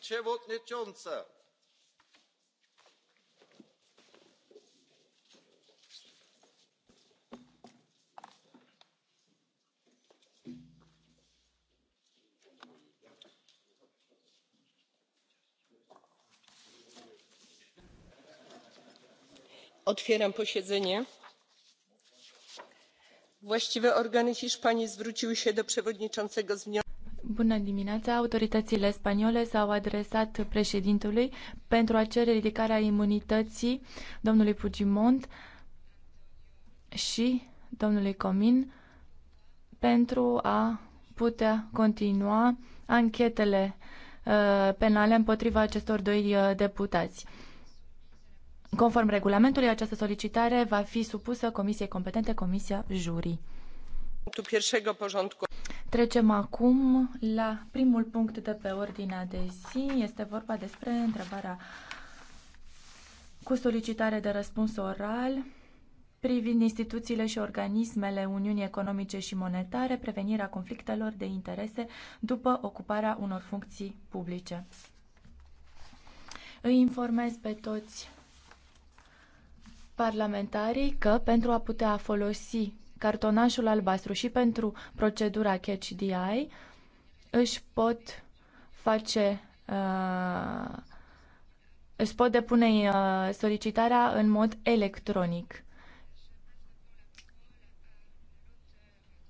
przewodnicząca! otwieram posiedzenie. właściwe organy hiszpanii zwróciły się do przewodniczącego z wnioskiem Bună dimineața! Autoritățile spaniole s-au adresat președintelui pentru a cere ridicarea imunității domnului Pugimont și domnului Comin pentru a putea continua anchetele uh, penale împotriva acestor doi uh, deputați. Conform regulamentului, această solicitare va fi supusă Comisiei competente, Comisia Jurii. Trecem acum la primul punct de pe ordinea de zi. Este vorba despre întrebarea cu solicitare de răspuns oral privind instituțiile și organismele Uniunii Economice și Monetare, prevenirea conflictelor de interese după ocuparea unor funcții publice. Îi informez pe toți parlamentarii că pentru a putea folosi cartonașul albastru și pentru procedura Catch DI își pot face uh, își pot depune uh, solicitarea în mod electronic.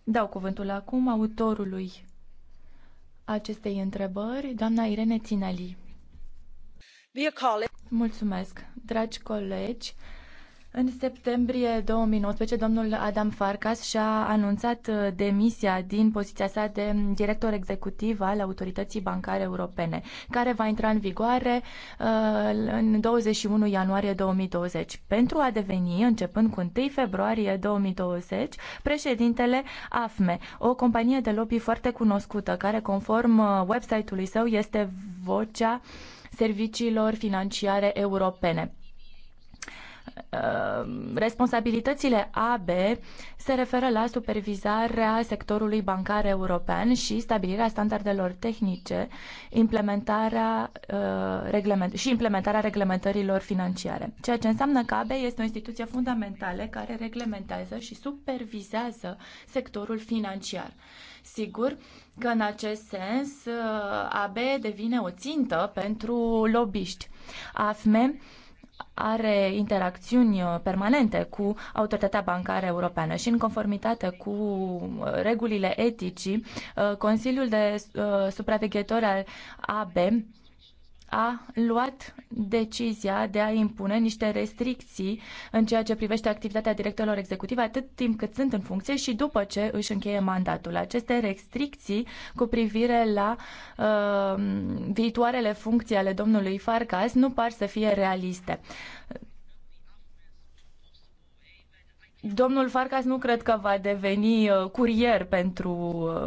Dau cuvântul acum autorului acestei întrebări, doamna Irene Ținali. Mulțumesc, dragi colegi. În septembrie 2019, domnul Adam Farkas și-a anunțat uh, demisia din poziția sa de director executiv al Autorității Bancare Europene, care va intra în vigoare uh, în 21 ianuarie 2020, pentru a deveni, începând cu 1 februarie 2020, președintele AFME, o companie de lobby foarte cunoscută, care, conform uh, website-ului său, este vocea serviciilor financiare europene. Uh, responsabilitățile AB se referă la supervizarea sectorului bancar european și stabilirea standardelor tehnice, implementarea uh, reglement- și implementarea reglementărilor financiare. Ceea ce înseamnă că AB este o instituție fundamentală care reglementează și supervizează sectorul financiar. Sigur că în acest sens uh, AB devine o țintă pentru lobbyști. AFME are interacțiuni uh, permanente cu autoritatea bancară europeană și în conformitate cu uh, regulile eticii, uh, Consiliul de Supraveghetori al AB a luat decizia de a impune niște restricții în ceea ce privește activitatea directorilor executive atât timp cât sunt în funcție și după ce își încheie mandatul. Aceste restricții cu privire la uh, viitoarele funcții ale domnului Farcas nu par să fie realiste. Domnul Farcas nu cred că va deveni uh, curier pentru...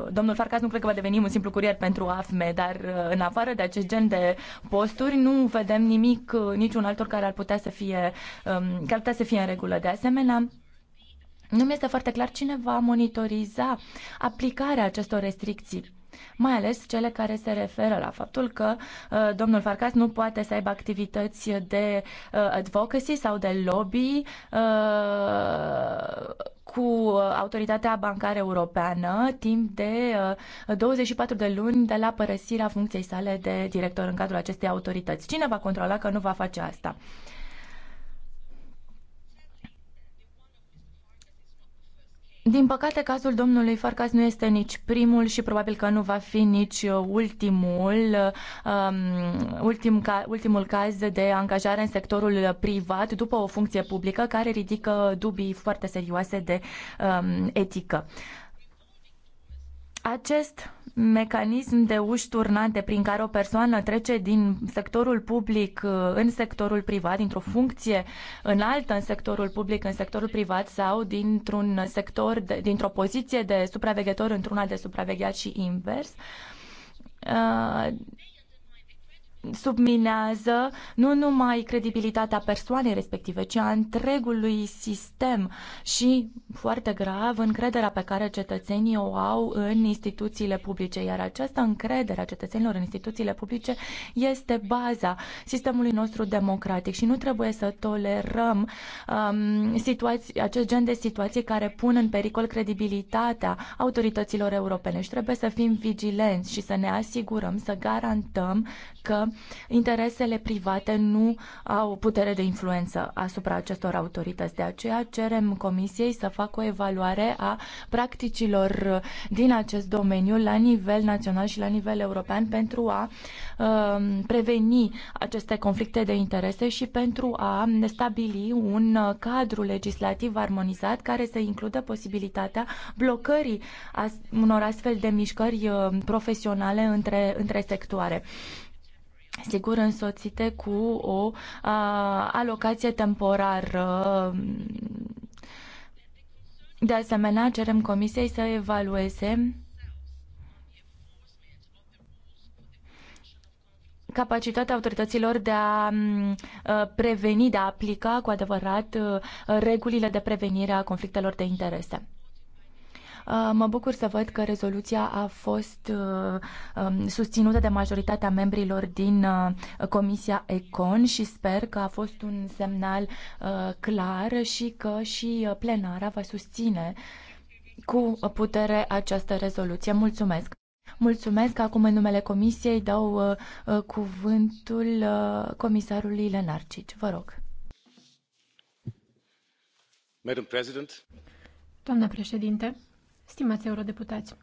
Uh, domnul Farcas nu cred că va deveni un simplu curier pentru AFME, dar uh, în afară de acest gen de posturi nu vedem nimic, niciun altor care ar putea să fie, um, care ar putea să fie în regulă. De asemenea, nu mi este foarte clar cine va monitoriza aplicarea acestor restricții mai ales cele care se referă la faptul că uh, domnul Farcas nu poate să aibă activități de uh, advocacy sau de lobby uh, cu autoritatea bancară europeană timp de 24 uh, de luni de la părăsirea funcției sale de director în cadrul acestei autorități. Cine va controla că nu va face asta? Din păcate, cazul domnului Farcas nu este nici primul și probabil că nu va fi nici uh, ultimul, um, ultim ca, ultimul caz de angajare în sectorul privat după o funcție publică care ridică dubii foarte serioase de um, etică. Acest mecanism de uși turnate prin care o persoană trece din sectorul public uh, în sectorul privat, dintr-o funcție în altă în sectorul public, în sectorul privat sau dintr-un sector, dintr-o poziție de supraveghetor într-una de supravegheat și invers uh, subminează nu numai credibilitatea persoanei respective, ci a întregului sistem și, foarte grav, încrederea pe care cetățenii o au în instituțiile publice. Iar această încredere a cetățenilor în instituțiile publice este baza sistemului nostru democratic și nu trebuie să tolerăm um, situații, acest gen de situații care pun în pericol credibilitatea autorităților europene și trebuie să fim vigilenți și să ne asigurăm, să garantăm că interesele private nu au putere de influență asupra acestor autorități. De aceea cerem Comisiei să facă o evaluare a practicilor din acest domeniu la nivel național și la nivel european pentru a um, preveni aceste conflicte de interese și pentru a stabili un cadru legislativ armonizat care să includă posibilitatea blocării unor astfel de mișcări um, profesionale între, între sectoare sigur însoțite cu o a, alocație temporară. De asemenea, cerem Comisiei să evalueze capacitatea autorităților de a preveni, de a aplica cu adevărat regulile de prevenire a conflictelor de interese. Uh, mă bucur să văd că rezoluția a fost uh, um, susținută de majoritatea membrilor din uh, Comisia Econ și sper că a fost un semnal clar și că și plenara va susține cu putere această rezoluție. Mulțumesc! Mulțumesc! Acum, în numele Comisiei, dau cuvântul comisarului Lenarcici. Vă rog! Doamnă președinte, Stimați eurodeputați,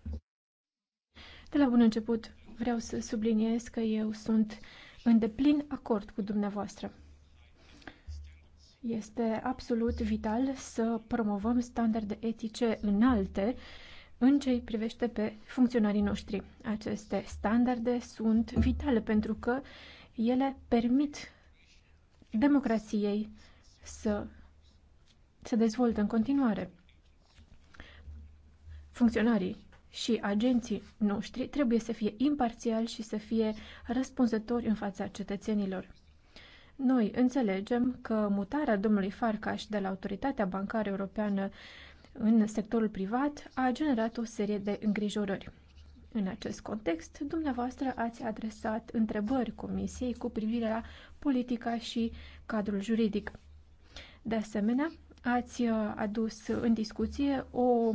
de la bun început vreau să subliniez că eu sunt în deplin acord cu dumneavoastră. Este absolut vital să promovăm standarde etice înalte în ce îi privește pe funcționarii noștri. Aceste standarde sunt vitale pentru că ele permit democrației să se dezvolte în continuare funcționarii și agenții noștri trebuie să fie imparțiali și să fie răspunzători în fața cetățenilor. Noi înțelegem că mutarea domnului Farcaș de la Autoritatea Bancară Europeană în sectorul privat a generat o serie de îngrijorări. În acest context, dumneavoastră ați adresat întrebări Comisiei cu privire la politica și cadrul juridic. De asemenea, ați uh, adus în discuție o uh,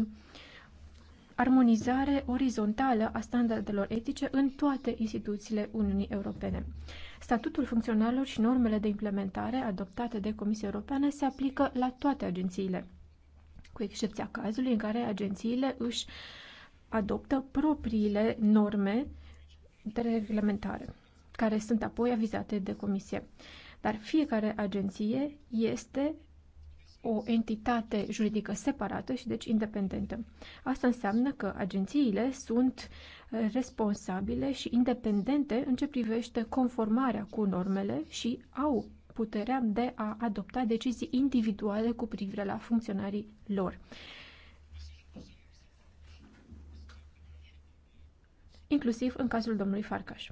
armonizare orizontală a standardelor etice în toate instituțiile Uniunii Europene. Statutul funcționarilor și normele de implementare adoptate de Comisia Europeană se aplică la toate agențiile, cu excepția cazului în care agențiile își adoptă propriile norme de reglementare, care sunt apoi avizate de Comisie. Dar fiecare agenție este o entitate juridică separată și deci independentă. Asta înseamnă că agențiile sunt uh, responsabile și independente în ce privește conformarea cu normele și au puterea de a adopta decizii individuale cu privire la funcționarii lor. inclusiv în cazul domnului Farcaș.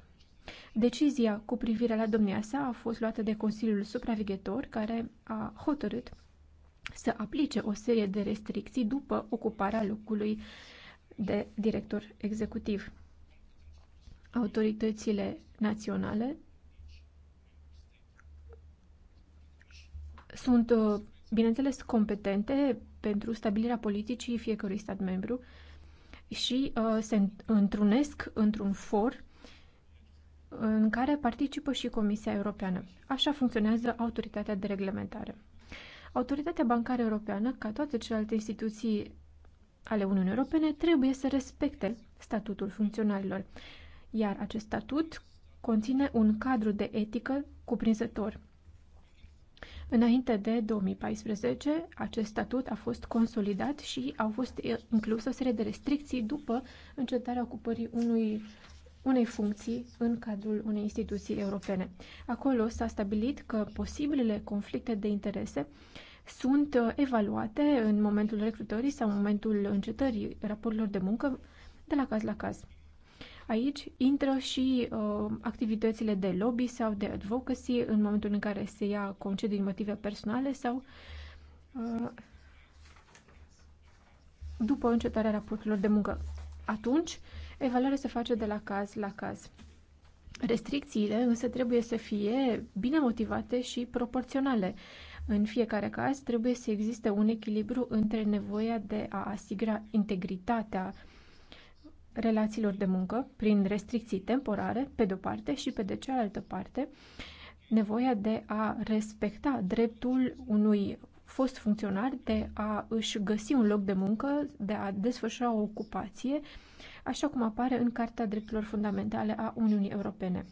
Decizia cu privire la domnia sa a fost luată de Consiliul Supraveghetor, care a hotărât să aplice o serie de restricții după ocuparea locului de director executiv. Autoritățile naționale sunt, uh, bineînțeles, competente pentru stabilirea politicii fiecărui stat membru și uh, se întrunesc într-un for în care participă și Comisia Europeană. Așa funcționează autoritatea de reglementare. Autoritatea Bancară Europeană, ca toate celelalte instituții ale Uniunii Europene, trebuie să respecte statutul funcționarilor, iar acest statut conține un cadru de etică cuprinzător. Înainte de 2014, acest statut a fost consolidat și au fost incluse o serie de restricții după încetarea ocupării unui unei funcții în cadrul unei instituții europene. Acolo s-a stabilit că posibilele conflicte de interese sunt uh, evaluate în momentul recrutării sau în momentul încetării raporturilor de muncă de la caz la caz. Aici intră și uh, activitățile de lobby sau de advocacy în momentul în care se ia concedii din motive personale sau uh, după încetarea raporturilor de muncă. Atunci, uh, Evaluarea se face de la caz la caz. Restricțiile însă trebuie să fie bine motivate și proporționale. În fiecare caz trebuie să existe un echilibru între nevoia de a asigura integritatea relațiilor de muncă prin restricții temporare, pe de-o parte, și pe de cealaltă parte, nevoia de a respecta dreptul unui fost funcționar de a își găsi un loc de muncă, de a desfășura o ocupație, așa cum apare în Carta Drepturilor Fundamentale a Uniunii Europene.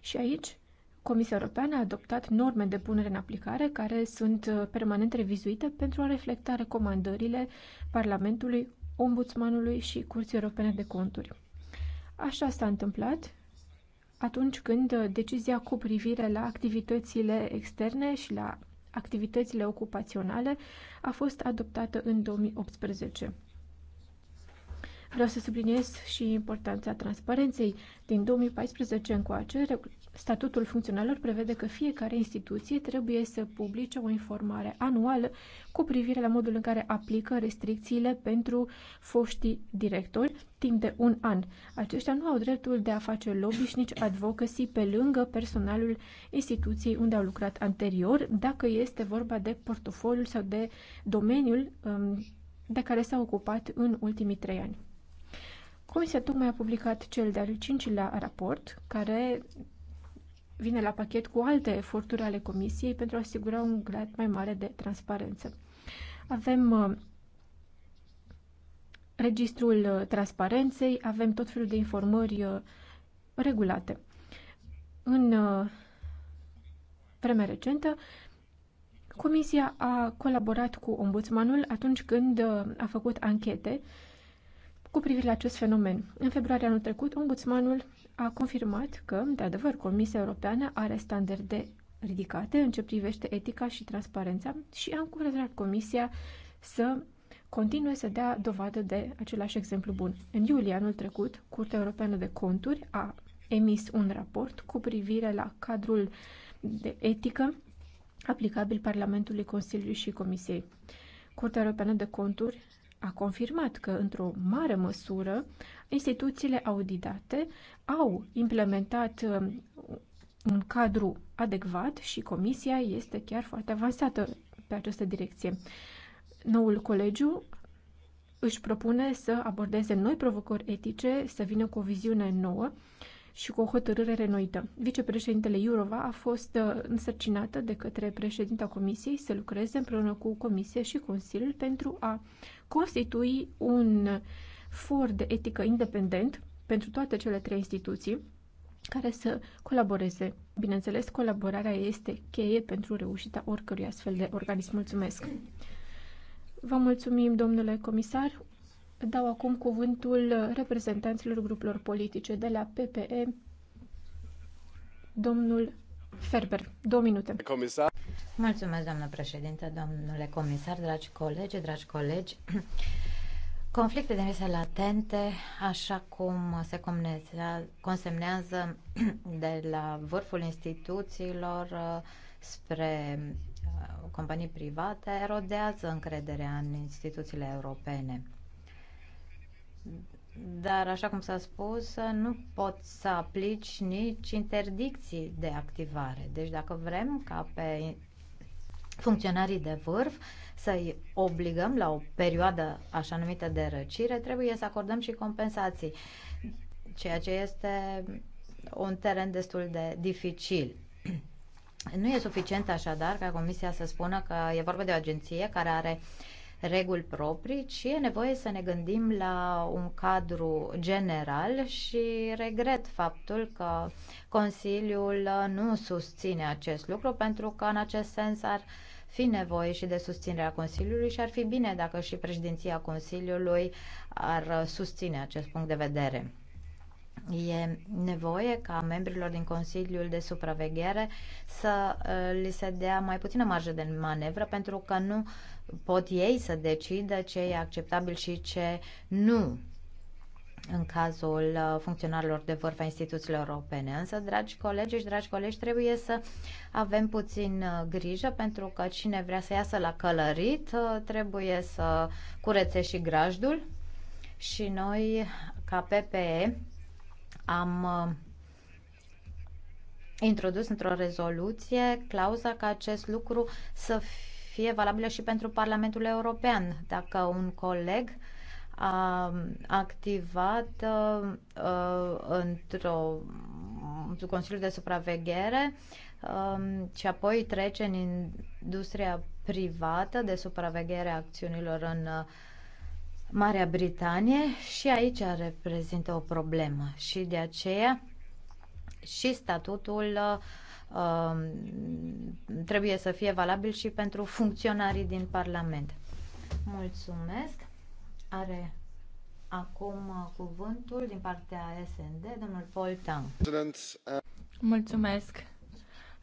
Și aici, Comisia Europeană a adoptat norme de punere în aplicare care sunt uh, permanent revizuite pentru a reflecta recomandările Parlamentului, Ombudsmanului și Curții Europene de Conturi. Așa s-a întâmplat atunci când uh, decizia cu privire la activitățile externe și la activitățile ocupaționale a fost adoptată în 2018. Vreau să subliniez și importanța transparenței. Din 2014 încoace, statutul funcționalilor prevede că fiecare instituție trebuie să publice o informare anuală cu privire la modul în care aplică restricțiile pentru foștii directori timp de un an. Aceștia nu au dreptul de a face lobby și nici advocacy pe lângă personalul instituției unde au lucrat anterior, dacă este vorba de portofoliul sau de domeniul um, de care s-au ocupat în ultimii trei ani. Comisia tocmai a publicat cel de-al cincilea raport, care vine la pachet cu alte eforturi ale Comisiei pentru a asigura un grad mai mare de transparență. Avem uh, registrul uh, transparenței, avem tot felul de informări uh, regulate. În vremea recentă, Comisia a colaborat cu ombudsmanul atunci când a făcut anchete cu privire la acest fenomen. În februarie anul trecut, ombudsmanul a confirmat că, de adevăr, Comisia Europeană are standarde ridicate în ce privește etica și transparența și a încurajat Comisia să continue să dea dovadă de același exemplu bun. În iulie anul trecut, Curtea Europeană de Conturi a emis un raport cu privire la cadrul de etică aplicabil Parlamentului, Consiliului și Comisiei. Curtea Europeană de Conturi a confirmat că, într-o mare măsură, instituțiile auditate au implementat um, un cadru adecvat și comisia este chiar foarte avansată pe această direcție. Noul colegiu își propune să abordeze noi provocări etice, să vină cu o viziune nouă și cu o hotărâre renoită. Vicepreședintele Iurova a fost uh, însărcinată de către președinta Comisiei să lucreze împreună cu Comisie și Consiliul pentru a constitui un for de etică independent pentru toate cele trei instituții care să colaboreze. Bineînțeles, colaborarea este cheie pentru reușita oricărui astfel de organism. Mulțumesc! Vă mulțumim, domnule comisar. Dau acum cuvântul reprezentanților grupurilor politice de la PPE, domnul Ferber. Două minute. Comisar. Mulțumesc, doamnă președinte, domnule comisar, dragi colegi, dragi colegi. Conflicte de interese latente, așa cum se consemnează de la vârful instituțiilor uh, spre uh, companii private, erodează încrederea în instituțiile europene. Dar, așa cum s-a spus, nu pot să aplici nici interdicții de activare. Deci, dacă vrem ca pe funcționarii de vârf, să-i obligăm la o perioadă așa numită de răcire, trebuie să acordăm și compensații, ceea ce este un teren destul de dificil. Nu e suficient așadar ca Comisia să spună că e vorba de o agenție care are reguli proprii, ci e nevoie să ne gândim la un cadru general și regret faptul că Consiliul nu susține acest lucru pentru că în acest sens ar uh, fi nevoie și de susținerea Consiliului și ar fi bine dacă și președinția Consiliului ar susține acest punct de vedere. E nevoie ca membrilor din Consiliul de Supraveghere să uh, li se dea mai puțină marjă de manevră pentru că nu pot ei să decidă ce e acceptabil și ce nu în cazul uh, funcționarilor de vârf a instituțiilor europene. Însă, dragi colegi și dragi colegi, trebuie să avem puțin uh, grijă pentru că cine vrea să iasă la călărit uh, trebuie să curețe și grajdul și noi ca PPE am introdus într-o rezoluție clauza că acest lucru să fie valabilă și pentru Parlamentul European. Dacă un coleg uh, a activat uh, uh, într-o Consiliul de Supraveghere um, și apoi trece în industria privată de supraveghere a acțiunilor în uh, Marea Britanie și aici reprezintă o problemă și de aceea și statutul uh, um, trebuie să fie valabil și pentru funcționarii din Parlament. Mulțumesc! Are acum uh, cuvântul din partea SND, domnul Paul Tang. Mulțumesc.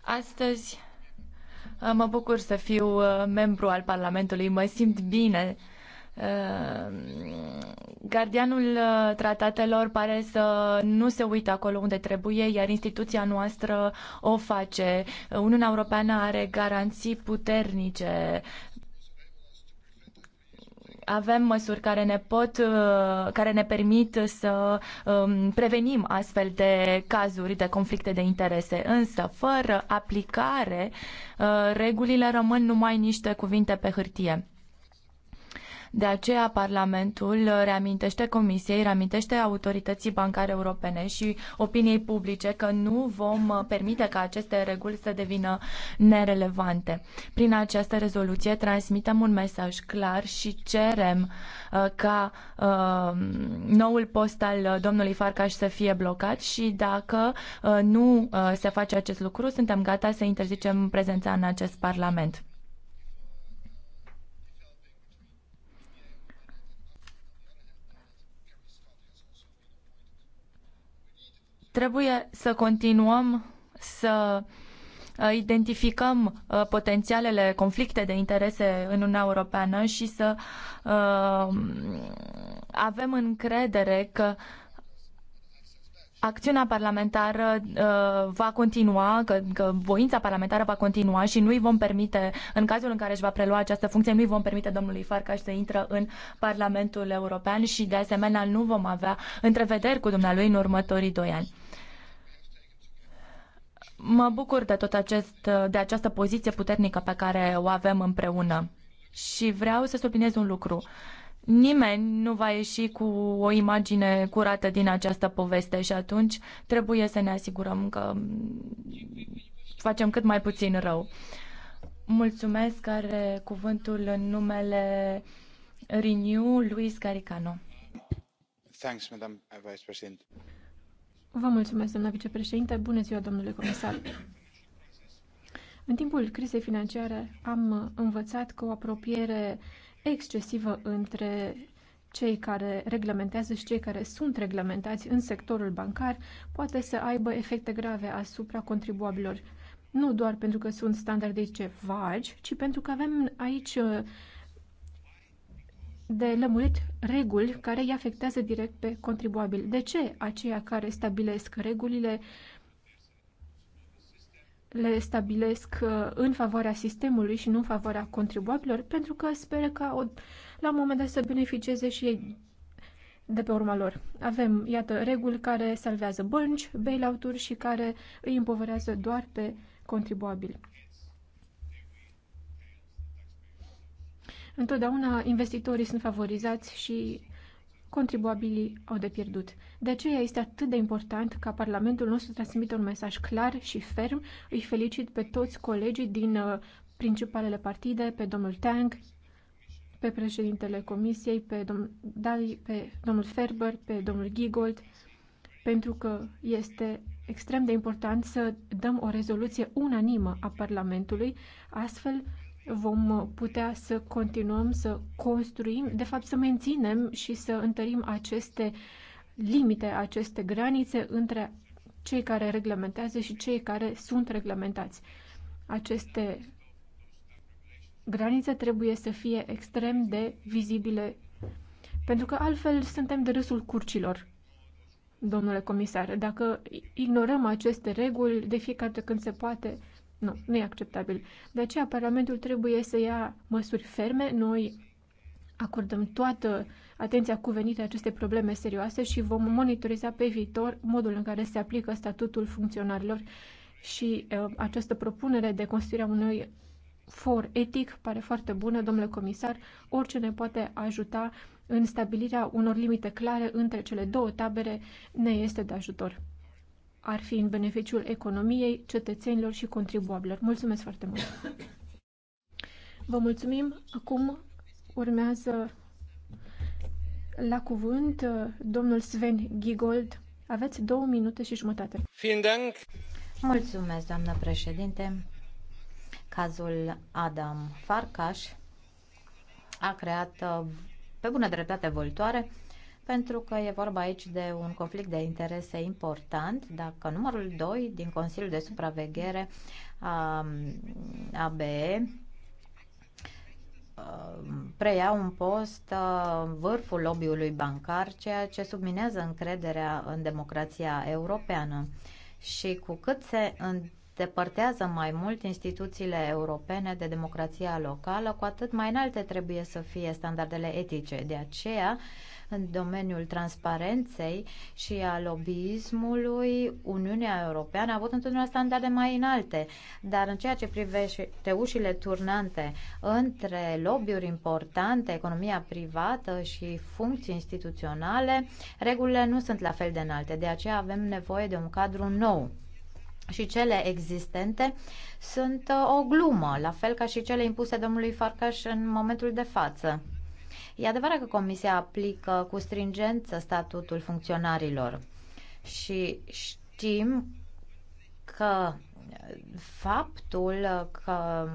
Astăzi uh, mă bucur să fiu uh, membru al Parlamentului. Mă simt bine Gardianul tratatelor pare să nu se uită acolo unde trebuie, iar instituția noastră o face. Uniunea Europeană are garanții puternice avem măsuri care ne pot, uh, care ne permit să um, prevenim astfel de cazuri de conflicte de interese. Însă, fără aplicare, uh, regulile rămân numai niște cuvinte pe hârtie. De aceea Parlamentul reamintește Comisiei, reamintește autorității bancare europene și opiniei publice că nu vom permite ca aceste reguli să devină nerelevante. Prin această rezoluție transmitem un mesaj clar și cerem uh, ca uh, noul post al domnului Farcaș să fie blocat și dacă uh, nu uh, se face acest lucru, suntem gata să interzicem prezența în acest Parlament. Trebuie să continuăm să uh, identificăm uh, potențialele conflicte de interese în Uniunea Europeană și să uh, avem încredere că acțiunea parlamentară uh, va continua, că, că voința parlamentară va continua și nu îi vom permite, în cazul în care își va prelua această funcție, nu îi vom permite domnului Farcaș să intre în Parlamentul European și, de asemenea, nu vom avea întrevederi cu dumnealui în următorii doi ani. Mă bucur de tot acest, de această poziție puternică pe care o avem împreună. Și vreau să subliniez un lucru. Nimeni nu va ieși cu o imagine curată din această poveste și atunci trebuie să ne asigurăm că facem cât mai puțin rău. Mulțumesc, care cuvântul în numele Renew, Luis Caricano. Thanks, Madam Vice President. Vă mulțumesc, doamna vicepreședinte. Bună ziua, domnule comisar. În timpul crizei financiare am învățat că o apropiere excesivă între cei care reglementează și cei care sunt reglementați în sectorul bancar poate să aibă efecte grave asupra contribuabilor. Nu doar pentru că sunt standarde ce vagi, ci pentru că avem aici uh, de lămurit reguli care îi afectează direct pe contribuabil. De ce aceia care stabilesc regulile le stabilesc uh, în favoarea sistemului și nu în favoarea contribuabilor? Pentru că speră ca o, la un moment dat să beneficieze și ei de pe urma lor. Avem, iată, reguli care salvează bănci, bailout-uri și care îi împovărează doar pe contribuabili. Întotdeauna investitorii sunt favorizați și contribuabilii au de pierdut. De aceea este atât de important ca Parlamentul nostru să transmită un mesaj clar și ferm. Îi felicit pe toți colegii din uh, principalele partide, pe domnul Tang, pe președintele Comisiei, pe domnul Dali, pe domnul Ferber, pe domnul Gigold, pentru că este extrem de important să dăm o rezoluție unanimă a Parlamentului, astfel vom putea să continuăm să construim, de fapt să menținem și să întărim aceste limite, aceste granițe între cei care reglementează și cei care sunt reglementați. Aceste granițe trebuie să fie extrem de vizibile, pentru că altfel suntem de râsul curcilor, domnule comisar. Dacă ignorăm aceste reguli de fiecare când se poate, nu, nu e acceptabil. De aceea Parlamentul trebuie să ia măsuri ferme. Noi acordăm toată atenția cuvenită aceste probleme serioase și vom monitoriza pe viitor modul în care se aplică statutul funcționarilor și uh, această propunere de construirea unui for etic pare foarte bună, domnule comisar. Orice ne poate ajuta în stabilirea unor limite clare între cele două tabere ne este de ajutor ar fi în beneficiul economiei, cetățenilor și contribuabilor. Mulțumesc foarte mult! Vă mulțumim! Acum urmează la cuvânt uh, domnul Sven Gigold. Aveți două minute și jumătate. Mulțumesc, doamnă președinte! Cazul Adam Farcaș a creat uh, pe bună dreptate voltoare pentru că e vorba aici de un conflict de interese important. Dacă numărul 2 din Consiliul de Supraveghere a ABE preia un post în vârful lobby-ului bancar, ceea ce subminează încrederea în democrația europeană. Și cu cât se îndepărtează mai mult instituțiile europene de democrația locală, cu atât mai înalte trebuie să fie standardele etice. De aceea, în domeniul transparenței și a lobbyismului, Uniunea Europeană a avut întotdeauna standarde mai înalte, dar în ceea ce privește ușile turnante între lobby-uri importante, economia privată și funcții instituționale, regulile nu sunt la fel de înalte. De aceea avem nevoie de un cadru nou și cele existente sunt uh, o glumă, la fel ca și cele impuse domnului Farcaș în momentul de față. E adevărat că Comisia aplică cu stringență statutul funcționarilor și știm că faptul că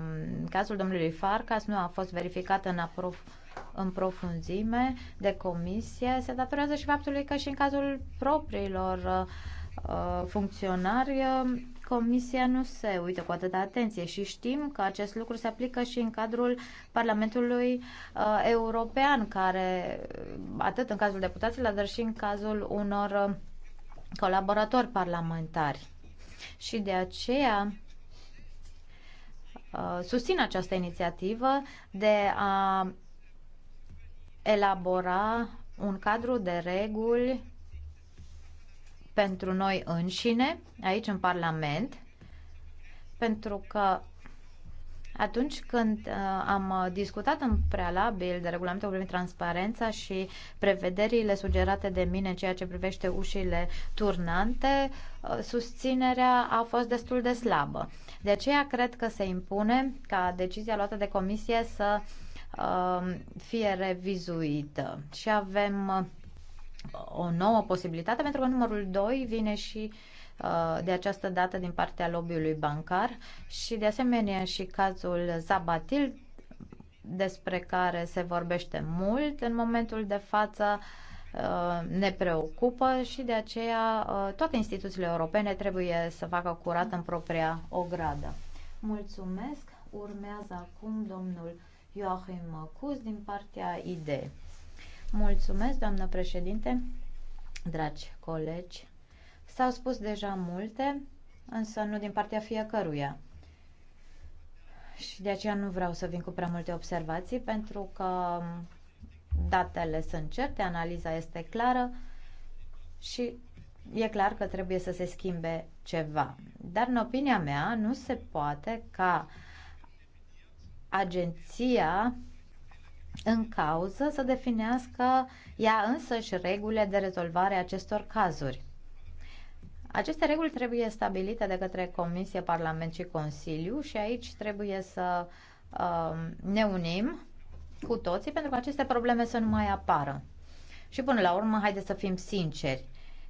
cazul domnului Farcas nu a fost verificat în aprof în profunzime de comisie se datorează și faptului că și în cazul propriilor uh, funcționari uh, Comisia nu se uită cu atâta atenție și știm că acest lucru se aplică și în cadrul Parlamentului uh, European, care uh, atât în cazul deputaților, dar și în cazul unor uh, colaboratori parlamentari. Și de aceea uh, susțin această inițiativă de a elabora un cadru de reguli pentru noi înșine, aici în Parlament, pentru că atunci când uh, am discutat în prealabil de regulamentul privind transparența și prevederile sugerate de mine în ceea ce privește ușile turnante, uh, susținerea a fost destul de slabă. De aceea cred că se impune ca decizia luată de comisie să uh, fie revizuită. Și avem uh, o nouă posibilitate, pentru că numărul 2 vine și uh, de această dată din partea lobby-ului bancar și de asemenea și cazul Zabatil despre care se vorbește mult în momentul de față uh, ne preocupă și de aceea uh, toate instituțiile europene trebuie să facă curat în propria ogradă. Mulțumesc! Urmează acum domnul Joachim Cus din partea IDE. Mulțumesc, doamnă președinte, dragi colegi. S-au spus deja multe, însă nu din partea fiecăruia. Și de aceea nu vreau să vin cu prea multe observații, pentru că datele sunt certe, analiza este clară și e clar că trebuie să se schimbe ceva. Dar, în opinia mea, nu se poate ca agenția în cauză să definească ea însăși regulile de rezolvare a acestor cazuri. Aceste reguli trebuie stabilite de către Comisie, Parlament și Consiliu și aici trebuie să uh, ne unim cu toții pentru că aceste probleme să nu mai apară. Și până la urmă, haideți să fim sinceri.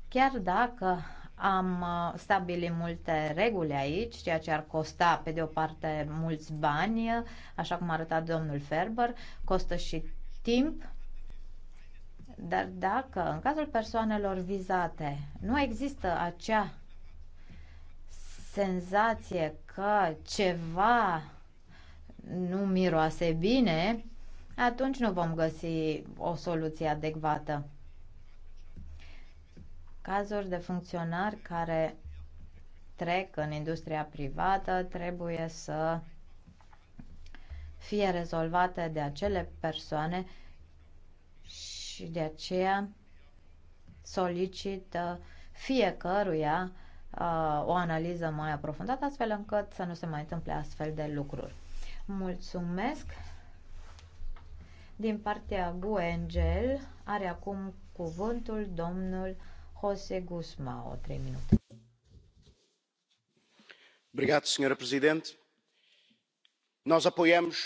Chiar dacă am uh, stabilit multe reguli aici, ceea ce ar costa, pe de o parte, mulți bani, așa cum a arătat domnul Ferber, costă și timp, dar dacă în cazul persoanelor vizate nu există acea senzație că ceva nu miroase bine, atunci nu vom găsi o soluție adecvată. Cazuri de funcționari care trec în industria privată trebuie să fie rezolvate de acele persoane și de aceea solicit uh, fiecăruia uh, o analiză mai aprofundată, astfel încât să nu se mai întâmple astfel de lucruri. Mulțumesc! Din partea Buengel are acum cuvântul domnul José Guzmão, Obrigado, senhora presidente. Nós apoiamos.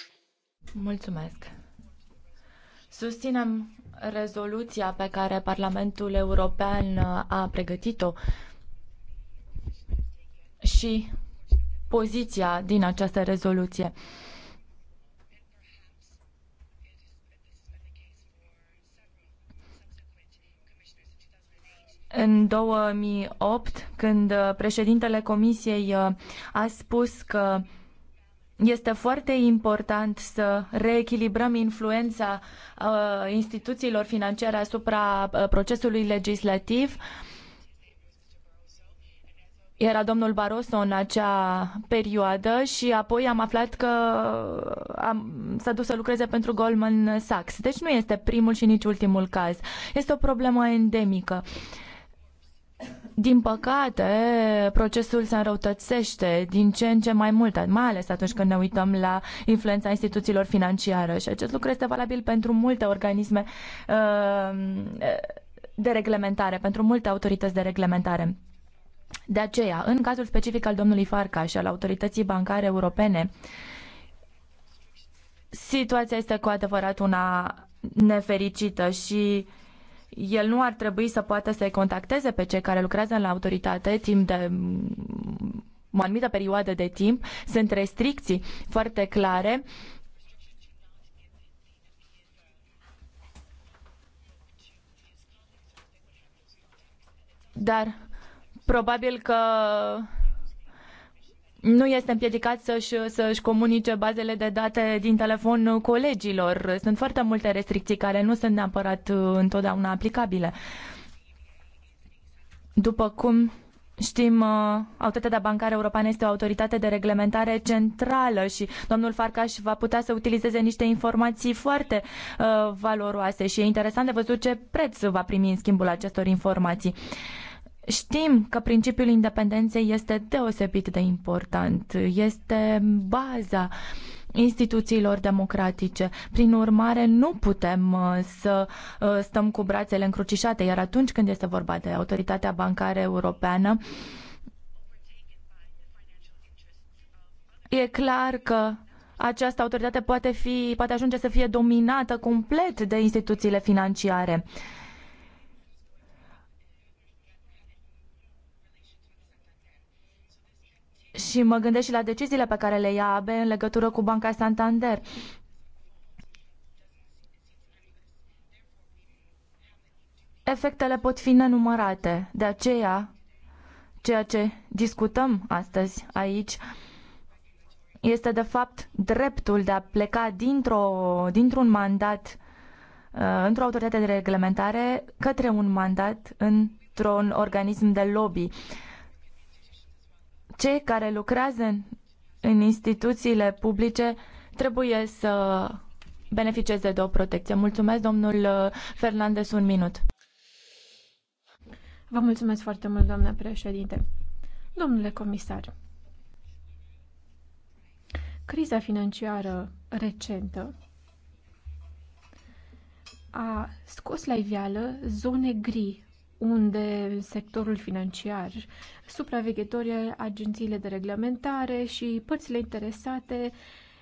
Mulțumesc. Susținem rezoluția pe care Parlamentul European a pregătit-o și poziția din această rezoluție. în 2008, când președintele Comisiei uh, a spus că este foarte important să reechilibrăm influența uh, instituțiilor financiare asupra uh, procesului legislativ. Era domnul Barroso în acea perioadă și apoi am aflat că am, s-a dus să lucreze pentru Goldman Sachs. Deci nu este primul și nici ultimul caz. Este o problemă endemică. Uh, din păcate, procesul se înrăutățește din ce în ce mai mult, mai ales atunci când ne uităm la influența instituțiilor financiare și acest lucru este valabil pentru multe organisme uh, de reglementare, pentru multe autorități de reglementare. De aceea, în cazul specific al domnului Farca și al autorității bancare europene, situația este cu adevărat una nefericită și uh, el nu ar trebui să poată să-i contacteze pe cei care lucrează la autoritate timp de mm, o anumită perioadă de timp. Sunt restricții foarte clare. Dar probabil că nu este împiedicat să-și, să-și comunice bazele de date din telefon colegilor. Sunt foarte multe restricții care nu sunt neapărat uh, întotdeauna aplicabile. După cum Știm, uh, Autoritatea Bancară Europeană este o autoritate de reglementare centrală și domnul Farcaș va putea să utilizeze niște informații foarte uh, valoroase și e interesant de văzut ce preț va primi în schimbul acestor informații. Uh, Știm că principiul independenței este deosebit de important, este baza instituțiilor democratice. Prin urmare, nu putem uh, să uh, stăm cu brațele încrucișate, iar atunci când este vorba de autoritatea bancară europeană, e clar că această autoritate poate, fi, poate ajunge să fie dominată complet de instituțiile financiare. Și mă gândesc și la deciziile pe care le ia AB în legătură cu Banca Santander. Efectele pot fi nenumărate. De aceea, ceea ce discutăm astăzi aici este de fapt dreptul de a pleca dintr un dintr-un mandat uh, într-o autoritate de reglementare către un mandat într-un organism de lobby cei care lucrează în, în instituțiile publice trebuie să beneficieze de o protecție. Mulțumesc, domnul uh, Fernandez, un minut. Vă mulțumesc foarte mult, doamna președinte. Domnule comisar, criza financiară recentă a scos la iveală zone gri unde sectorul financiar, supraveghetorii, agențiile de reglementare și părțile interesate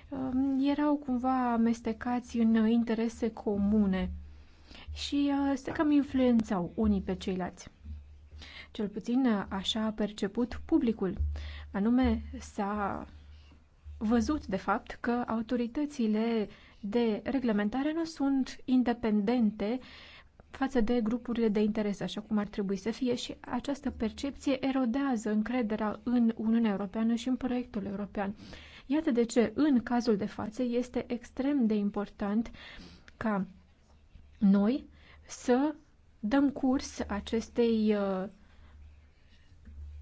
um, erau cumva amestecați în interese comune și uh, se cam influențau unii pe ceilalți. Cel puțin uh, așa a perceput publicul. Anume, s-a văzut de fapt că autoritățile de reglementare nu sunt independente uh, față de grupurile de interes, așa cum ar trebui să fie și această percepție erodează încrederea în Uniunea Europeană și în proiectul european. Iată de ce, în cazul de față, este extrem de important ca noi să dăm curs acestei uh,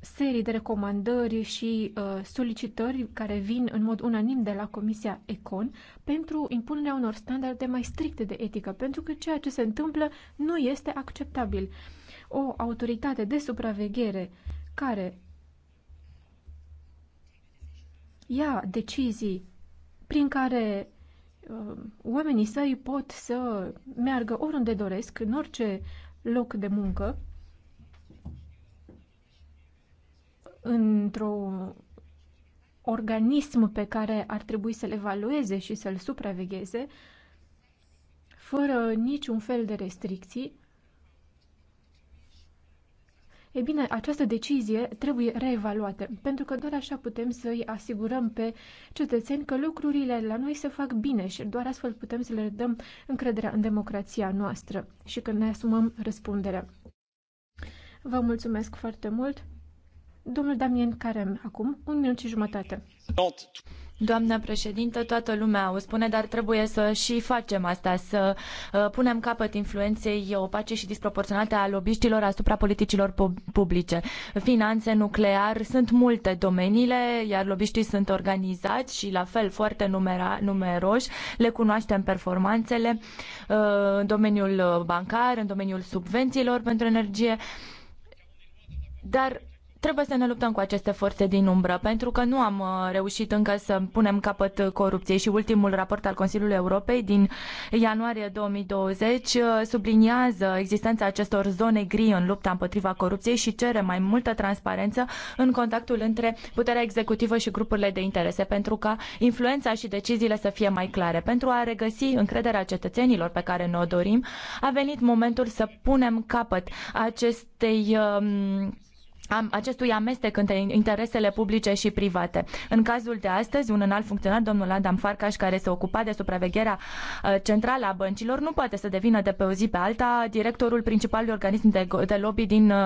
serii de recomandări și uh, solicitări care vin în mod unanim de la Comisia Econ pentru impunerea unor standarde mai stricte de etică, pentru că ceea ce se întâmplă nu este acceptabil. O autoritate de supraveghere care ia decizii prin care uh, oamenii săi pot să meargă oriunde doresc, în orice loc de muncă, într-un organism pe care ar trebui să-l evalueze și să-l supravegheze, fără niciun fel de restricții, E bine, această decizie trebuie reevaluată, pentru că doar așa putem să-i asigurăm pe cetățeni că lucrurile la noi se fac bine și doar astfel putem să le dăm încrederea în democrația noastră și că ne asumăm răspunderea. Vă mulțumesc foarte mult! Domnul Damien Carem, acum un minut și jumătate. Doamnă președintă, toată lumea o spune, dar trebuie să și facem asta, să uh, punem capăt influenței opace și disproporționate a lobiștilor asupra politicilor publice. Finanțe, nuclear, sunt multe domeniile, iar lobiștii sunt organizați și la fel foarte numera, numeroși, le cunoaștem performanțele uh, în domeniul uh, bancar, în domeniul subvențiilor pentru energie, dar Trebuie să ne luptăm cu aceste forțe din umbră, pentru că nu am uh, reușit încă să punem capăt corupției și ultimul raport al Consiliului Europei din ianuarie 2020 uh, subliniază existența acestor zone gri în lupta împotriva corupției și cere mai multă transparență în contactul între puterea executivă și grupurile de interese, pentru ca influența și deciziile să fie mai clare. Pentru a regăsi încrederea cetățenilor pe care ne-o dorim, a venit momentul să punem capăt acestei um, acestui amestec între interesele publice și private. În cazul de astăzi, un înalt funcționar, domnul Adam Farcaș, care se ocupa de supravegherea uh, centrală a băncilor, nu poate să devină de pe o zi pe alta directorul principalului organism de, de lobby din uh,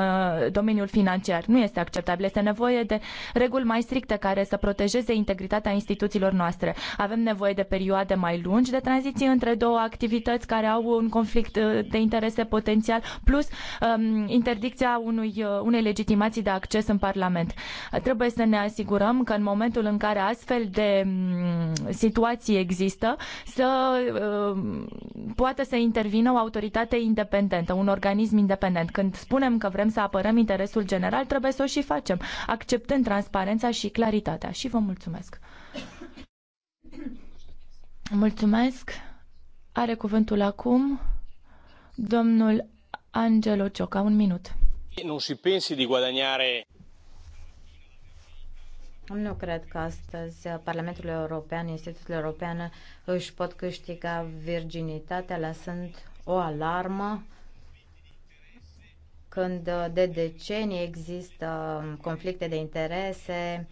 domeniul financiar. Nu este acceptabil. Este nevoie de reguli mai stricte care să protejeze integritatea instituțiilor noastre. Avem nevoie de perioade mai lungi de tranziție între două activități care au un conflict uh, de interese potențial, plus um, interdicția unui, unei legitimații informații de acces în Parlament. Trebuie să ne asigurăm că în momentul în care astfel de mm, situații există, să uh, poată să intervină o autoritate independentă, un organism independent. Când spunem că vrem să apărăm interesul general, trebuie să o și facem, acceptând transparența și claritatea. Și vă mulțumesc! Mulțumesc! Are cuvântul acum domnul Angelo Cioca. Un minut. Nu și pensi de guadagnare. Nu cred că astăzi Parlamentul European, Institutul European își pot câștiga virginitatea, lăsând o alarmă când de decenii există conflicte de interese,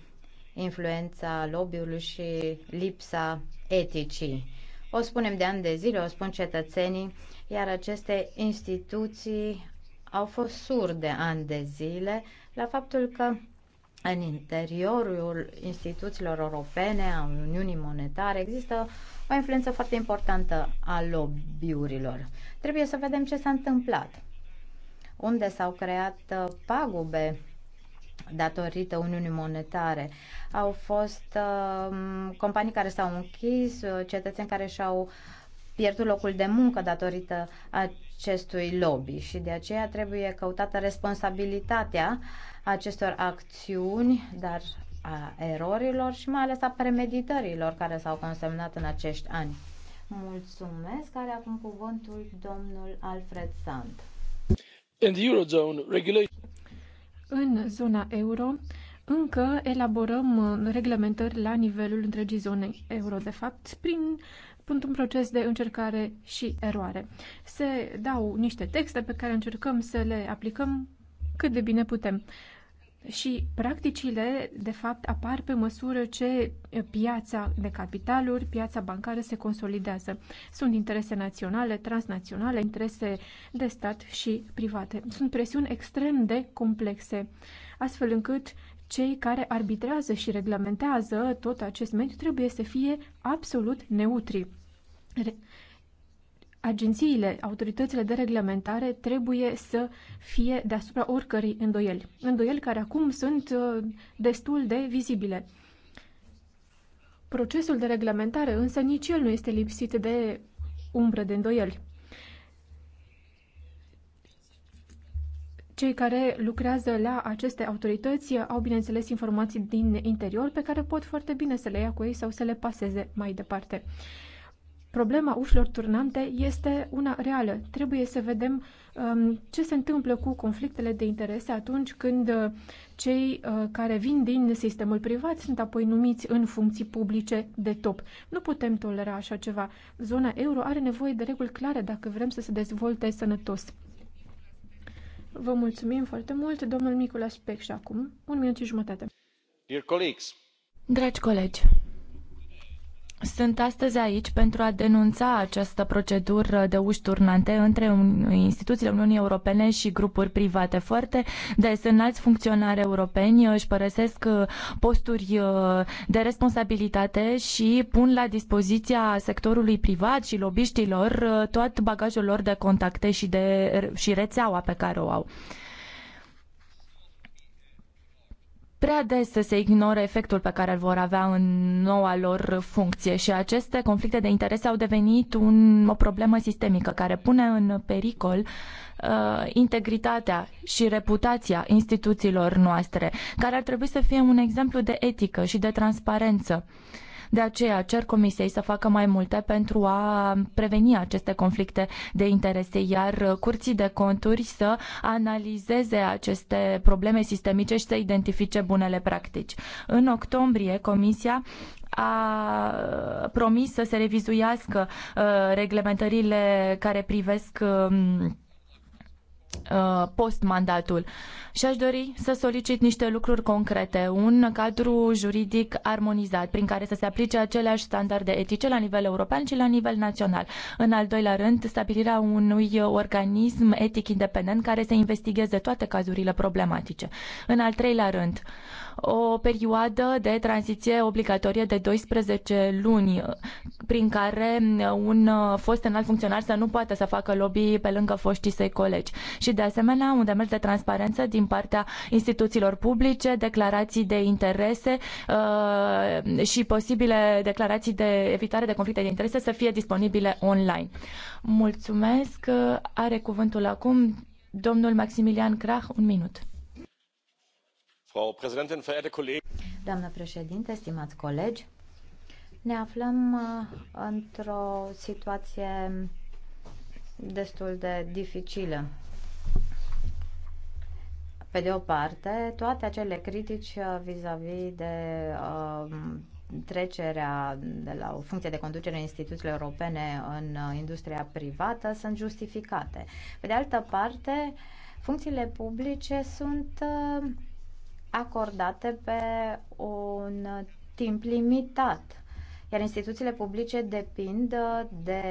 influența lobby-ului și lipsa eticii. O spunem de ani de zile, o spun cetățenii, iar aceste instituții au fost surde ani de zile la faptul că în interiorul instituțiilor europene, a Uniunii Monetare, există o influență foarte importantă a lobbyurilor. Trebuie să vedem ce s-a întâmplat, unde s-au creat uh, pagube datorită Uniunii Monetare. Au fost uh, companii care s-au închis, uh, cetățeni care și-au uh, pierdut locul de muncă datorită acestui lobby și de aceea trebuie căutată responsabilitatea acestor acțiuni, dar a erorilor și mai ales a premeditărilor care s-au consemnat în acești ani. Mulțumesc. Are acum cuvântul domnul Alfred Sand. In the Eurozone, regulation... În zona euro, încă elaborăm uh, reglementări la nivelul întregii zone euro, de fapt, prin sunt un proces de încercare și eroare. Se dau niște texte pe care încercăm să le aplicăm cât de bine putem. Și practicile, de fapt, apar pe măsură ce piața de capitaluri, piața bancară se consolidează. Sunt interese naționale, transnaționale, interese de stat și private. Sunt presiuni extrem de complexe, astfel încât cei care arbitrează și reglementează tot acest mediu trebuie să fie absolut neutri. Agențiile, autoritățile de reglementare trebuie să fie deasupra oricărei îndoieli. Îndoieli care acum sunt uh, destul de vizibile. Procesul de reglementare însă nici el nu este lipsit de umbră de îndoieli. Cei care lucrează la aceste autorități au, bineînțeles, informații din interior pe care pot foarte bine să le ia cu ei sau să le paseze mai departe. Problema ușilor turnante este una reală. Trebuie să vedem um, ce se întâmplă cu conflictele de interese atunci când uh, cei uh, care vin din sistemul privat sunt apoi numiți în funcții publice de top. Nu putem tolera așa ceva. Zona euro are nevoie de reguli clare dacă vrem să se dezvolte sănătos. Vă mulțumim foarte mult, domnul Micula Spec și acum, un minut și jumătate. Dear colleagues. Dragi colegi, sunt astăzi aici pentru a denunța această procedură de uși turnante între instituțiile Uniunii Europene și grupuri private. Foarte des înalți funcționari europeni își părăsesc uh, posturi uh, de responsabilitate și pun la dispoziția sectorului privat și lobiștilor uh, tot bagajul lor de contacte și, de, și rețeaua pe care o au. Prea des se ignore efectul pe care îl vor avea în noua lor funcție și aceste conflicte de interese au devenit un, o problemă sistemică care pune în pericol uh, integritatea și reputația instituțiilor noastre, care ar trebui să fie un exemplu de etică și de transparență. Uh, de aceea cer Comisiei să facă mai multe pentru a preveni aceste conflicte de interese, iar curții de conturi să analizeze aceste probleme sistemice și să identifice bunele practici. În octombrie, Comisia a promis să se revizuiască uh, reglementările care privesc um, Uh, post-mandatul. Și aș dori să solicit niște lucruri concrete, un cadru juridic armonizat prin care să se aplice aceleași standarde etice la nivel european și la nivel național. În al doilea rând, stabilirea unui organism etic independent care să investigheze toate cazurile problematice. În al treilea rând, uh, o perioadă de tranziție obligatorie de 12 luni, prin care un fost înalt funcționar să nu poată să facă lobby pe lângă foștii săi colegi. Și de asemenea, un demers de transparență din partea instituțiilor publice, declarații de interese uh, și posibile declarații de evitare de conflicte de interese să fie disponibile online. Mulțumesc. Are cuvântul acum domnul Maximilian Krah, un minut. Doamnă președinte, stimați colegi, ne aflăm uh, într-o situație destul de dificilă. Pe de o parte, toate acele critici uh, vis-a-vis de uh, trecerea de la o funcție de conducere a instituțiilor europene în uh, industria privată sunt justificate. Pe de altă parte, funcțiile publice sunt uh, acordate pe un timp limitat. Iar instituțiile publice depind de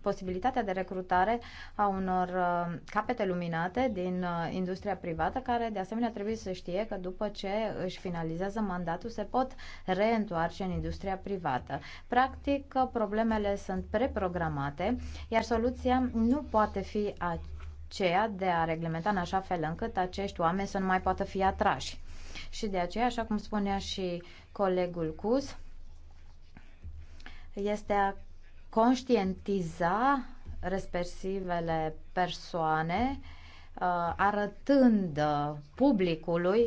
posibilitatea de recrutare a unor uh, capete luminate din uh, industria privată, care de asemenea trebuie să știe că după ce își finalizează mandatul se pot reîntoarce în industria privată. Practic, uh, problemele sunt preprogramate, iar soluția nu poate fi aceea de a reglementa în așa fel încât acești oameni să nu mai poată fi atrași. Și de aceea, așa cum spunea și colegul Cus, este a conștientiza respectivele persoane uh, arătând publicului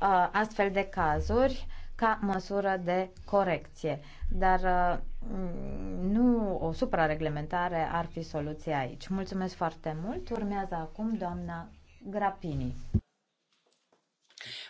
uh, astfel de cazuri ca măsură de corecție. Dar uh, nu o suprareglementare ar fi soluția aici. Mulțumesc foarte mult. Urmează acum doamna Grapini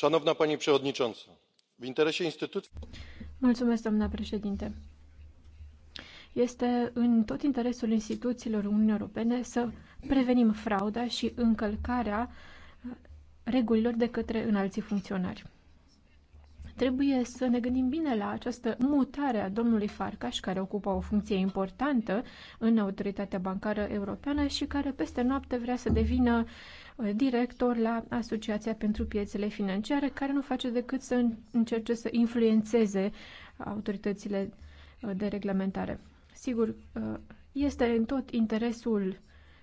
doamnă doamna președinte. Este în tot interesul instituțiilor Uniunii Europene să prevenim frauda și încălcarea regulilor de către înalții funcționari. Trebuie să ne gândim bine la această mutare a domnului Farcaș, care ocupa o funcție importantă în Autoritatea Bancară Europeană și care peste noapte vrea să devină uh, director la Asociația pentru Piețele Financiare, care nu face decât să încerce să influențeze uh, autoritățile uh, de reglementare. Sigur, este în tot interesul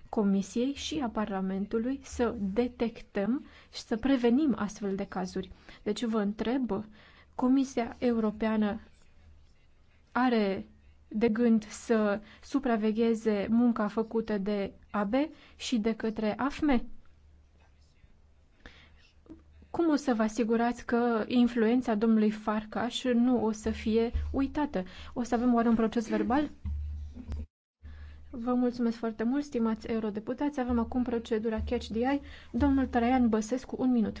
Comisiei și a Parlamentului să detectăm și să prevenim astfel de cazuri. Deci vă întreb Comisia Europeană are de gând să supravegheze munca făcută de AB și de către AFME? Cum o să vă asigurați că influența domnului Farcaș nu o să fie uitată? O să avem oare un proces verbal? Vă mulțumesc foarte mult, stimați eurodeputați. Avem acum procedura Catch the Eye. Domnul Traian Băsescu, un minut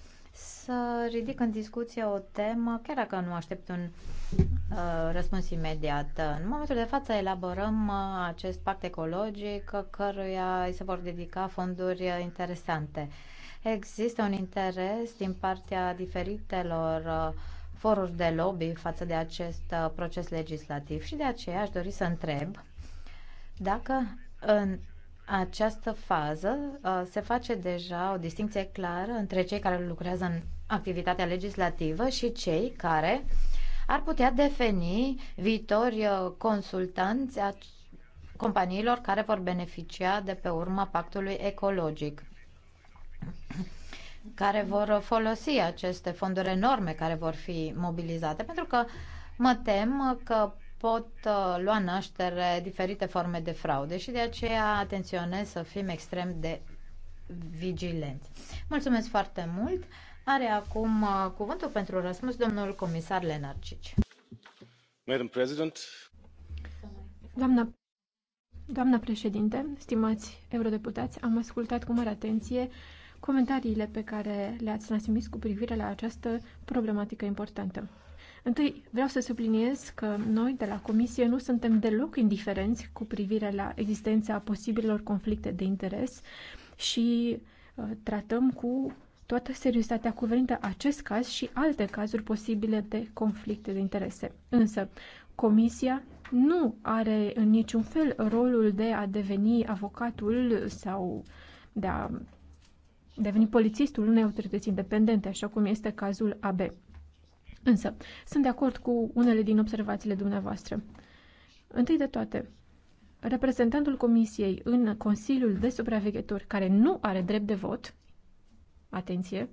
să ridic în discuție o temă, chiar dacă nu aștept un uh, răspuns imediat. În momentul de față elaborăm uh, acest pact ecologic căruia îi se vor dedica fonduri uh, interesante. Există un interes din partea diferitelor uh, foruri de lobby față de acest uh, proces legislativ și de aceea aș dori să întreb dacă în această fază uh, se face deja o distinție clară între cei care lucrează în activitatea legislativă și cei care ar putea defini viitori uh, consultanți a companiilor care vor beneficia de pe urma pactului ecologic care vor folosi aceste fonduri enorme care vor fi mobilizate, pentru că mă tem că pot uh, lua naștere diferite forme de fraude și de aceea atenționez să fim extrem de vigilenți. Mulțumesc foarte mult! Are acum uh, cuvântul pentru răspuns domnul comisar Lenarcici. Madam President. Doamna, doamna președinte, stimați eurodeputați, am ascultat cu mare atenție comentariile pe care le-ați transmis cu privire la această problematică importantă. Întâi, vreau să subliniez că noi de la Comisie nu suntem deloc indiferenți cu privire la existența posibilor conflicte de interes și uh, tratăm cu toată seriozitatea cuvenită acest caz și alte cazuri posibile de conflicte de interese. Însă, Comisia nu are în niciun fel rolul de a deveni avocatul sau de a deveni polițistul unei autorități independente, așa cum este cazul AB. Însă, sunt de acord cu unele din observațiile dumneavoastră. Întâi de toate, reprezentantul Comisiei în Consiliul de Supraveghetori, care nu are drept de vot, atenție,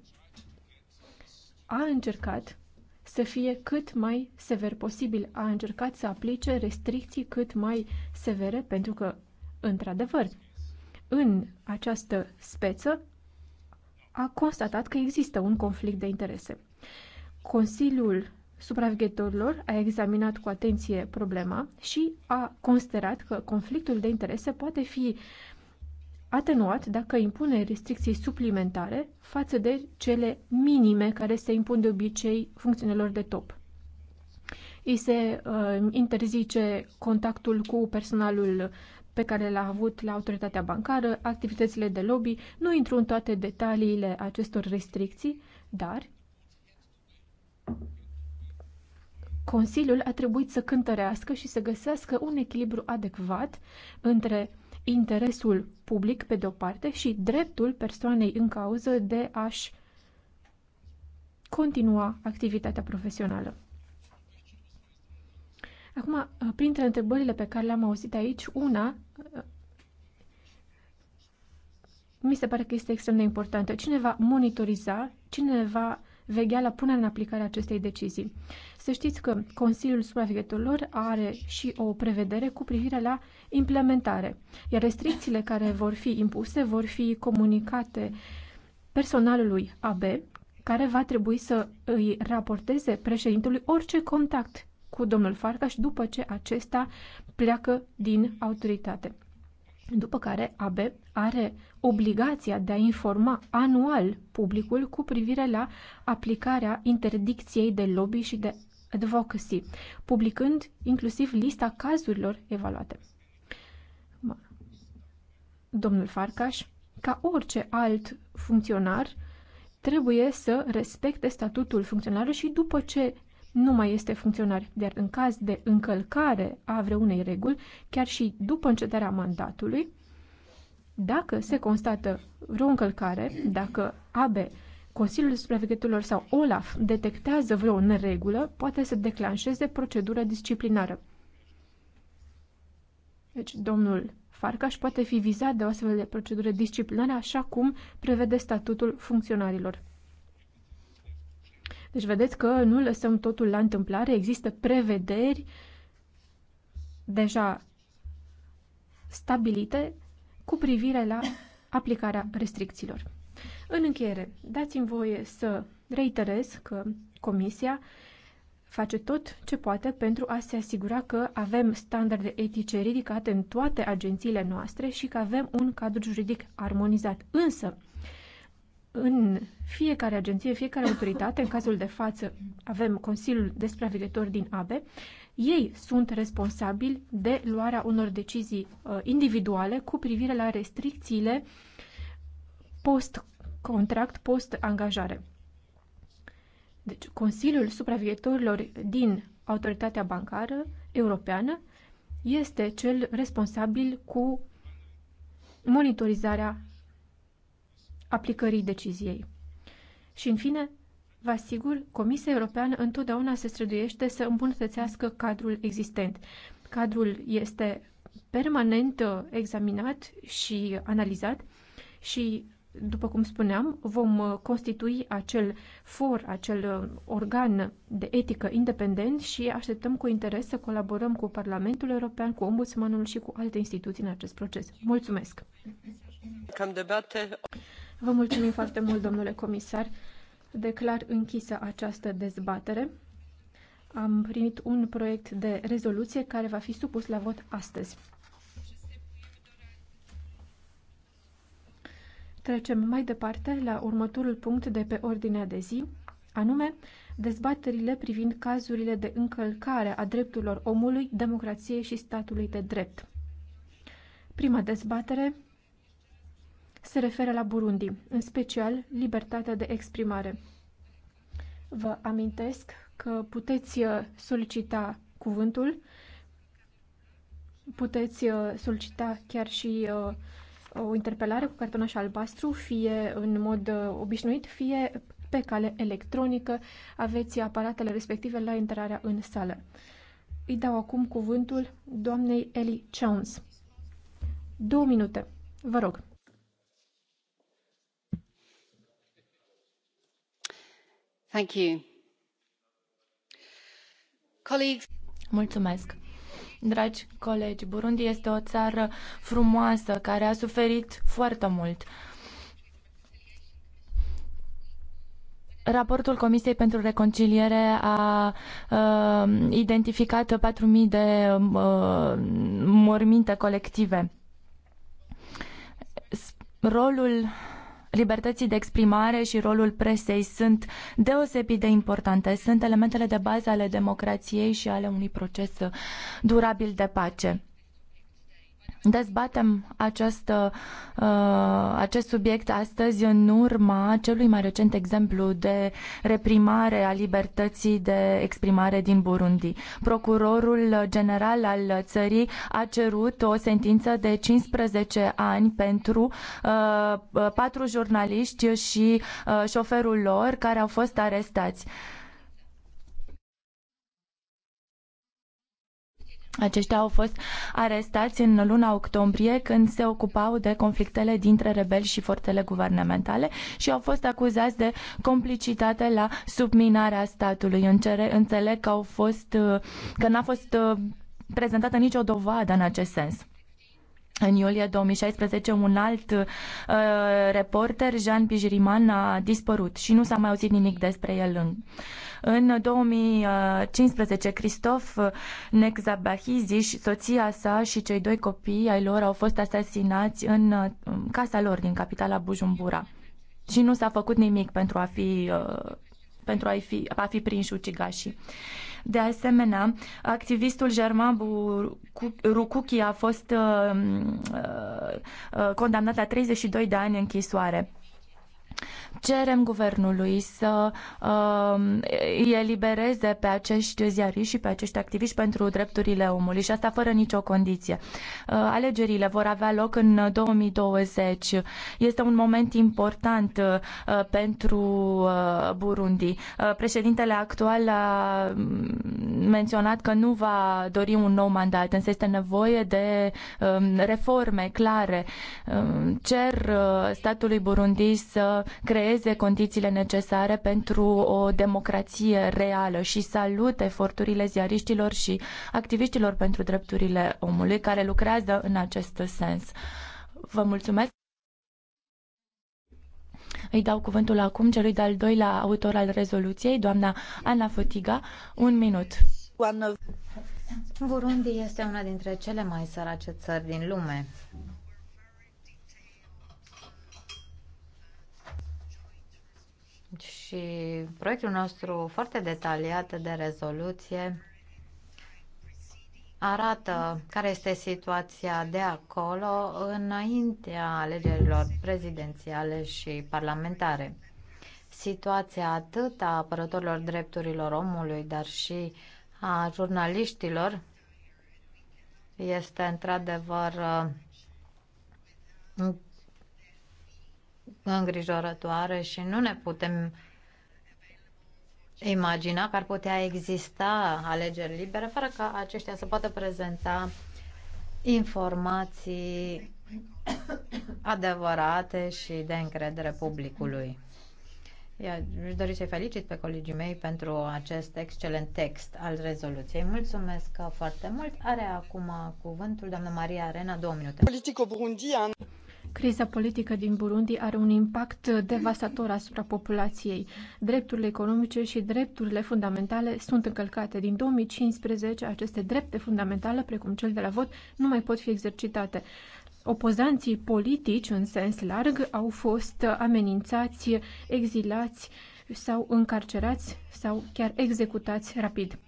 a încercat să fie cât mai sever posibil, a încercat să aplice restricții cât mai severe, pentru că, într-adevăr, în această speță a constatat că există un conflict de interese. Consiliul supraveghetorilor a examinat cu atenție problema și a considerat că conflictul de interese poate fi atenuat dacă impune restricții suplimentare față de cele minime care se impun de obicei funcționelor de top. Îi se uh, interzice contactul cu personalul pe care l-a avut la autoritatea bancară, activitățile de lobby. Nu intru în toate detaliile acestor restricții, dar Consiliul a trebuit să cântărească și să găsească un echilibru adecvat între interesul public, pe de-o parte, și dreptul persoanei în cauză de a-și continua activitatea profesională. Acum, printre întrebările pe care le-am auzit aici, una mi se pare că este extrem de importantă. Cine va monitoriza, cine va veghea la punerea în aplicare a acestei decizii. Să știți că Consiliul Supraveghetorilor are și o prevedere cu privire la implementare, iar restricțiile care vor fi impuse vor fi comunicate personalului AB, care va trebui să îi raporteze președintelui orice contact cu domnul Farcaș după ce acesta pleacă din autoritate după care AB are obligația de a informa anual publicul cu privire la aplicarea interdicției de lobby și de advocacy, publicând inclusiv lista cazurilor evaluate. Domnul Farcaș, ca orice alt funcționar, trebuie să respecte statutul funcționarului și după ce nu mai este funcționar, iar în caz de încălcare a vreunei reguli, chiar și după încetarea mandatului, dacă se constată vreo încălcare, dacă AB, Consiliul Supravegheturilor sau OLAF detectează vreo neregulă, poate să declanșeze procedură disciplinară. Deci, domnul Farcaș poate fi vizat de o astfel de procedură disciplinară, așa cum prevede statutul funcționarilor. Deci vedeți că nu lăsăm totul la întâmplare, există prevederi deja stabilite cu privire la aplicarea restricțiilor. În încheiere, dați-mi voie să reiterez că Comisia face tot ce poate pentru a se asigura că avem standarde etice ridicate în toate agențiile noastre și că avem un cadru juridic armonizat. Însă, în fiecare agenție, fiecare autoritate, în cazul de față avem Consiliul de Supraveghetori din ABE, ei sunt responsabili de luarea unor decizii uh, individuale cu privire la restricțiile post-contract, post-angajare. Deci, Consiliul supraveghetorilor din Autoritatea Bancară Europeană este cel responsabil cu monitorizarea aplicării deciziei. Și, în fine, vă asigur, Comisia Europeană întotdeauna se străduiește să îmbunătățească cadrul existent. Cadrul este permanent uh, examinat și analizat și, după cum spuneam, vom uh, constitui acel for, acel uh, organ de etică independent și așteptăm cu interes să colaborăm cu Parlamentul European, cu Ombudsmanul și cu alte instituții în acest proces. Mulțumesc! Cam debate. Vă mulțumim foarte mult, domnule comisar. Declar închisă această dezbatere. Am primit un proiect de rezoluție care va fi supus la vot astăzi. Trecem mai departe la următorul punct de pe ordinea de zi, anume dezbaterile privind cazurile de încălcare a drepturilor omului, democrației și statului de drept. Prima dezbatere se referă la Burundi, în special libertatea de exprimare. Vă amintesc că puteți uh, solicita cuvântul, puteți uh, solicita chiar și uh, o interpelare cu cartonaș albastru, fie în mod obișnuit, fie pe cale electronică. Aveți aparatele respective la intrarea în sală. Îi dau acum cuvântul doamnei Ellie Jones. Două minute, vă rog. Mulțumesc. Dragi colegi, Burundi este o țară frumoasă care a suferit foarte mult. Raportul Comisiei pentru Reconciliere a uh, identificat 4.000 de uh, morminte colective. Rolul libertății de exprimare și rolul presei sunt deosebit de importante, sunt elementele de bază ale democrației și ale unui proces durabil de pace. Dezbatem acest, uh, acest subiect astăzi în urma celui mai recent exemplu de reprimare a libertății de exprimare din Burundi. Procurorul general al țării a cerut o sentință de 15 ani pentru uh, patru jurnaliști și uh, șoferul lor care au fost arestați. Aceștia au fost arestați în luna octombrie când se ocupau de conflictele dintre rebeli și forțele guvernamentale și au fost acuzați de complicitate la subminarea statului. Încere, înțeleg că, au fost, că n-a fost uh, prezentată nicio dovadă în acest sens. În iulie 2016, un alt uh, reporter, Jean Pijiriman, a dispărut și nu s-a mai auzit nimic despre el. În, în 2015, Christoph Nexabahizi și soția sa și cei doi copii ai lor au fost asasinați în uh, casa lor din capitala Bujumbura. Și nu s-a făcut nimic pentru a fi, uh, pentru a fi, a fi prinși ucigașii. De asemenea, activistul Germain Rukuki a fost uh, uh, condamnat la 32 de ani închisoare. Cerem guvernului să uh, îi elibereze pe acești ziariști și pe acești activiști pentru drepturile omului și asta fără nicio condiție. Uh, alegerile vor avea loc în 2020. Este un moment important uh, pentru uh, Burundi. Uh, președintele actual a mm, menționat că nu va dori un nou mandat, însă este nevoie de um, reforme clare. Um, cer uh, statului Burundi să creeze creeze condițiile necesare pentru o democrație reală și salut eforturile ziariștilor și activiștilor pentru drepturile omului care lucrează în acest sens. Vă mulțumesc! Îi dau cuvântul acum celui de-al doilea autor al rezoluției, doamna Ana Fotiga. Un minut. Burundi este una dintre cele mai sărace țări din lume. și proiectul nostru foarte detaliat de rezoluție arată care este situația de acolo înaintea alegerilor prezidențiale și parlamentare. Situația atât a apărătorilor drepturilor omului, dar și a jurnaliștilor este într-adevăr uh, îngrijorătoare și nu ne putem imagina că ar putea exista alegeri libere fără ca aceștia să poată prezenta informații adevărate și de încredere publicului. Își dori să-i felicit pe colegii mei pentru acest excelent text al rezoluției. Mulțumesc foarte mult. Are acum cuvântul doamna Maria Arena, două minute. Politico-Burundian. Criza politică din Burundi are un impact devastator asupra populației. Drepturile economice și drepturile fundamentale sunt încălcate. Din 2015, aceste drepte fundamentale, precum cel de la vot, nu mai pot fi exercitate. Opozanții politici, în sens larg, au fost amenințați, exilați sau încarcerați sau chiar executați rapid.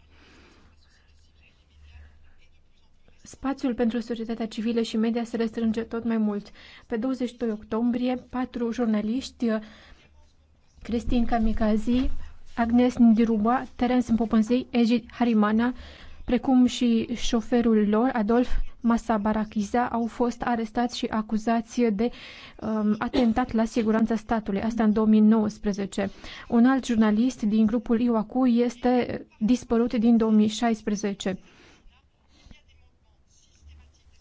Spațiul pentru societatea civilă și media se restrânge tot mai mult. Pe 22 octombrie, patru jurnaliști, Cristin Kamikazi, Agnes Ndiruba, Terence Poponzei, Ejid Harimana, precum și șoferul lor, Adolf Masabarakiza, au fost arestați și acuzați de um, atentat la siguranța statului, asta în 2019. Un alt jurnalist din grupul Iwaku este dispărut din 2016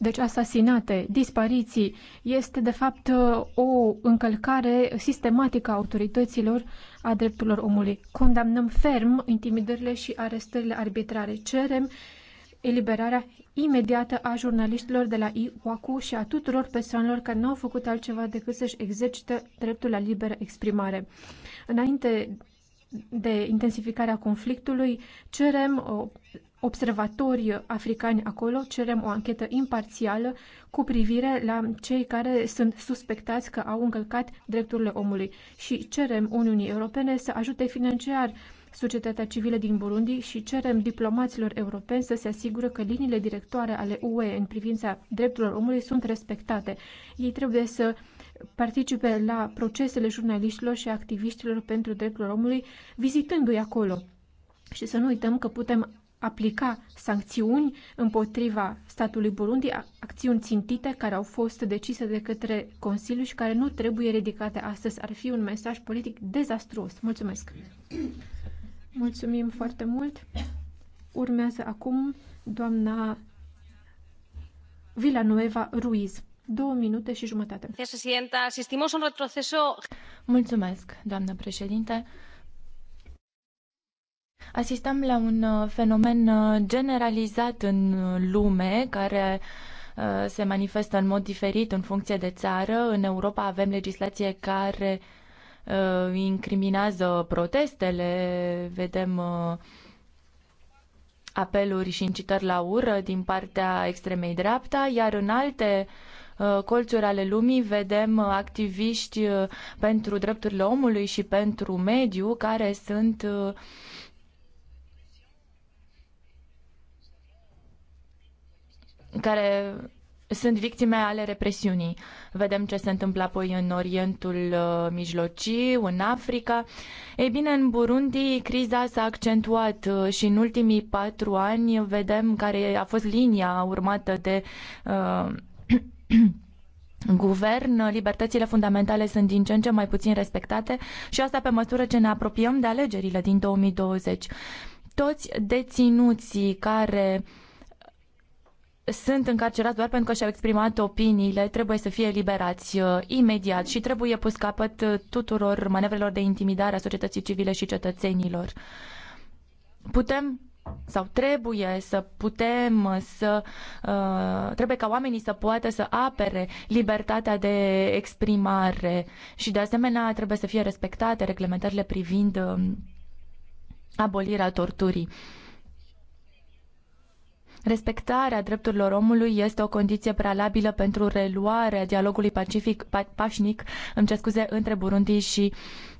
deci asasinate, dispariții, este de fapt uh, o încălcare sistematică a autorităților a drepturilor omului. Condamnăm ferm intimidările și arestările arbitrare. Cerem eliberarea imediată a jurnaliștilor de la IOACU și a tuturor persoanelor care nu au făcut altceva decât să-și exercite dreptul la liberă exprimare. Înainte de intensificarea conflictului, cerem o uh, observatori africani acolo, cerem o anchetă imparțială cu privire la cei care sunt suspectați că au încălcat drepturile omului și cerem Uniunii Europene să ajute financiar societatea civilă din Burundi și cerem diplomaților europeni să se asigură că liniile directoare ale UE în privința drepturilor omului sunt respectate. Ei trebuie să participe la procesele jurnaliștilor și activiștilor pentru drepturile omului, vizitându-i acolo. Și să nu uităm că putem aplica sancțiuni împotriva statului Burundi, acțiuni țintite care au fost decise de către Consiliu și care nu trebuie ridicate astăzi. Ar fi un mesaj politic dezastruos. Mulțumesc! Mulțumim foarte mult! Urmează acum doamna Villanueva Ruiz. Două minute și jumătate. Mulțumesc, doamnă președinte. Asistăm la un uh, fenomen uh, generalizat în uh, lume care se manifestă în mod diferit în funcție de țară. În Europa avem legislație care incriminează protestele, vedem apeluri și incitări la ură din partea extremei dreapta, iar în alte colțuri ale lumii vedem activiști pentru drepturile omului și pentru mediu care sunt care sunt victime ale represiunii. Vedem ce se întâmplă apoi în Orientul uh, Mijlociu, în Africa. Ei bine, în Burundi criza s-a accentuat uh, și în ultimii patru ani vedem care a fost linia urmată de uh, guvern, libertățile fundamentale sunt din ce în ce mai puțin respectate și asta pe măsură ce ne apropiem de alegerile din 2020. Toți deținuții care uh, sunt încarcerați doar pentru că și-au exprimat opiniile, trebuie să fie eliberați uh, imediat și trebuie pus capăt uh, tuturor manevrelor de intimidare a societății civile și cetățenilor. Putem sau trebuie să putem uh, să uh, trebuie ca oamenii să poată să apere libertatea de exprimare și de asemenea trebuie să fie respectate reglementările privind uh, abolirea torturii. Uh, Respectarea drepturilor omului este o condiție prealabilă pentru reluarea dialogului pacific, pa, pașnic îmi cer scuze, între Burundi și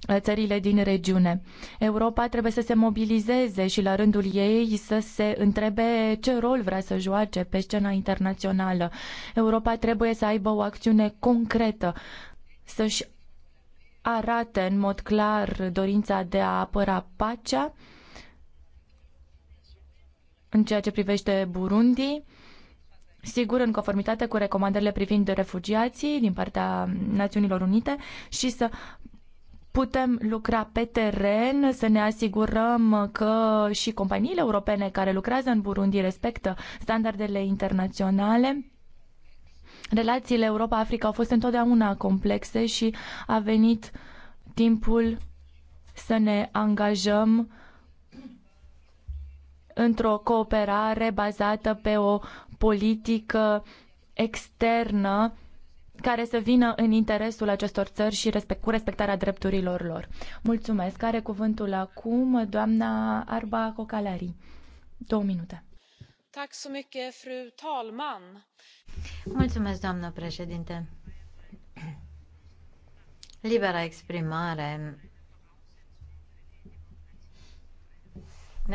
uh, țările din regiune. Europa trebuie să se mobilizeze și la rândul ei să se întrebe ce rol vrea să joace pe scena internațională. Europa trebuie să aibă o acțiune concretă, să-și arate în mod clar dorința de a apăra pacea, în ceea ce privește Burundi, sigur în conformitate cu recomandările privind refugiații din partea Națiunilor Unite și să putem lucra pe teren, să ne asigurăm că și companiile europene care lucrează în Burundi respectă standardele internaționale. Relațiile Europa-Africa au fost întotdeauna complexe și a venit timpul să ne angajăm într-o cooperare bazată pe o politică externă care să vină în interesul acestor țări și respect, cu respectarea drepturilor lor. Mulțumesc. Are cuvântul acum doamna Arba Cocalari. Două minute. Mulțumesc, doamnă președinte. Libera exprimare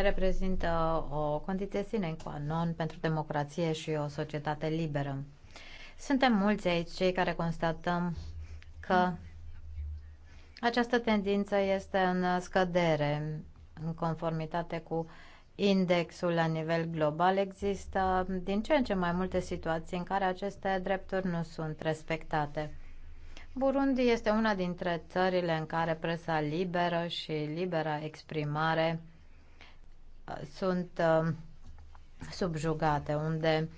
reprezintă o condiție sine qua non pentru democrație și o societate liberă. Suntem mulți aici cei care constatăm că această tendință este în scădere în conformitate cu indexul la nivel global. Există din ce în ce mai multe situații în care aceste drepturi nu sunt respectate. Burundi este una dintre țările în care presa liberă și libera exprimare sunt um, subjugate, unde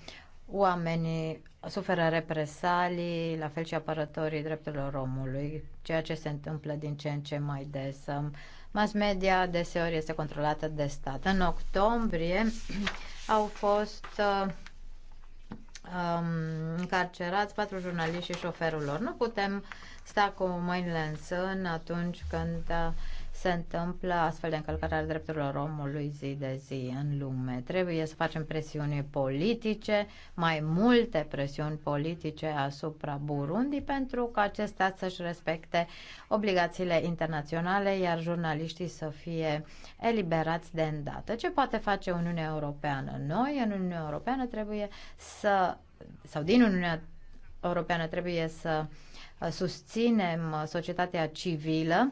oamenii suferă represalii, la fel și apărătorii drepturilor omului, ceea ce se întâmplă din ce în ce mai des. Um, mass media deseori este controlată de stat. În octombrie au fost uh, um, încarcerați patru jurnaliști și șoferul lor. Nu putem sta cu mâinile în sân atunci când uh, se întâmplă astfel de încălcare ale drepturilor omului zi de zi în lume. Trebuie să facem presiuni politice, mai multe presiuni politice asupra Burundi pentru ca acest stat să-și respecte obligațiile internaționale, iar jurnaliștii să fie eliberați de îndată. Ce poate face Uniunea Europeană? Noi, în Uniunea Europeană, trebuie să, sau din Uniunea Europeană, trebuie să susținem societatea civilă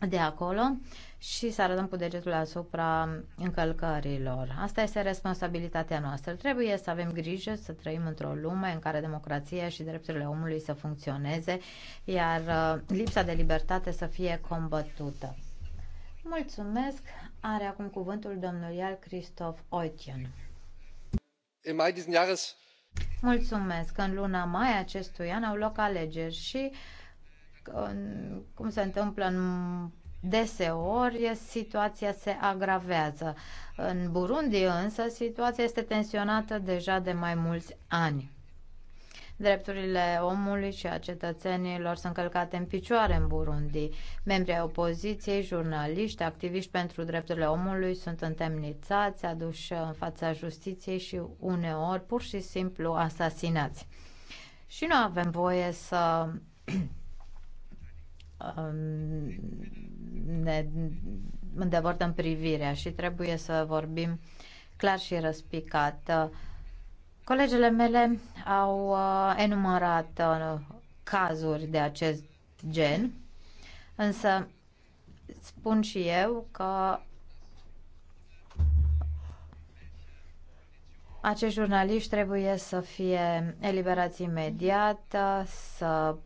de acolo și să arătăm cu degetul asupra încălcărilor. Asta este responsabilitatea noastră. Trebuie să avem grijă să trăim într-o lume în care democrația și drepturile omului să funcționeze, iar uh, lipsa de libertate să fie combătută. Mulțumesc. Are acum cuvântul domnul Ial Christoph Oitjen. Mulțumesc. În luna mai acestui an au loc alegeri și uh, cum se întâmplă în deseori, situația se agravează. În Burundi însă, situația este tensionată deja de mai mulți ani. Drepturile omului și a cetățenilor sunt călcate în picioare în Burundi. Membrii opoziției, jurnaliști, activiști pentru drepturile omului sunt întemnițați, aduși în fața justiției și uneori pur și simplu asasinați. Și nu avem voie să Um, ne îndepărtăm privirea și trebuie să vorbim clar și răspicat. Colegele mele au uh, enumărat uh, cazuri de acest gen, însă spun și eu că acești jurnaliști trebuie să fie eliberați imediat, să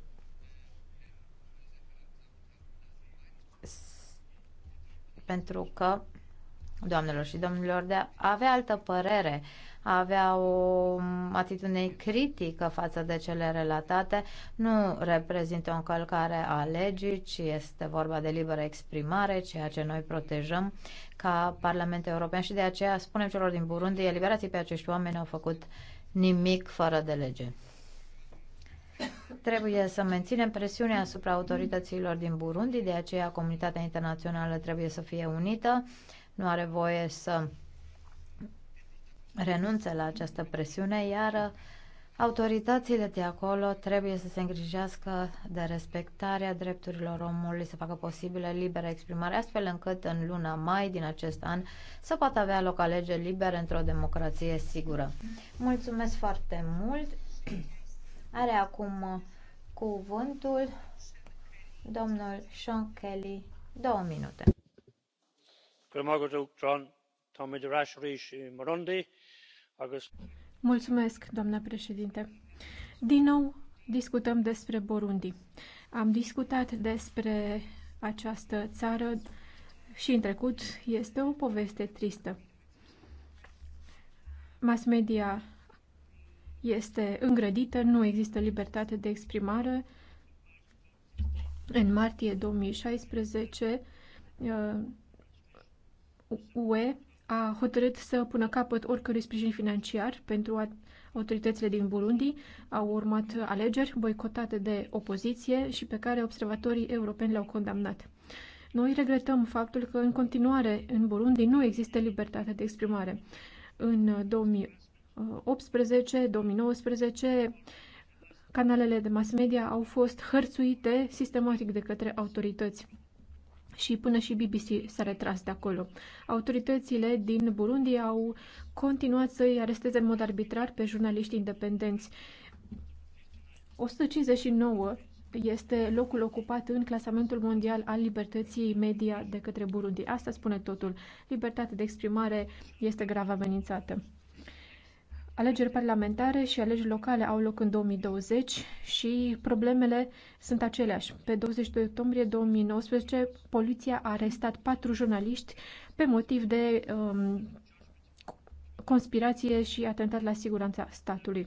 pentru că, doamnelor și domnilor, de a avea altă părere, a avea o atitudine critică față de cele relatate, nu reprezintă o încălcare a legii, ci este vorba de liberă exprimare, ceea ce noi protejăm ca Parlament European și de aceea spunem celor din Burundi, eliberați pe acești oameni, au făcut nimic fără de lege. Trebuie să menținem presiunea asupra autorităților din Burundi, de aceea comunitatea internațională trebuie să fie unită, nu are voie să renunțe la această presiune, iar autoritățile de acolo trebuie să se îngrijească de respectarea drepturilor omului, să facă posibile liberă exprimare, astfel încât în luna mai din acest an să poată avea loc alegeri libere într-o democrație sigură. Mulțumesc foarte mult! Are acum uh, cuvântul domnul Sean Kelly. Două minute. Mulțumesc, doamna președinte. Din nou discutăm despre Burundi. Am discutat despre această țară și în trecut este o poveste tristă. Mass media este îngrădită, nu există libertate de exprimare. În martie 2016, uh, UE a hotărât să pună capăt oricărui sprijin financiar pentru autoritățile din Burundi. Au urmat alegeri boicotate de opoziție și pe care observatorii europeni le-au condamnat. Noi regretăm faptul că în continuare în Burundi nu există libertate de exprimare. În 2000 18, 2019, canalele de mass media au fost hărțuite sistematic de către autorități și până și BBC s-a retras de acolo. Autoritățile din Burundi au continuat să îi aresteze în mod arbitrar pe jurnaliști independenți. 159 este locul ocupat în clasamentul mondial al libertății media de către Burundi. Asta spune totul. Libertatea de exprimare este grav amenințată. Alegeri parlamentare și alegeri locale au loc în 2020 și problemele sunt aceleași. Pe 22 octombrie 2019, poliția a arestat patru jurnaliști pe motiv de um, conspirație și atentat la siguranța statului.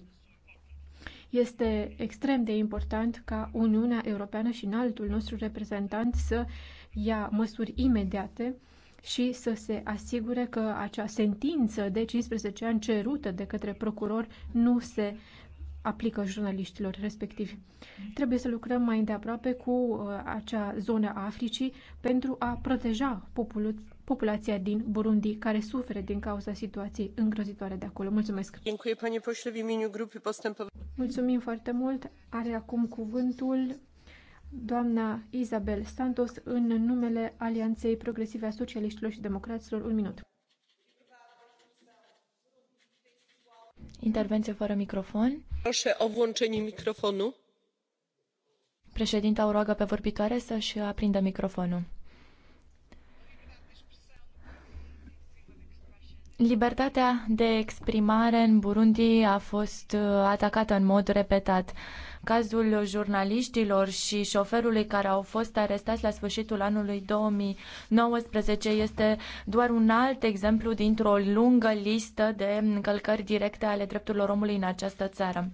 Este extrem de important ca Uniunea Europeană și înaltul nostru reprezentant să ia măsuri imediate uh, și să se asigure că acea sentință de 15 ani cerută de către procuror nu se aplică jurnaliștilor respectivi. Trebuie să lucrăm mai îndeaproape cu uh, acea zonă a Africii pentru a proteja populul, populația din Burundi care suferă din cauza situației îngrozitoare de acolo. Mulțumesc! Mulțumim foarte mult! Are acum cuvântul Doamna Isabel Santos, în numele Alianței Progresive a Socialiștilor și Democraților, un minut. Intervenție fără microfon. o włączenie mikrofonu. Președinta o roagă pe vorbitoare să-și aprindă microfonul. Libertatea de exprimare în Burundi a fost uh, atacată în mod repetat. Cazul jurnaliștilor și șoferului care au fost arestați la sfârșitul anului 2019 este doar un alt exemplu dintr-o lungă listă de încălcări directe ale drepturilor omului în această țară.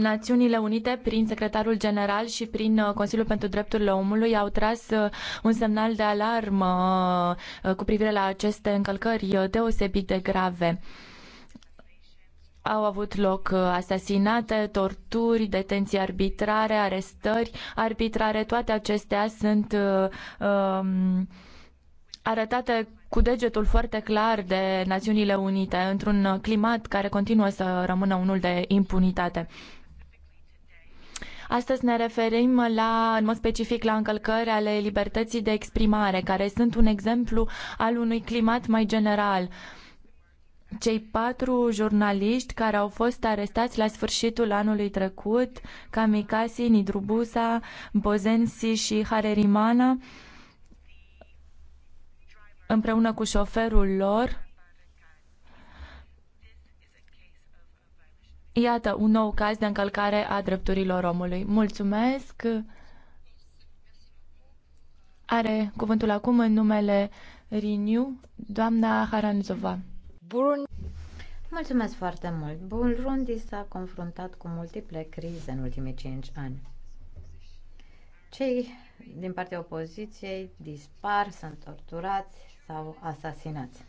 Națiunile Unite, prin secretarul general și prin uh, Consiliul pentru Drepturile Omului, au tras uh, un semnal de alarmă uh, cu privire la aceste încălcări deosebit de grave. Au avut loc asasinate, torturi, detenții arbitrare, arestări arbitrare. Toate acestea sunt um, arătate cu degetul foarte clar de Națiunile Unite într-un climat care continuă să rămână unul de impunitate. Astăzi ne referim la, în mod specific la încălcări ale libertății de exprimare, care sunt un exemplu al unui climat mai general cei patru jurnaliști care au fost arestați la sfârșitul anului trecut, Kamikasi, Nidrubusa, Bozensi și Harerimana, împreună cu șoferul lor, Iată un nou caz de încălcare a drepturilor omului. Mulțumesc! Are cuvântul acum în numele Renew, doamna Haranzova. Bun. Mulțumesc foarte mult. Burundi s-a confruntat cu multiple crize în ultimii cinci ani. Cei din partea opoziției dispar, sunt torturați sau asasinați.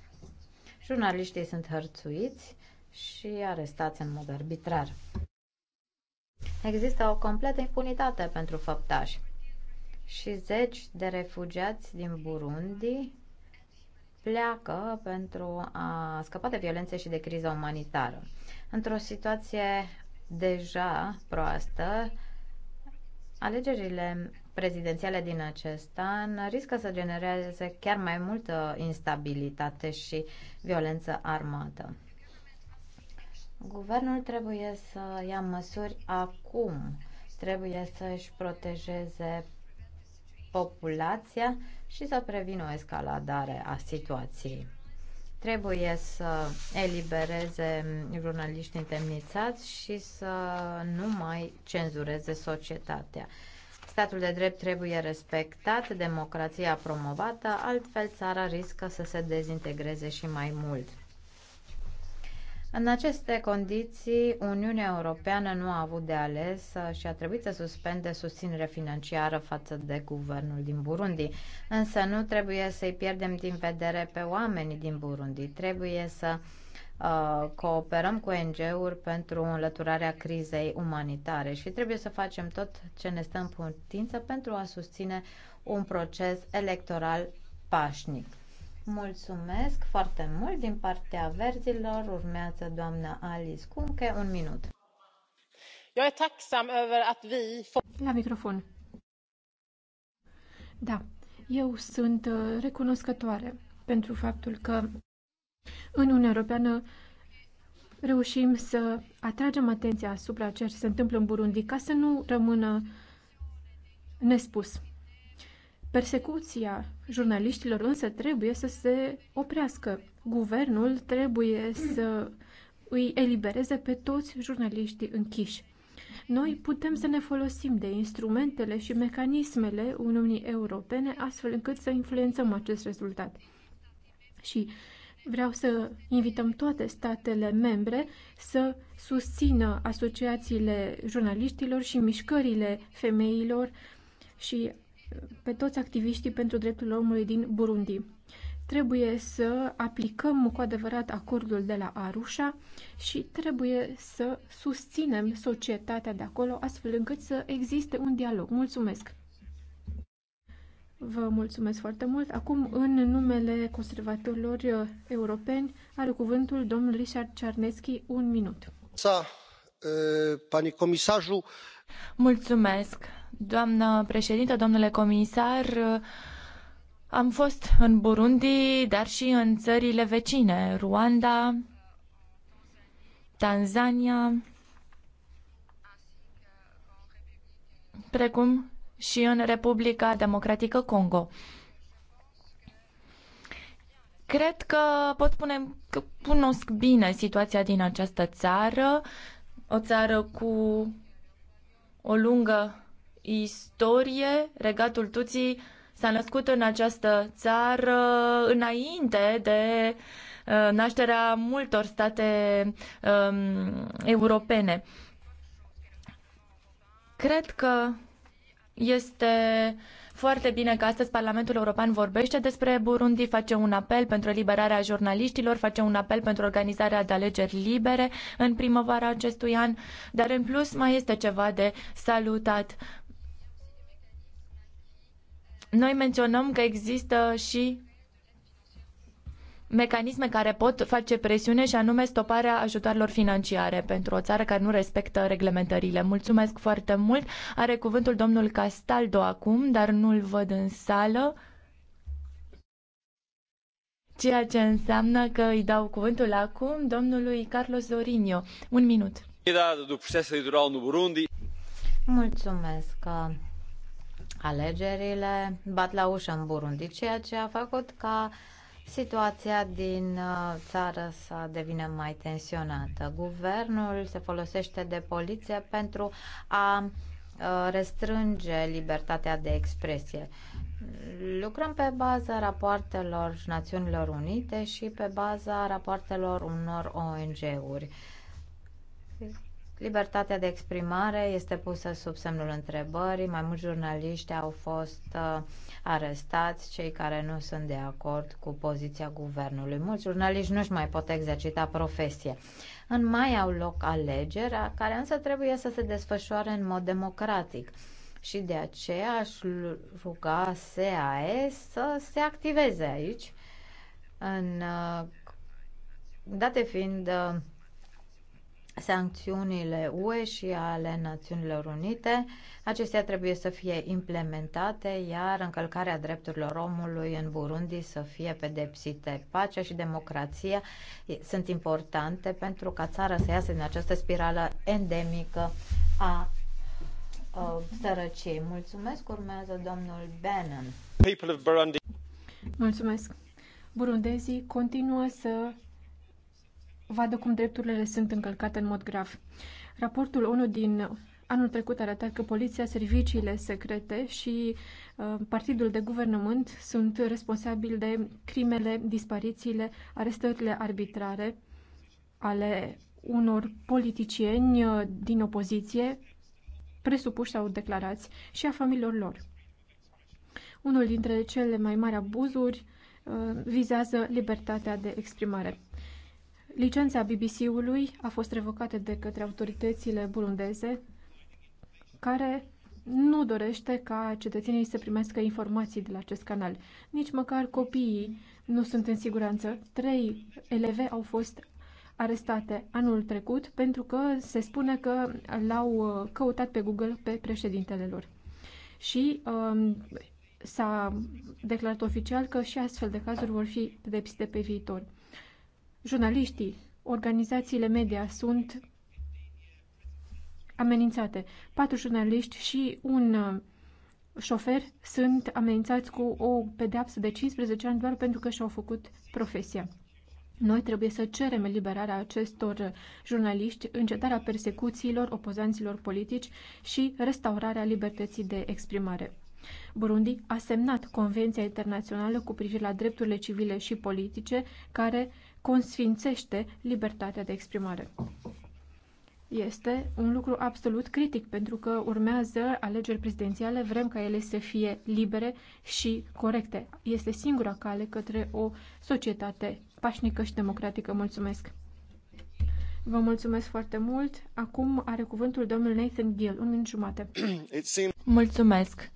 Jurnaliștii sunt hărțuiți și arestați în mod arbitrar. Există o completă impunitate pentru făptași și zeci de refugiați din Burundi pleacă pentru a scăpa de violențe și de criza umanitară. Într-o situație deja proastă, alegerile prezidențiale din acest an riscă să genereze chiar mai multă instabilitate și violență armată. Guvernul trebuie să ia măsuri acum. Trebuie să-și protejeze populația și să prevină o escaladare a situației. Trebuie să elibereze jurnaliști întemnițați și să nu mai cenzureze societatea. Statul de drept trebuie respectat, democrația promovată, altfel țara riscă să se dezintegreze și mai mult. În aceste condiții, Uniunea Europeană nu a avut de ales și a trebuit să suspende susținerea financiară față de guvernul din Burundi. Însă nu trebuie să-i pierdem din vedere pe oamenii din Burundi. Trebuie să uh, cooperăm cu ONG-uri pentru înlăturarea crizei umanitare și trebuie să facem tot ce ne stă în putință pentru a susține un proces electoral pașnic. Mulțumesc foarte mult din partea verzilor. Urmează doamna Alice Kunke, un minut. Eu e tacksam over at vi... La microfon. Da, eu sunt uh, recunoscătoare pentru faptul că în Uniunea Europeană reușim să atragem atenția asupra ceea ce se întâmplă în Burundi ca să nu rămână nespus. Persecuția jurnaliștilor însă trebuie să se oprească. Guvernul trebuie să îi elibereze pe toți jurnaliștii închiși. Noi putem să ne folosim de instrumentele și mecanismele Uniunii Europene astfel încât să influențăm acest rezultat. Și vreau să invităm toate statele membre să susțină asociațiile jurnaliștilor și mișcările femeilor și pe toți activiștii pentru drepturile omului din Burundi. Trebuie să aplicăm cu adevărat acordul de la Arusha și trebuie să susținem societatea de acolo astfel încât să existe un dialog. Mulțumesc! Vă mulțumesc foarte mult. Acum, în numele conservatorilor europeni, are cuvântul domnul Richard Czarnecki, un minut. Eh, pani comisajul. Mulțumesc Doamnă președintă, domnule comisar, am fost în Burundi, dar și în țările vecine, Rwanda, Tanzania, precum și în Republica Democratică Congo. Cred că pot spune că cunosc bine situația din această țară, o țară cu o lungă istorie, regatul Tuții s-a născut în această țară înainte de uh, nașterea multor state um, europene. Cred că este foarte bine că astăzi Parlamentul European vorbește despre Burundi, face un apel pentru eliberarea jurnaliștilor, face un apel pentru organizarea de alegeri libere în primăvara acestui an, dar în plus mai este ceva de salutat. Noi menționăm că există și mecanisme care pot face presiune și anume stoparea ajutoarelor financiare pentru o țară care nu respectă reglementările. Mulțumesc foarte mult. Are cuvântul domnul Castaldo acum, dar nu-l văd în sală. Ceea ce înseamnă că îi dau cuvântul acum domnului Carlos Zorinio. Un minut. Mulțumesc alegerile bat la ușă în Burundi, ceea ce a făcut ca situația din uh, țară să devină mai tensionată. Guvernul se folosește de poliție pentru a uh, restrânge libertatea de expresie. Lucrăm pe baza rapoartelor Națiunilor Unite și pe baza rapoartelor unor ONG-uri. Libertatea de exprimare este pusă sub semnul întrebării. Mai mulți jurnaliști au fost uh, arestați, cei care nu sunt de acord cu poziția guvernului. Mulți jurnaliști nu-și mai pot exercita profesie. În mai au loc alegeri, care însă trebuie să se desfășoare în mod democratic. Și de aceea aș ruga SAE să se activeze aici, în, uh, date fiind uh, sancțiunile UE și ale Națiunilor Unite. Acestea trebuie să fie implementate, iar încălcarea drepturilor omului în Burundi să fie pedepsite. Pacea și democrația sunt importante pentru ca țara să iasă din această spirală endemică a uh, sărăciei. Mulțumesc. Urmează domnul Bannon. Mulțumesc. Burundezii continuă să vadă cum drepturile sunt încălcate în mod grav. Raportul ONU din anul trecut arăta că poliția, serviciile secrete și uh, partidul de guvernământ sunt responsabili de crimele, disparițiile, arestările arbitrare ale unor politicieni uh, din opoziție, presupuși sau declarați, și a familiilor lor. Unul dintre cele mai mari abuzuri uh, vizează libertatea de exprimare. Licența BBC-ului a fost revocată de către autoritățile burundeze, care nu dorește ca cetățenii să primească informații de la acest canal. Nici măcar copiii nu sunt în siguranță. Trei eleve au fost arestate anul trecut pentru că se spune că l-au uh, căutat pe Google pe președintele lor. Și um, s-a declarat oficial că și astfel de cazuri vor fi pedepsite pe viitor jurnaliștii, organizațiile media sunt amenințate. Patru jurnaliști și un uh, șofer sunt amenințați cu o pedeapsă de 15 ani doar pentru că și-au făcut profesia. Noi trebuie să cerem eliberarea acestor uh, jurnaliști, încetarea persecuțiilor opozanților politici și restaurarea libertății de exprimare. Burundi a semnat Convenția Internațională cu privire la drepturile civile și politice, care uh, consfințește libertatea de exprimare. Este un lucru absolut critic pentru că urmează alegeri prezidențiale, vrem ca ele să fie libere și corecte. Este singura cale către o societate pașnică și democratică. Mulțumesc! Vă mulțumesc foarte mult. Acum are cuvântul domnul Nathan Gill. Un minut jumate. Mulțumesc.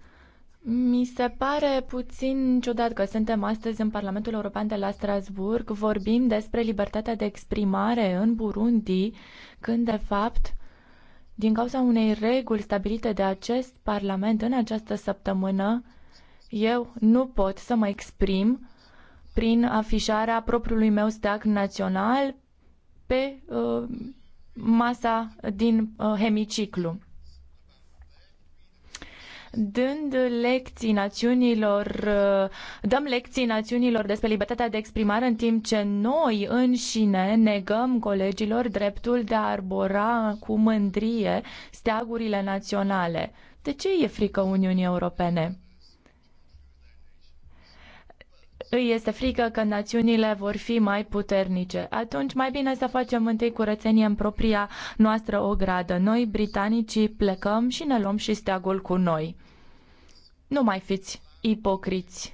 Mi se pare puțin ciudat că suntem astăzi în Parlamentul European de la Strasburg, vorbim despre libertatea de exprimare în Burundi, când de fapt, din cauza unei reguli stabilite de acest Parlament în această săptămână, eu nu pot să mă exprim prin afișarea propriului meu steag național pe uh, masa din uh, hemiciclu dând lecții națiunilor, uh, dăm lecții națiunilor despre libertatea de exprimare în timp ce noi înșine negăm colegilor dreptul de a arbora cu mândrie steagurile naționale. De ce e frică Uniunii Europene? îi este frică că națiunile vor fi mai puternice. Atunci mai bine să facem întâi curățenie în propria noastră ogradă. Noi, britanicii, plecăm și ne luăm și steagul cu noi. Nu mai fiți ipocriți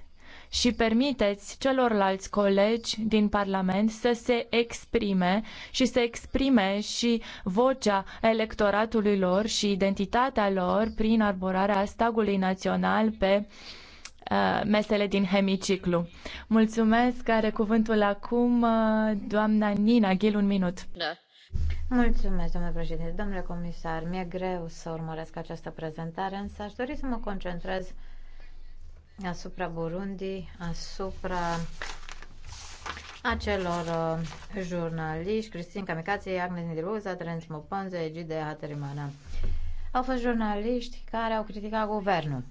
și permiteți celorlalți colegi din Parlament să se exprime și să exprime și vocea electoratului lor și identitatea lor prin arborarea stagului național pe uh, Uh, mesele din hemiciclu. Mulțumesc, are cuvântul acum uh, doamna Nina Ghil, un minut. Da. Mulțumesc, domnule președinte. Domnule comisar, mi-e greu să urmăresc această prezentare, însă aș dori să mă concentrez asupra Burundi, asupra acelor uh, jurnaliști, Cristin Kamikaze, Agnes Nidiluza, Terence Moponze, Egide Haterimana. Au fost jurnaliști care au criticat guvernul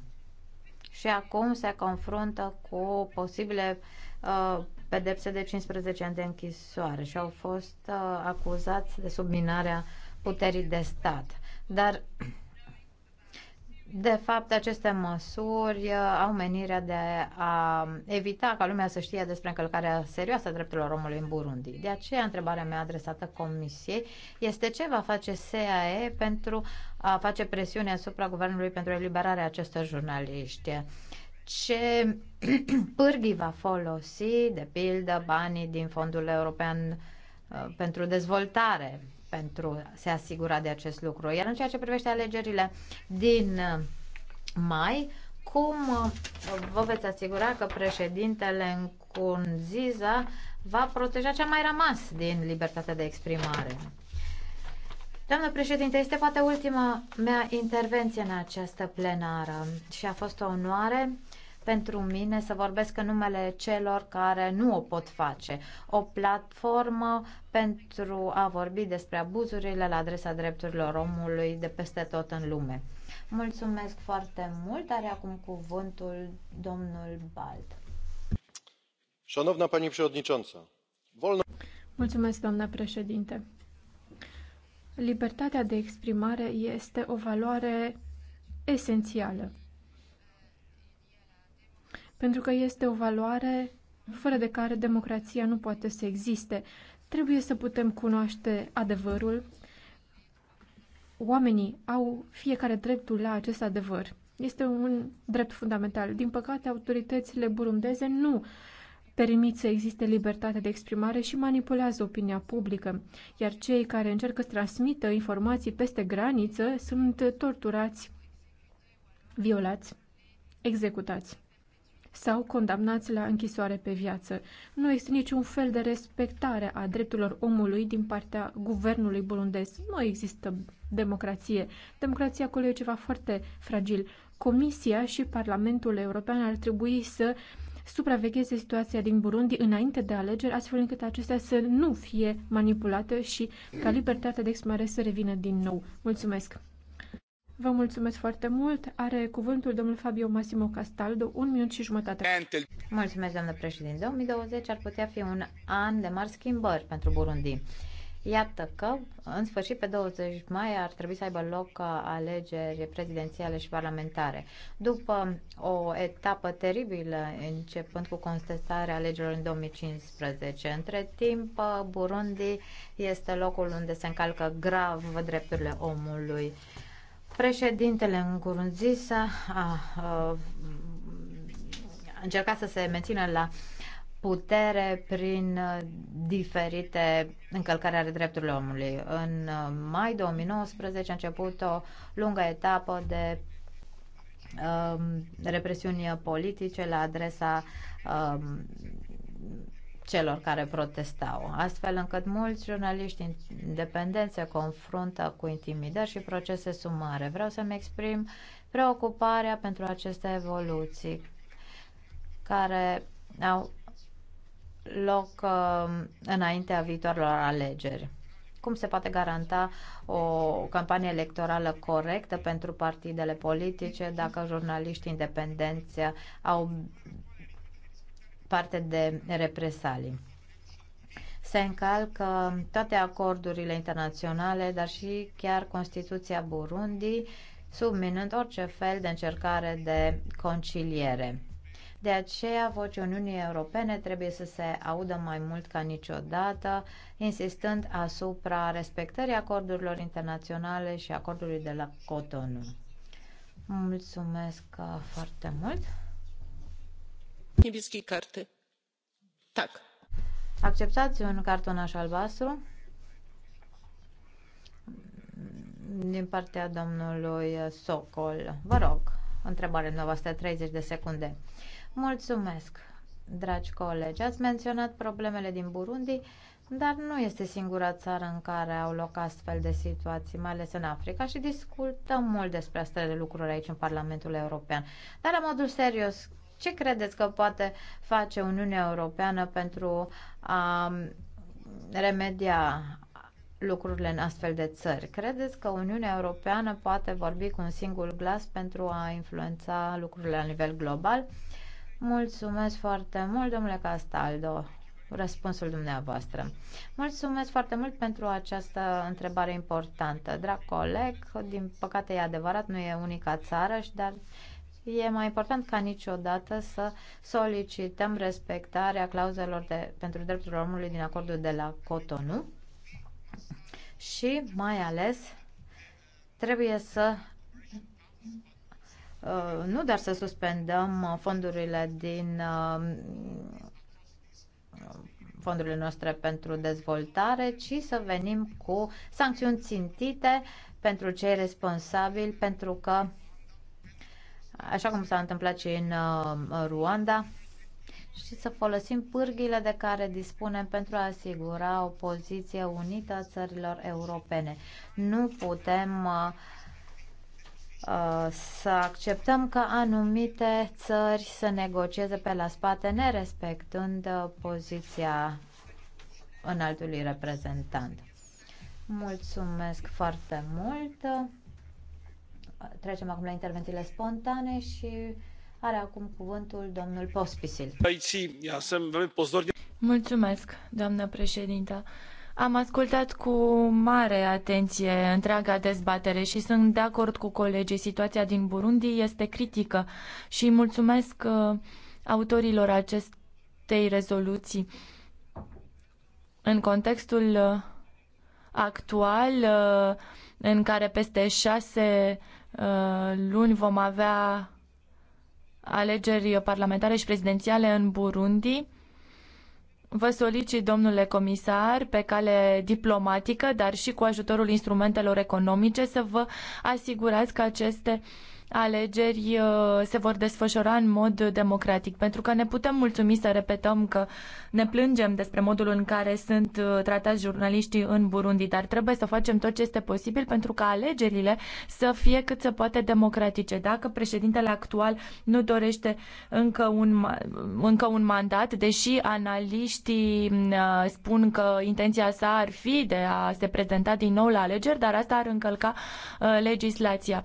și acum se confruntă cu posibile uh, pedepse de 15 ani de închisoare și au fost uh, acuzați de subminarea puterii de stat. Dar de fapt, aceste măsuri uh, au menirea de a evita ca lumea să știe despre încălcarea serioasă a drepturilor omului în Burundi. De aceea, întrebarea mea adresată Comisiei este ce va face SAE pentru a face presiune asupra Guvernului pentru eliberarea acestor jurnaliști. Ce pârghii va folosi, de pildă, banii din Fondul European uh, pentru Dezvoltare pentru a se asigura de acest lucru. Iar în ceea ce privește alegerile din uh, mai, cum uh, vă veți asigura că președintele Nkunziza va proteja ce a mai rămas din libertatea de exprimare? Doamnă președinte, este poate ultima mea intervenție în această plenară și a fost o onoare pentru mine să vorbesc în numele celor care nu o pot face. O platformă pentru a vorbi despre abuzurile la adresa drepturilor omului de peste tot în lume. Mulțumesc foarte mult. Are acum cuvântul domnul Bald. Szanowna Pani Przewodnicząca, wolno... Mulțumesc, doamna președinte. Libertatea de exprimare este o valoare esențială pentru că este o valoare fără de care democrația nu poate să existe. Trebuie să putem cunoaște adevărul. Oamenii au fiecare dreptul la acest adevăr. Este un drept fundamental. Din păcate, autoritățile burundeze nu permit să existe libertate de exprimare și manipulează opinia publică, iar cei care încercă să transmită informații peste graniță sunt torturați, violați, executați sau condamnați la închisoare pe viață. Nu există niciun fel de respectare a drepturilor omului din partea guvernului burundez. Nu există democrație. Democrația acolo e ceva foarte fragil. Comisia și Parlamentul European ar trebui să supravegheze situația din Burundi înainte de alegeri, astfel încât acestea să nu fie manipulate și ca libertatea de exprimare să revină din nou. Mulțumesc! Vă mulțumesc foarte mult. Are cuvântul domnul Fabio Massimo Castaldo, un minut și jumătate. Mulțumesc, doamnă președinte. 2020 ar putea fi un an de mari schimbări pentru Burundi. Iată că, în sfârșit, pe 20 mai ar trebui să aibă loc alegeri prezidențiale și parlamentare. După o etapă teribilă, începând cu contestarea alegerilor în 2015, între timp, Burundi este locul unde se încalcă grav drepturile omului Președintele Ngurunzisa a, a încercat să se mențină la putere prin diferite încălcări ale drepturilor omului. În mai 2019 a început o lungă etapă de um, represiuni politice la adresa um, celor care protestau, astfel încât mulți jurnaliști independenți se confruntă cu intimidări și procese sumare. Vreau să-mi exprim preocuparea pentru aceste evoluții care au loc uh, înaintea viitoarelor alegeri. Cum se poate garanta o campanie electorală corectă pentru partidele politice dacă jurnaliștii independenți au parte de represalii. Se încalcă toate acordurile internaționale, dar și chiar Constituția Burundi, subminând orice fel de încercare de conciliere. De aceea, vocea Uniunii Europene trebuie să se audă mai mult ca niciodată, insistând asupra respectării acordurilor internaționale și acordului de la Cotonou. Mulțumesc uh, foarte mult! Niebieskiej karty. Tak. Acceptați un cartonaș albastru din partea domnului Socol. Vă rog, întrebare noastră, 30 de secunde. Mulțumesc, dragi colegi. Ați menționat problemele din Burundi, dar nu este singura țară în care au loc astfel de situații, mai ales în Africa, și discutăm mult despre astfel de lucruri aici în Parlamentul European. Dar, la modul serios, ce credeți că poate face Uniunea Europeană pentru a remedia lucrurile în astfel de țări? Credeți că Uniunea Europeană poate vorbi cu un singur glas pentru a influența lucrurile la nivel global? Mulțumesc foarte mult, domnule Castaldo, răspunsul dumneavoastră. Mulțumesc foarte mult pentru această întrebare importantă. Drag coleg, din păcate e adevărat, nu e unica țară, și dar e mai important ca niciodată să solicităm respectarea clauzelor de, pentru drepturile omului din acordul de la Cotonou și mai ales trebuie să uh, nu doar să suspendăm fondurile din uh, fondurile noastre pentru dezvoltare, ci să venim cu sancțiuni țintite pentru cei responsabili, pentru că așa cum s-a întâmplat și uh, în Ruanda, și să folosim pârghile de care dispunem pentru a asigura o poziție unită a țărilor europene. Nu putem uh, uh să acceptăm că anumite țări să negocieze pe la spate nerespectând uh, poziția înaltului reprezentant. Mulțumesc foarte mult! Trecem acum la interventiile spontane și are acum cuvântul domnul Pospisil. Mulțumesc, doamnă președintă. Am ascultat cu mare atenție întreaga dezbatere și sunt de acord cu colegii. Situația din Burundi este critică și mulțumesc uh, autorilor acestei rezoluții. În contextul uh, actual, uh, în care peste șase Uh, luni vom avea alegeri parlamentare și prezidențiale în Burundi. Vă solicit, domnule comisar, pe cale diplomatică, dar și cu ajutorul instrumentelor economice, să vă asigurați că aceste uh, alegeri uh, se vor desfășura în mod democratic, pentru că ne putem mulțumi să repetăm că ne plângem despre modul în care sunt uh, tratați jurnaliștii în Burundi, dar trebuie să facem tot ce este posibil pentru ca alegerile să fie cât se poate democratice. Dacă președintele actual nu dorește încă un, încă un mandat, deși analiștii mm, uh, spun că intenția sa ar fi de a se prezenta din nou la alegeri, dar asta ar încălca legislația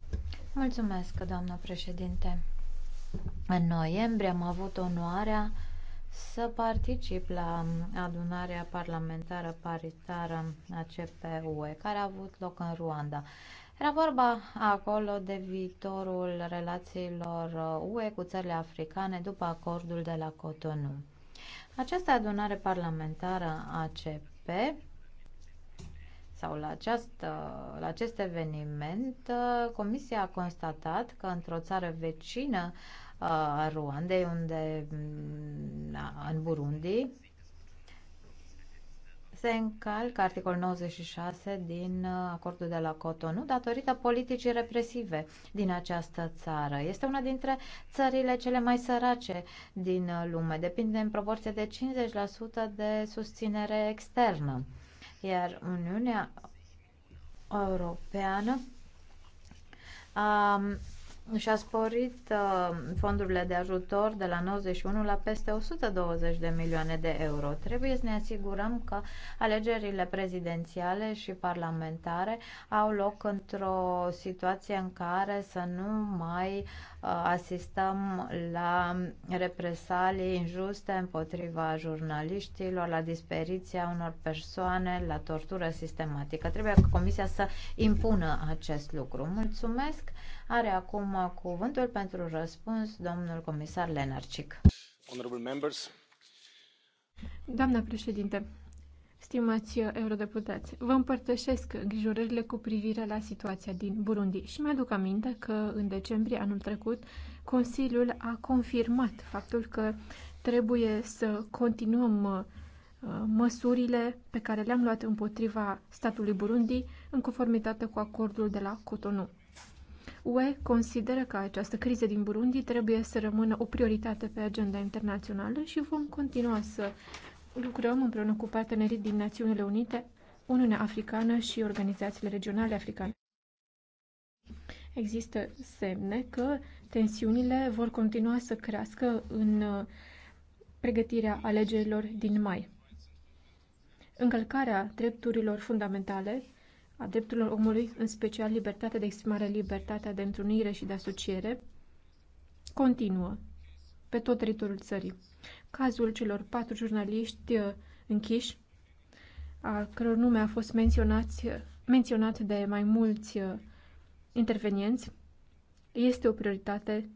Mulțumesc, doamnă președinte. În noiembrie am avut onoarea să particip la adunarea parlamentară paritară a CPUE, care a avut loc în Ruanda. Era vorba acolo de viitorul relațiilor UE cu țările africane după acordul de la Cotonou. Această adunare parlamentară ACP sau la, această, uh, la acest eveniment, uh, Comisia a constatat că într-o țară vecină uh, a Ruandei, unde mm, în Burundi, se încalcă articolul 96 din acordul de la Cotonou datorită politicii represive din această țară. Este una dintre țările cele mai sărace din lume. Depinde în proporție de 50% de susținere externă. Iar Uniunea Europeană a și-a sporit uh, fondurile de ajutor de la 91 la peste 120 de milioane de euro. Trebuie să ne asigurăm că alegerile prezidențiale și parlamentare au loc într-o situație în care să nu mai uh, asistăm la represalii injuste împotriva jurnaliștilor, la dispariția unor persoane, la tortură sistematică. Trebuie ca Comisia să impună acest lucru. Mulțumesc! Are acum cuvântul pentru răspuns domnul comisar Lenarcic. Honorable members. Doamna președinte, stimați eurodeputați, vă împărtășesc îngrijorările cu privire la situația din Burundi și mi-aduc aminte că în decembrie anul trecut Consiliul a confirmat faptul că trebuie să continuăm uh, măsurile pe care le-am luat împotriva statului Burundi în conformitate cu acordul de la Cotonou. UE consideră că această criză din Burundi trebuie să rămână o prioritate pe agenda internațională și vom continua să lucrăm împreună cu partenerii din Națiunile Unite, Uniunea Africană și organizațiile regionale africane. Există semne că tensiunile vor continua să crească în uh, pregătirea alegerilor din mai. Încălcarea drepturilor fundamentale a drepturilor omului, în special libertatea de exprimare, libertatea de întrunire și de asociere, continuă pe tot teritoriul țării. Cazul celor patru jurnaliști uh, închiși, a căror nume a fost menționat menționat de mai mulți uh, intervenienți, este o prioritate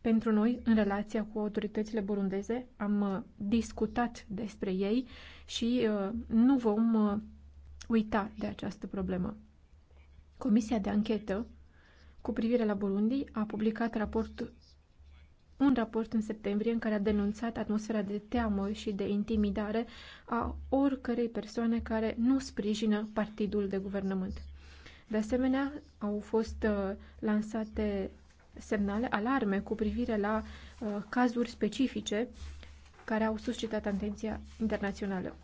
pentru noi în relația cu autoritățile burundeze. Am uh, discutat despre ei și nu vom uita de această problemă. Comisia de anchetă cu privire la Burundi a publicat raport, un raport în septembrie în care a denunțat atmosfera de teamă și de intimidare a oricărei persoane care nu sprijină partidul de guvernământ. De asemenea, au fost uh, lansate semnale, alarme cu privire la uh, cazuri specifice care au suscitat atenția internațională.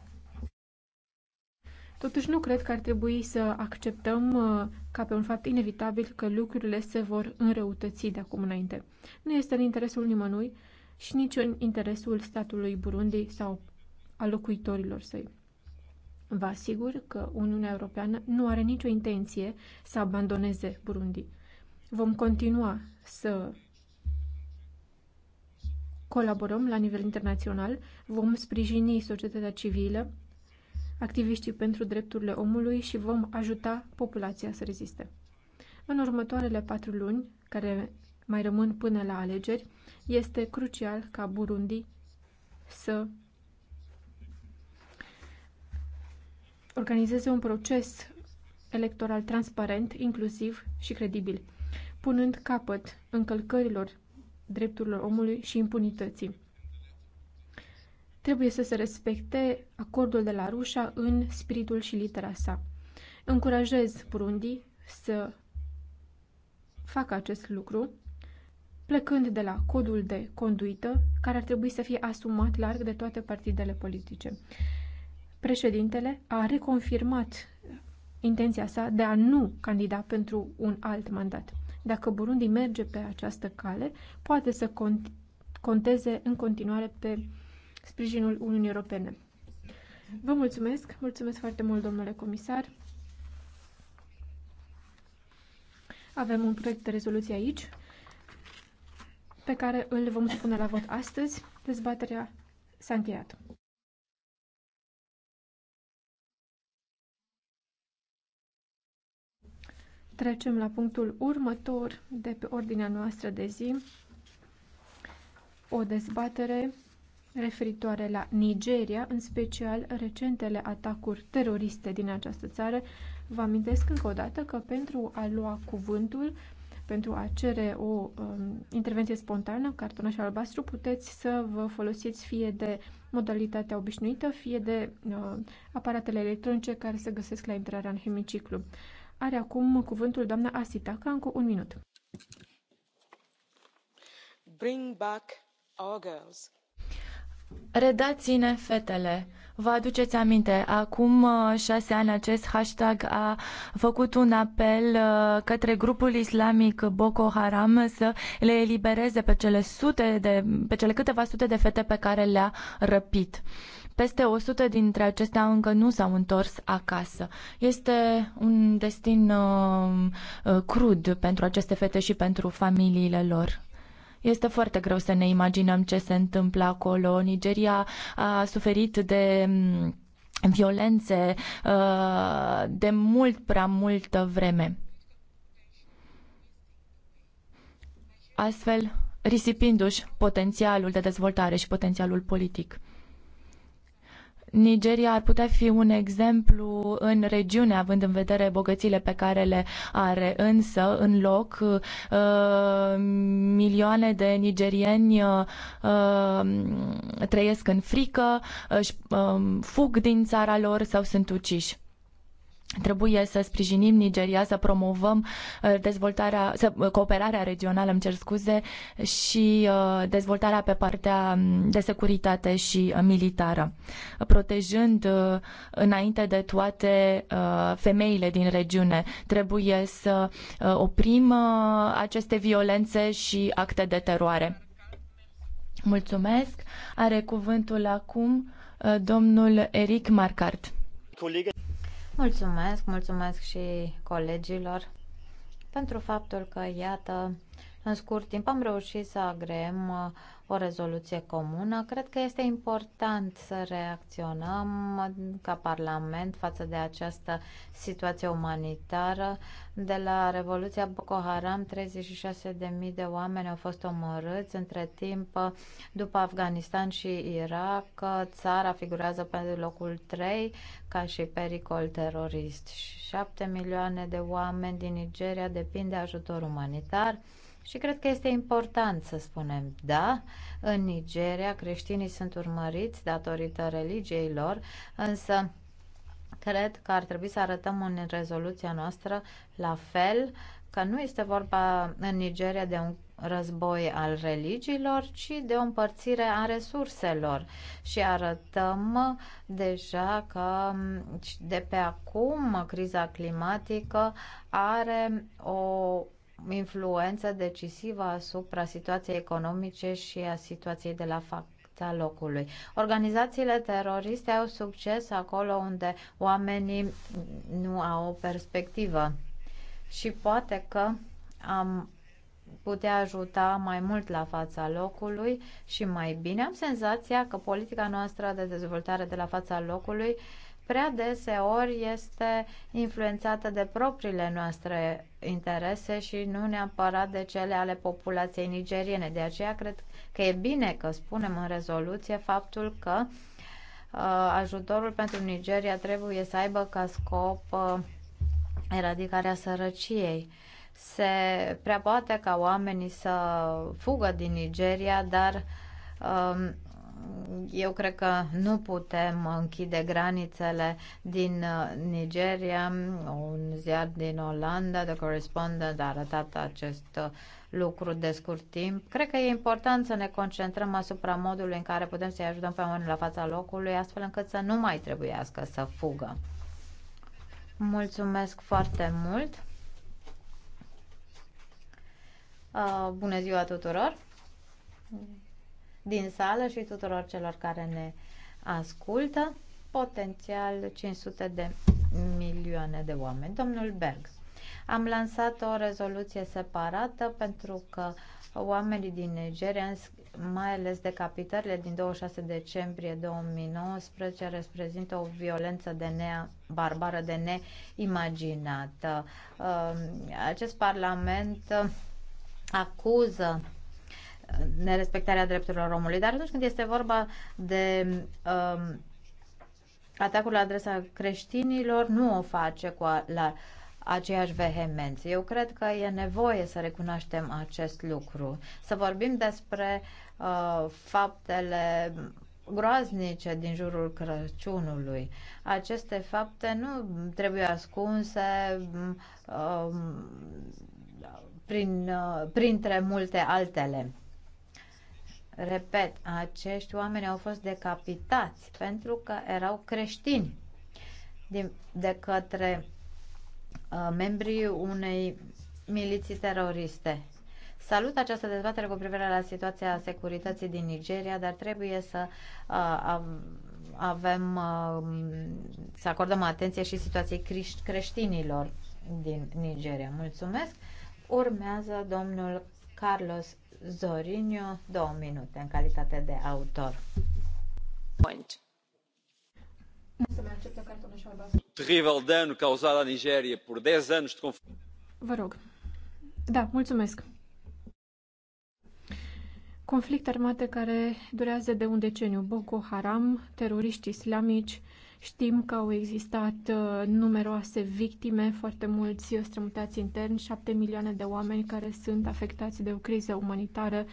Totuși nu cred că ar trebui să acceptăm uh, ca pe un fapt inevitabil că lucrurile se vor înrăutăți de acum înainte. Nu este în interesul nimănui și nici în interesul statului Burundi sau a locuitorilor săi. Vă asigur că Uniunea Europeană nu are nicio intenție să abandoneze Burundi. Vom continua să colaborăm la nivel internațional, vom sprijini societatea civilă activiștii pentru drepturile omului și vom ajuta populația să reziste. În următoarele patru luni, care mai rămân până la alegeri, este crucial ca Burundi să organizeze un proces electoral transparent, inclusiv și credibil, punând capăt încălcărilor drepturilor omului și impunității trebuie să se respecte acordul de la Rușa în spiritul și litera sa. Încurajez Burundi să facă acest lucru, plecând de la codul de conduită, care ar trebui să fie asumat larg de toate partidele politice. Președintele a reconfirmat intenția sa de a nu candida pentru un alt mandat. Dacă Burundi merge pe această cale, poate să conteze în continuare pe sprijinul Uniunii Europene. Vă mulțumesc, mulțumesc foarte mult, domnule comisar. Avem un proiect de rezoluție aici, pe care îl vom supune la vot astăzi. Dezbaterea s-a încheiat. Trecem la punctul următor de pe ordinea noastră de zi, o dezbatere referitoare la Nigeria, în special recentele atacuri teroriste din această țară. Vă amintesc încă o dată că pentru a lua cuvântul, pentru a cere o um, intervenție spontană, cartonaș albastru, puteți să vă folosiți fie de modalitatea obișnuită, fie de uh, aparatele electronice care se găsesc la intrarea în hemiciclu. Are acum cuvântul doamna Asitaka, încă un minut. Bring back our girls Redați-ne fetele. Vă aduceți aminte, acum uh, șase ani acest hashtag a făcut un apel uh, către grupul islamic Boko Haram să le elibereze pe cele, sute de, pe cele câteva sute de fete pe care le-a răpit. Peste 100 dintre acestea încă nu s-au întors acasă. Este un destin uh, uh crud pentru aceste fete și pentru familiile lor. Este foarte greu să ne imaginăm ce se întâmplă acolo. Nigeria a suferit de mm, violențe uh, de mult prea multă vreme. Astfel, risipindu-și potențialul de dezvoltare și potențialul politic. Nigeria ar putea fi un exemplu în regiune, având în vedere bogățiile pe care le are, însă, în loc, uh, milioane de nigerieni uh, trăiesc în frică, um, fug din țara lor sau sunt uciși. Trebuie să sprijinim Nigeria, să promovăm uh, dezvoltarea, să, uh, cooperarea regională, îmi cer scuze, și uh, dezvoltarea pe partea um, de securitate și militară, protejând înainte de toate femeile din regiune. Trebuie să oprim aceste violențe și acte de teroare. Mulțumesc. Are cuvântul acum domnul Eric Marcart. Colegă. Mulțumesc, mulțumesc și colegilor pentru faptul că, iată, în scurt timp am reușit să agreem uh, o rezoluție comună. Cred că este important să reacționăm ca Parlament față de această situație umanitară. De la Revoluția Boko Haram, 36.000 de oameni au fost omorâți. Între timp, după Afganistan și Irak, țara figurează pe locul 3 ca și pericol terorist. 7 milioane de oameni din Nigeria depind de ajutor umanitar. Și cred că este important să spunem, da, în Nigeria creștinii sunt urmăriți datorită religiei lor, însă cred că ar trebui să arătăm în rezoluția noastră la fel că nu este vorba în Nigeria de un război al religiilor, ci de o împărțire a resurselor. Și arătăm deja că de pe acum criza climatică are o influență decisivă asupra situației economice și a situației de la fața locului. Organizațiile teroriste au succes acolo unde oamenii nu au o perspectivă și poate că am putea ajuta mai mult la fața locului și mai bine. Am senzația că politica noastră de dezvoltare de la fața locului uh, prea deseori este influențată de propriile noastre interese și nu neapărat de cele ale populației nigeriene. De aceea cred că e bine că spunem în rezoluție faptul că uh, ajutorul pentru Nigeria trebuie să aibă ca scop uh, eradicarea sărăciei. Se prea poate ca oamenii să fugă din Nigeria, dar um, eu cred că nu putem închide granițele din uh, Nigeria. Un ziar din Olanda, The Correspondent, a arătat acest uh, lucru de scurt timp. Cred că e important să ne concentrăm asupra modului în care putem să-i ajutăm pe oameni la fața locului, astfel încât să nu mai trebuiască să fugă. Mulțumesc foarte mult! Uh, bună ziua tuturor! din sală și tuturor celor care ne ascultă, potențial 500 de milioane de oameni. Domnul Bergs, am lansat o rezoluție separată pentru că oamenii din Nigeria, mai ales decapitările din 26 decembrie 2019, reprezintă o violență de nea, barbară de neimaginată. Ehm, acest parlament uh, acuză nerespectarea drepturilor omului. Dar atunci când este vorba de um, atacul la adresa creștinilor, nu o face cu a, la aceeași vehemență. Eu cred că e nevoie să recunoaștem acest lucru, să vorbim despre uh, faptele groaznice din jurul Crăciunului. Aceste fapte nu trebuie ascunse uh, prin, uh, printre multe altele. Repet, acești oameni au fost decapitați pentru că erau creștini din, de către uh, membrii unei miliții teroriste. Salut această dezbatere cu privire la situația securității din Nigeria, dar trebuie să uh, avem, uh, să acordăm atenție și situației creștinilor din Nigeria. Mulțumesc! Urmează domnul Carlos Zorinio, două minute, în calitate de autor. Point. Trivel dano causado à Nigéria por 10 anos de conflito. Vă rog. Da, mulțumesc. Conflict armate care durează de un deceniu. Boko Haram, teroriști islamici, Știm că au existat uh, numeroase victime, foarte mulți strămutați interni, șapte milioane de oameni care sunt afectați de o criză umanitară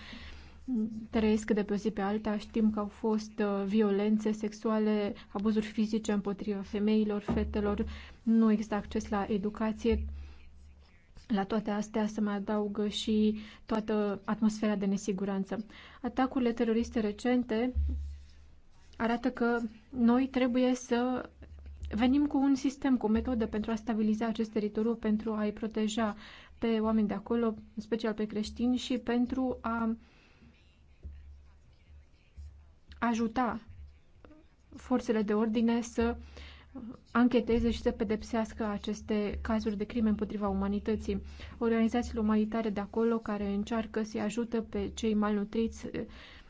trăiesc de pe o zi pe alta. Știm că au fost uh, violențe sexuale, abuzuri fizice împotriva femeilor, fetelor, nu există acces la educație. La toate astea se mai adaugă și toată atmosfera de nesiguranță. Atacurile teroriste recente arată că noi trebuie să venim cu un sistem, cu o metodă pentru a stabiliza acest teritoriu, pentru a-i proteja pe oameni de acolo, în special pe creștini, și pentru a ajuta forțele de ordine să ancheteze și să pedepsească aceste cazuri de crime împotriva umanității. Organizațiile umanitare de acolo care încearcă să-i ajută pe cei malnutriți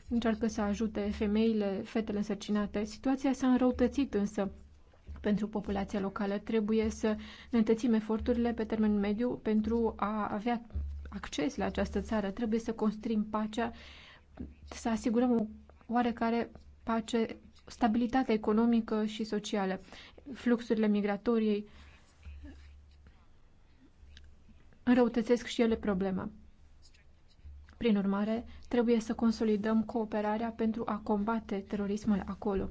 încearcă să ajute femeile, fetele însărcinate. Situația s-a înrăutățit însă pentru populația locală. Trebuie să ne întățim eforturile pe termen mediu pentru a avea acces la această țară. Trebuie să construim pacea, să asigurăm o oarecare pace, stabilitate economică și socială. Fluxurile migratorii înrăutățesc și ele problema. Prin urmare, trebuie să consolidăm cooperarea pentru a combate terorismul acolo.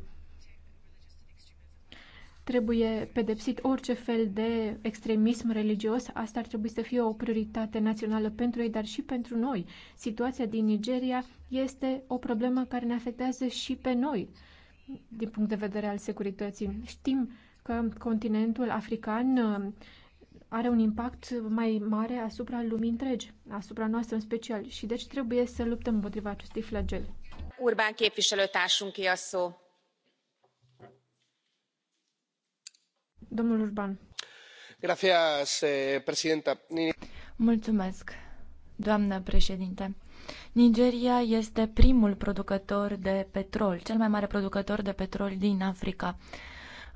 Trebuie pedepsit orice fel de extremism religios. Asta ar trebui să fie o prioritate națională pentru ei, dar și pentru noi. Situația din Nigeria este o problemă care ne afectează și pe noi din punct de vedere al securității. Știm că continentul african are un impact mai mare asupra lumii întregi, asupra noastră în special, și deci trebuie să luptăm împotriva acestui flagel. Urban képviselőtársunk a szó. Domnul Urban. Gracias, eh, presidenta. Mulțumesc, doamnă președinte. Nigeria este primul producător de petrol, cel mai mare producător de petrol din Africa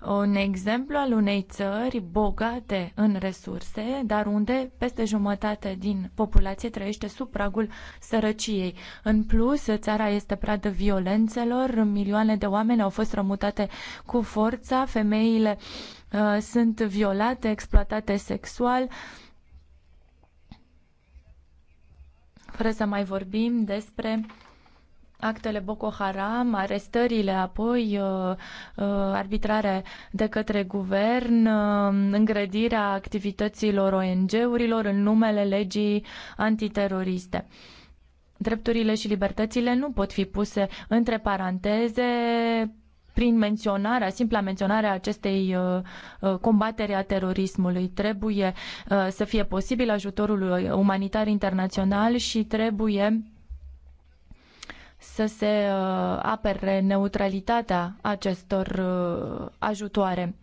un exemplu al unei țări bogate în resurse, dar unde peste jumătate din populație trăiește sub pragul sărăciei. În plus, țara este pradă violențelor, milioane de oameni au fost rămutate cu forța, femeile uh, sunt violate, exploatate sexual. Fără să mai vorbim despre actele Boko Haram, arestările apoi, uh, uh, arbitrare de către guvern, uh, îngrădirea activităților ONG-urilor în numele legii antiteroriste. Drepturile și libertățile nu pot fi puse între paranteze prin menționarea, simpla menționarea acestei combatere a terorismului. Trebuie să fie posibil ajutorul umanitar internațional și trebuie să se uh, apere neutralitatea acestor uh, ajutoare.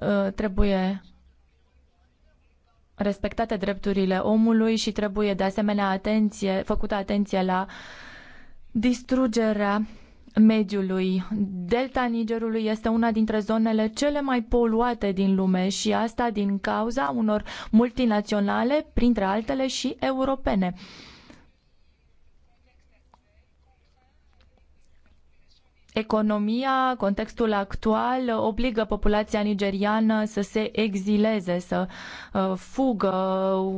Uh, trebuie respectate drepturile omului și trebuie de asemenea atenție, făcută atenție la distrugerea mediului. Delta Nigerului este una dintre zonele cele mai poluate din lume și asta din cauza unor multinaționale, printre altele și europene. economia, contextul actual obligă populația nigeriană să se exileze, să uh, fugă.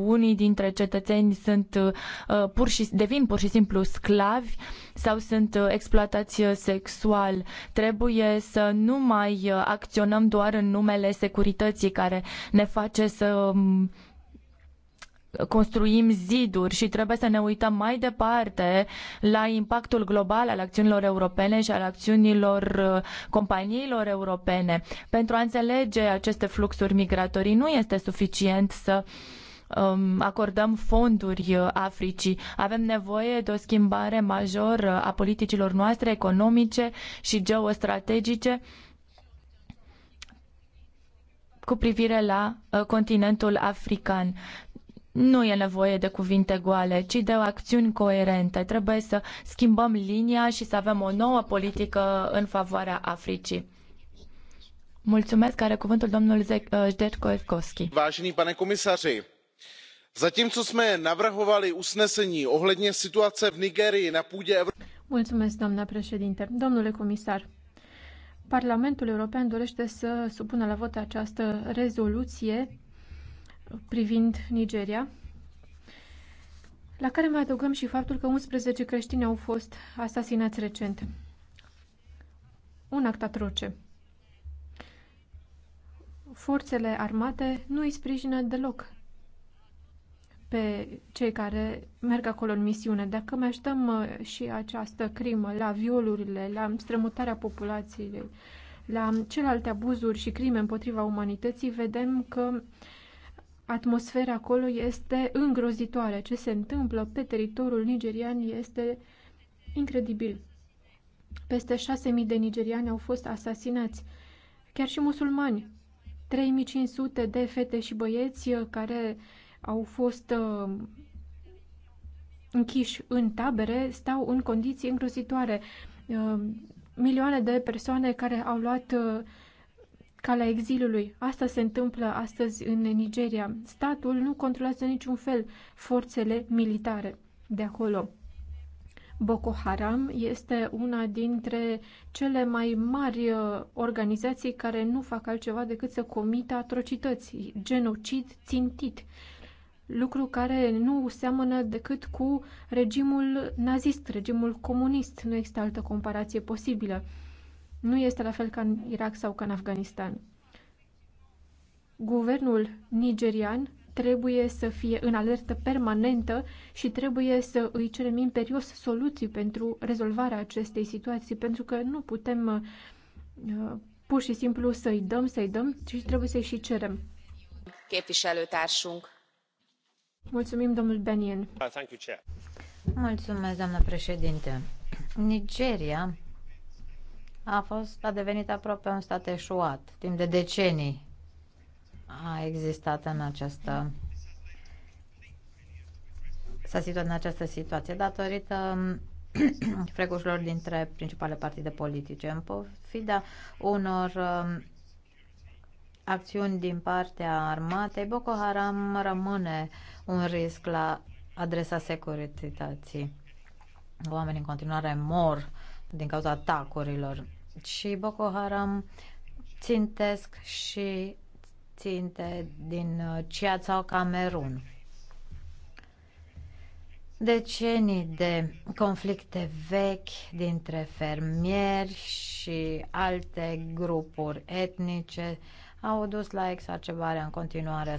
Unii dintre cetățeni sunt uh, pur și devin pur și simplu sclavi sau sunt uh, exploatați sexual. Trebuie să nu mai acționăm doar în numele securității care ne face să mm, construim ziduri și trebuie să ne uităm mai departe la impactul global al acțiunilor europene și al acțiunilor uh, companiilor europene. Pentru a înțelege aceste fluxuri migratorii nu este suficient să um, acordăm fonduri uh, Africii. Avem nevoie de o schimbare majoră a politicilor noastre economice și geostrategice cu privire la uh, continentul african. Nu e nevoie de cuvinte goale, ci de acțiuni coerente. Trebuie să schimbăm linia și să avem o nouă politică în favoarea Africii. Mulțumesc, are cuvântul domnul uh, Zdetkovský. Vážený pane komisaři, zatímco jsme navrhovali usnesení ohledně situace v Nigerii na půdě Evropy... Mulțumesc, doamna președinte. Domnule comisar, Parlamentul European dorește să supună la vot această rezoluție privind Nigeria, la care mai adăugăm și faptul că 11 creștini au fost asasinați recent. Un act atroce. Forțele armate nu îi sprijină deloc pe cei care merg acolo în misiune. Dacă mai așteptăm uh, și această crimă la violurile, la strămutarea populației, la celelalte abuzuri și crime împotriva umanității, vedem că uh, Atmosfera acolo este îngrozitoare. Ce se întâmplă pe teritoriul nigerian este incredibil. Peste 6.000 de nigeriani au fost asasinați, chiar și musulmani. 3500 de fete și băieți uh, care au fost uh, închiși în tabere stau în condiții îngrozitoare. Uh, milioane de persoane care au luat uh, calea exilului. Asta se întâmplă astăzi în Nigeria. Statul nu controlează niciun fel forțele militare de acolo. Boko Haram este una dintre cele mai mari uh, organizații care nu fac altceva decât să comită atrocități, genocid țintit, lucru care nu seamănă decât cu regimul nazist, regimul comunist. Nu există altă comparație posibilă. Nu este la fel ca în Irak sau ca în Afganistan. Guvernul nigerian trebuie să fie în alertă permanentă și trebuie să îi cerem imperios soluții pentru rezolvarea acestei situații, pentru că nu putem uh, pur și simplu să-i dăm, să-i dăm, ci trebuie să-i și cerem. Mulțumim, domnul Benien. Uh, Mulțumesc, doamnă președinte. Nigeria a fost, a devenit aproape un stat eșuat. Timp de decenii a existat în această s-a situat în această situație datorită frecușilor dintre principale partide politice. În pofida unor um, acțiuni din partea armatei, Boko Haram rămâne un risc la adresa securității. Oamenii în continuare mor din cauza atacurilor și Boko Haram țintesc și ținte din uh, Ciad sau Camerun. Decenii de conflicte vechi dintre fermieri și alte grupuri etnice au dus la exacerbarea în continuare a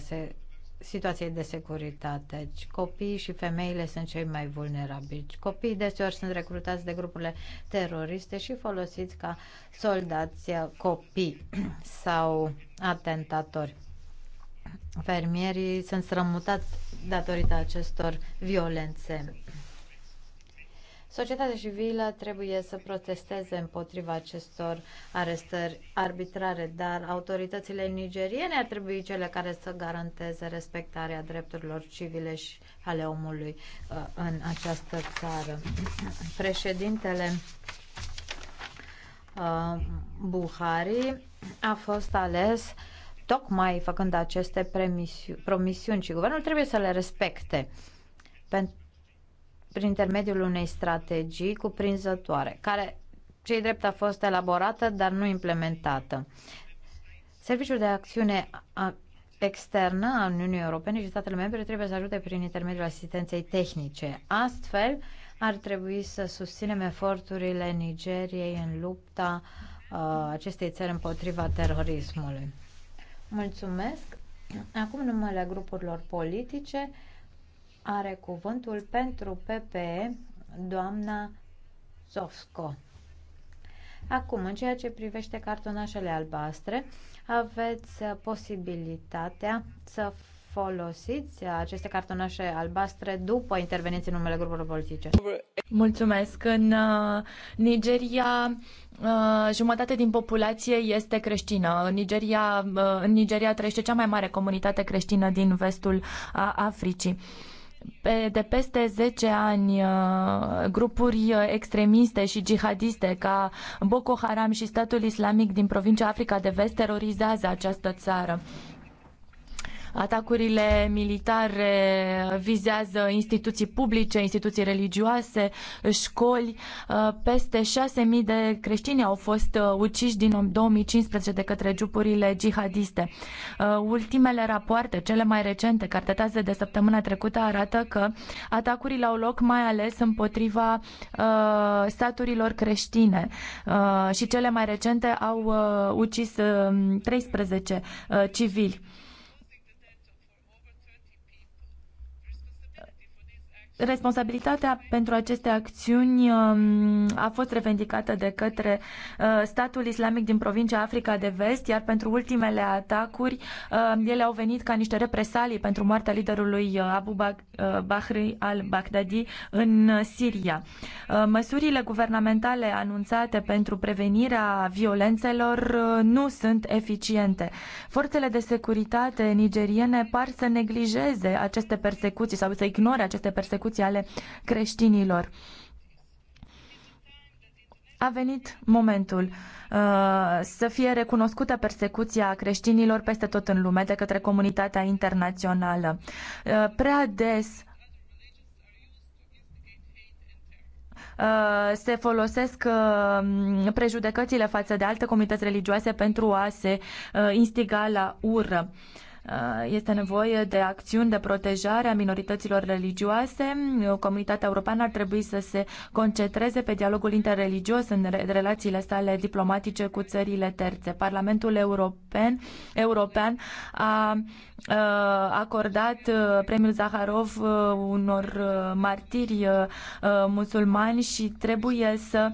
situației de securitate. Deci, copiii și femeile sunt cei mai vulnerabili. Deci, copiii deseori sunt recrutați de grupurile teroriste și folosiți ca soldați uh, copii sau atentatori. Fermierii sunt strămutați datorită acestor violențe Societatea civilă trebuie să protesteze împotriva acestor arestări arbitrare, dar autoritățile nigeriene ar trebui cele care să garanteze respectarea drepturilor civile și ale omului uh, în această țară. Președintele uh, Buhari a fost ales tocmai făcând aceste promisiuni și guvernul trebuie să le respecte. Pentru prin intermediul unei strategii cuprinzătoare, care cei drept a fost elaborată, dar nu implementată. Serviciul de acțiune externă a Uniunii Europene și statele membre trebuie să ajute prin intermediul asistenței tehnice. Astfel, ar trebui să susținem eforturile Nigeriei în lupta uh, acestei țări împotriva terorismului. Mulțumesc! Acum numele grupurilor politice. Are cuvântul pentru PPE doamna Sofsco. Acum, în ceea ce privește cartonașele albastre, aveți uh, posibilitatea să folosiți aceste cartonașe albastre după intervenții în numele grupurilor politice? Mulțumesc. În uh, Nigeria uh, jumătate din populație este creștină. În Nigeria, în Nigeria trăiește cea mai mare comunitate creștină din vestul Africii pe, de peste 10 ani uh, grupuri uh, extremiste și jihadiste ca Boko Haram și statul islamic din provincia Africa de Vest terorizează această țară. Atacurile militare vizează instituții publice, instituții religioase, școli. Uh, peste 6.000 de creștini au fost uh, uciși din 2015 de către grupurile jihadiste. Uh, ultimele rapoarte, cele mai recente, care datează de săptămâna trecută, arată că atacurile au loc mai ales împotriva staturilor creștine și cele mai recente au ucis 13 civili. Responsabilitatea pentru aceste acțiuni um, a fost revendicată de către uh, statul islamic din provincia Africa de Vest, iar pentru ultimele atacuri um, ele au venit ca niște represalii pentru moartea liderului uh, Abu Bakr uh, al-Baghdadi în Siria. Măsurile guvernamentale anunțate pentru prevenirea violențelor nu sunt eficiente. Forțele de securitate nigeriene par să neglijeze aceste persecuții sau să ignore aceste persecuții persecuții ale creștinilor. A venit momentul uh, să fie recunoscută persecuția creștinilor peste tot în lume de către comunitatea internațională. Uh, prea des uh, se folosesc uh, prejudecățile față de alte comunități religioase pentru a se uh, instiga la ură. Uh, este nevoie de acțiuni de protejare a minorităților religioase. Comunitatea europeană ar trebui să se concentreze pe dialogul interreligios în relațiile sale diplomatice cu țările terțe. Parlamentul European, European a, uh, acordat uh, premiul Zaharov unor martiri musulmani și trebuie să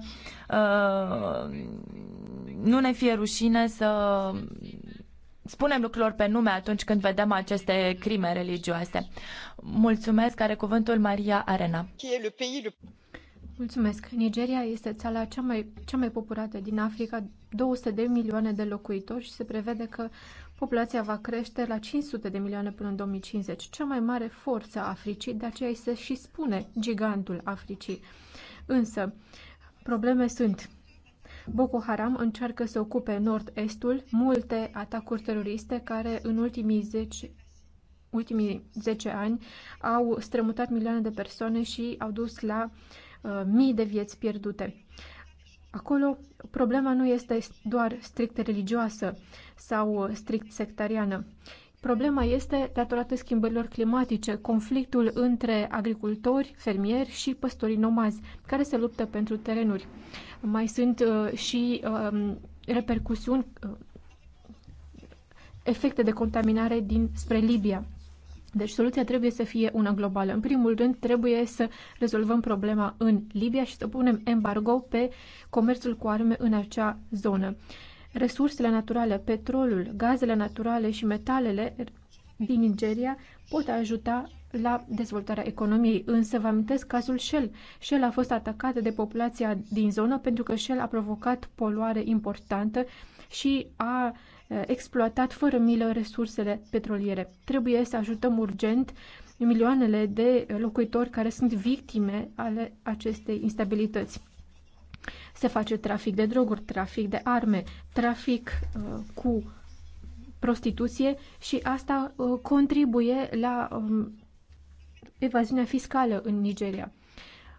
nu ne fie rușine să spunem lucrurilor pe nume atunci când vedem aceste crime religioase. Mulțumesc, are cuvântul Maria Arena. Mulțumesc. Nigeria este țara cea mai, cea mai populată din Africa, 200 de milioane de locuitori și se prevede că populația va crește la 500 de milioane până în 2050. Cea mai mare forță a Africii, de aceea se și spune gigantul Africii. Însă, probleme sunt Boko Haram încearcă să ocupe nord-estul, multe atacuri teroriste care în ultimii 10 ultimii 10 ani au strămutat milioane de persoane și au dus la uh, mii de vieți pierdute. Acolo problema nu este doar strict religioasă sau strict sectariană. Problema este datorată schimbărilor climatice, conflictul între agricultori, fermieri și păstorii nomazi, care se luptă pentru terenuri. Mai sunt uh, și uh, repercusiuni, uh, efecte de contaminare din spre Libia. Deci soluția trebuie să fie una globală. În primul rând, trebuie să rezolvăm problema în Libia și să punem embargo pe comerțul cu arme în acea zonă. Uh, Resursele naturale, petrolul, gazele naturale și metalele din Nigeria pot ajuta la dezvoltarea economiei, însă vă amintesc cazul Shell. Shell a fost atacată de populația din zonă pentru că Shell a provocat poluare importantă și a exploatat fără milă resursele petroliere. Trebuie să ajutăm urgent milioanele de locuitori care sunt victime ale acestei instabilități. Se face trafic de droguri, trafic de arme, trafic uh, cu prostituție și asta uh, contribuie la um, evaziunea fiscală în Nigeria.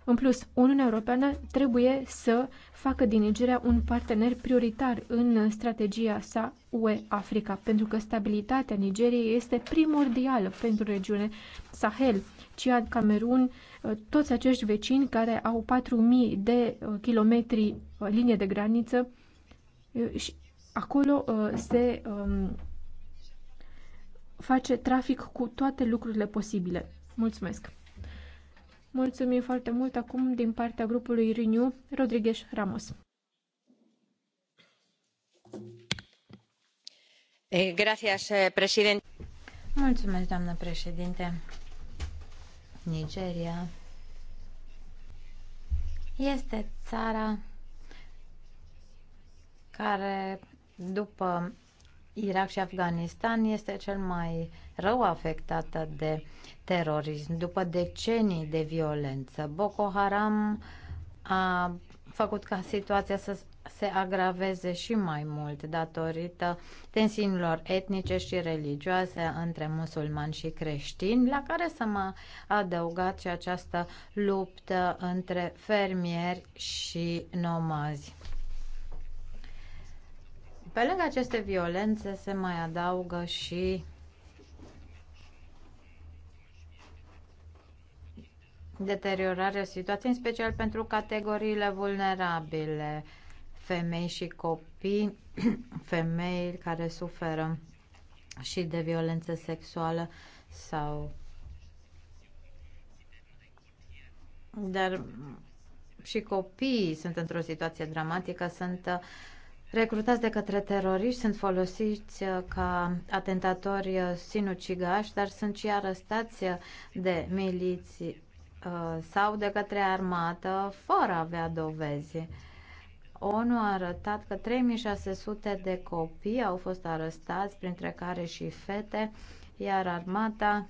În plus, Uniunea Europeană trebuie să facă din Nigeria un partener prioritar în strategia sa UE-Africa, pentru că stabilitatea Nigeriei este primordială pentru regiune Sahel, Ciad, Camerun, Uh, toți acești vecini care au 4.000 de uh, kilometri uh, linie de graniță și acolo se um, face trafic cu toate lucrurile posibile. Mulțumesc! Mulțumim foarte mult acum din partea grupului Renew, Rodriguez Ramos. Eh, eh, Mulțumesc, doamnă președinte Nigeria este țara care, după Irak și Afganistan, este cel mai rău afectată de terorism. După decenii de violență, Boko Haram a făcut ca situația să se agraveze și mai mult datorită tensiunilor etnice și religioase între musulmani și creștini, la care s-a mai adăugat și această luptă între fermieri și nomazi. Pe lângă aceste violențe se mai adaugă și deteriorarea situației, în special pentru categoriile vulnerabile, femei și copii, femei care suferă și de violență sexuală sau dar și copiii sunt într-o situație dramatică, sunt uh, recrutați de către teroriști, sunt folosiți uh, ca atentatori uh, sinucigași, dar sunt și arestați de miliții sau de către armată fără a avea dovezi. ONU a arătat că 3600 de copii au fost arestați, printre care și fete, iar armata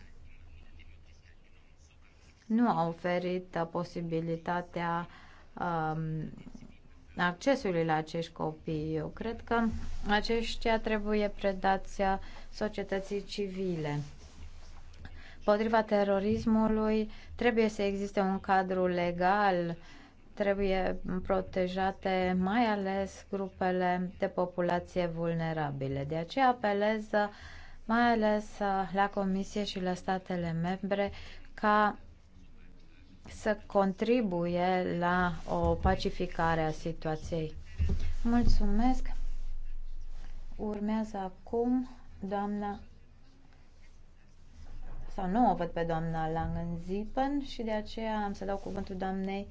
nu a oferit uh, posibilitatea um, accesului la acești copii. Eu cred că aceștia trebuie predați uh, societății civile. Potriva terorismului trebuie să existe un cadru legal uh, trebuie protejate mai ales grupele de populație vulnerabile. De aceea apelez mai ales la Comisie și la statele membre ca să contribuie la o pacificare a situației. Mulțumesc! Urmează acum doamna sau nu o văd pe doamna Langenzipen și de aceea am să dau cuvântul doamnei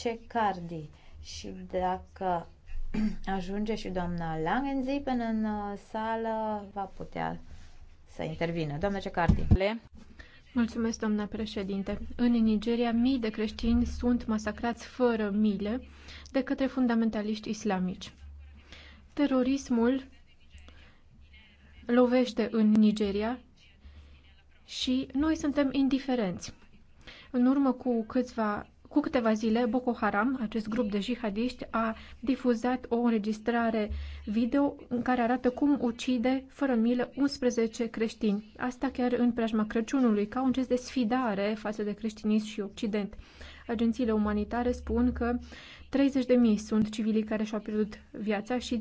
Cecardi și dacă ajunge și doamna Langenzi până în uh, sală va putea să intervină. Doamna Cecardi. Mulțumesc, doamna președinte. În Nigeria, mii de creștini sunt masacrați fără mile de către fundamentaliști islamici. Terorismul lovește în Nigeria și noi suntem indiferenți. În urmă cu câțiva cu câteva zile, Boko Haram, acest grup de jihadiști, a difuzat o înregistrare video în care arată cum ucide fără milă 11 creștini. Asta chiar în preajma Crăciunului, ca un gest de sfidare față de creștinism și Occident. Agențiile umanitare spun că 30.000 sunt civilii care și-au pierdut viața și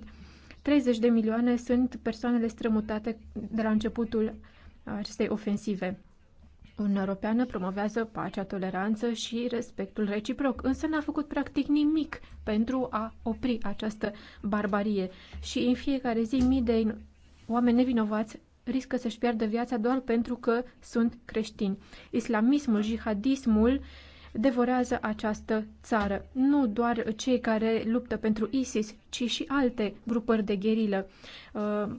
30 de milioane sunt persoanele strămutate de la începutul acestei ofensive. Uniunea Europeană promovează pacea, toleranță și respectul reciproc, însă n-a făcut practic nimic pentru a opri această barbarie și în fiecare zi mii de oameni nevinovați riscă să-și piardă viața doar pentru că sunt creștini. Islamismul, jihadismul devorează această țară. Nu doar cei care luptă pentru ISIS, ci și alte grupări de gherilă. Uh,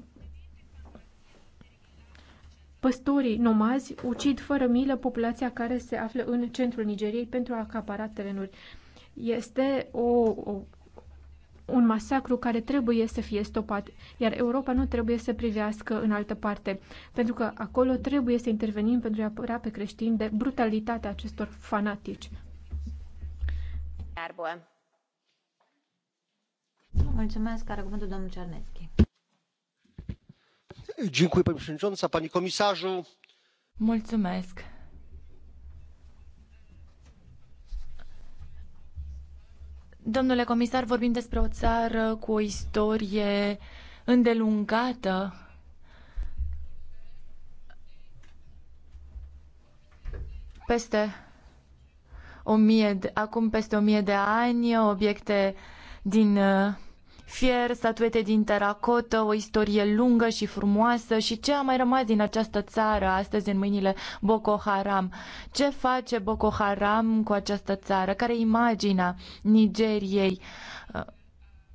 Păstorii nomazi ucid fără milă populația care se află în centrul Nigeriei pentru a acapara terenuri. Este o, o, un masacru care trebuie să fie stopat, iar Europa nu trebuie să privească în altă parte, pentru că acolo trebuie să intervenim pentru a apăra pe creștini de brutalitatea acestor fanatici. Mulțumesc, are cuvântul domnul Cernetschi pani przewodnicząca! doamnă komisarzu! mulțumesc. domnule comisar vorbim despre o țară cu o istorie îndelungată peste o mie, acum peste o mie de ani, obiecte din uh, fier, statuete din teracotă, o istorie lungă și frumoasă și ce a mai rămas din această țară astăzi în mâinile Boko Haram. Ce face Boko Haram cu această țară? Care e imaginea Nigeriei?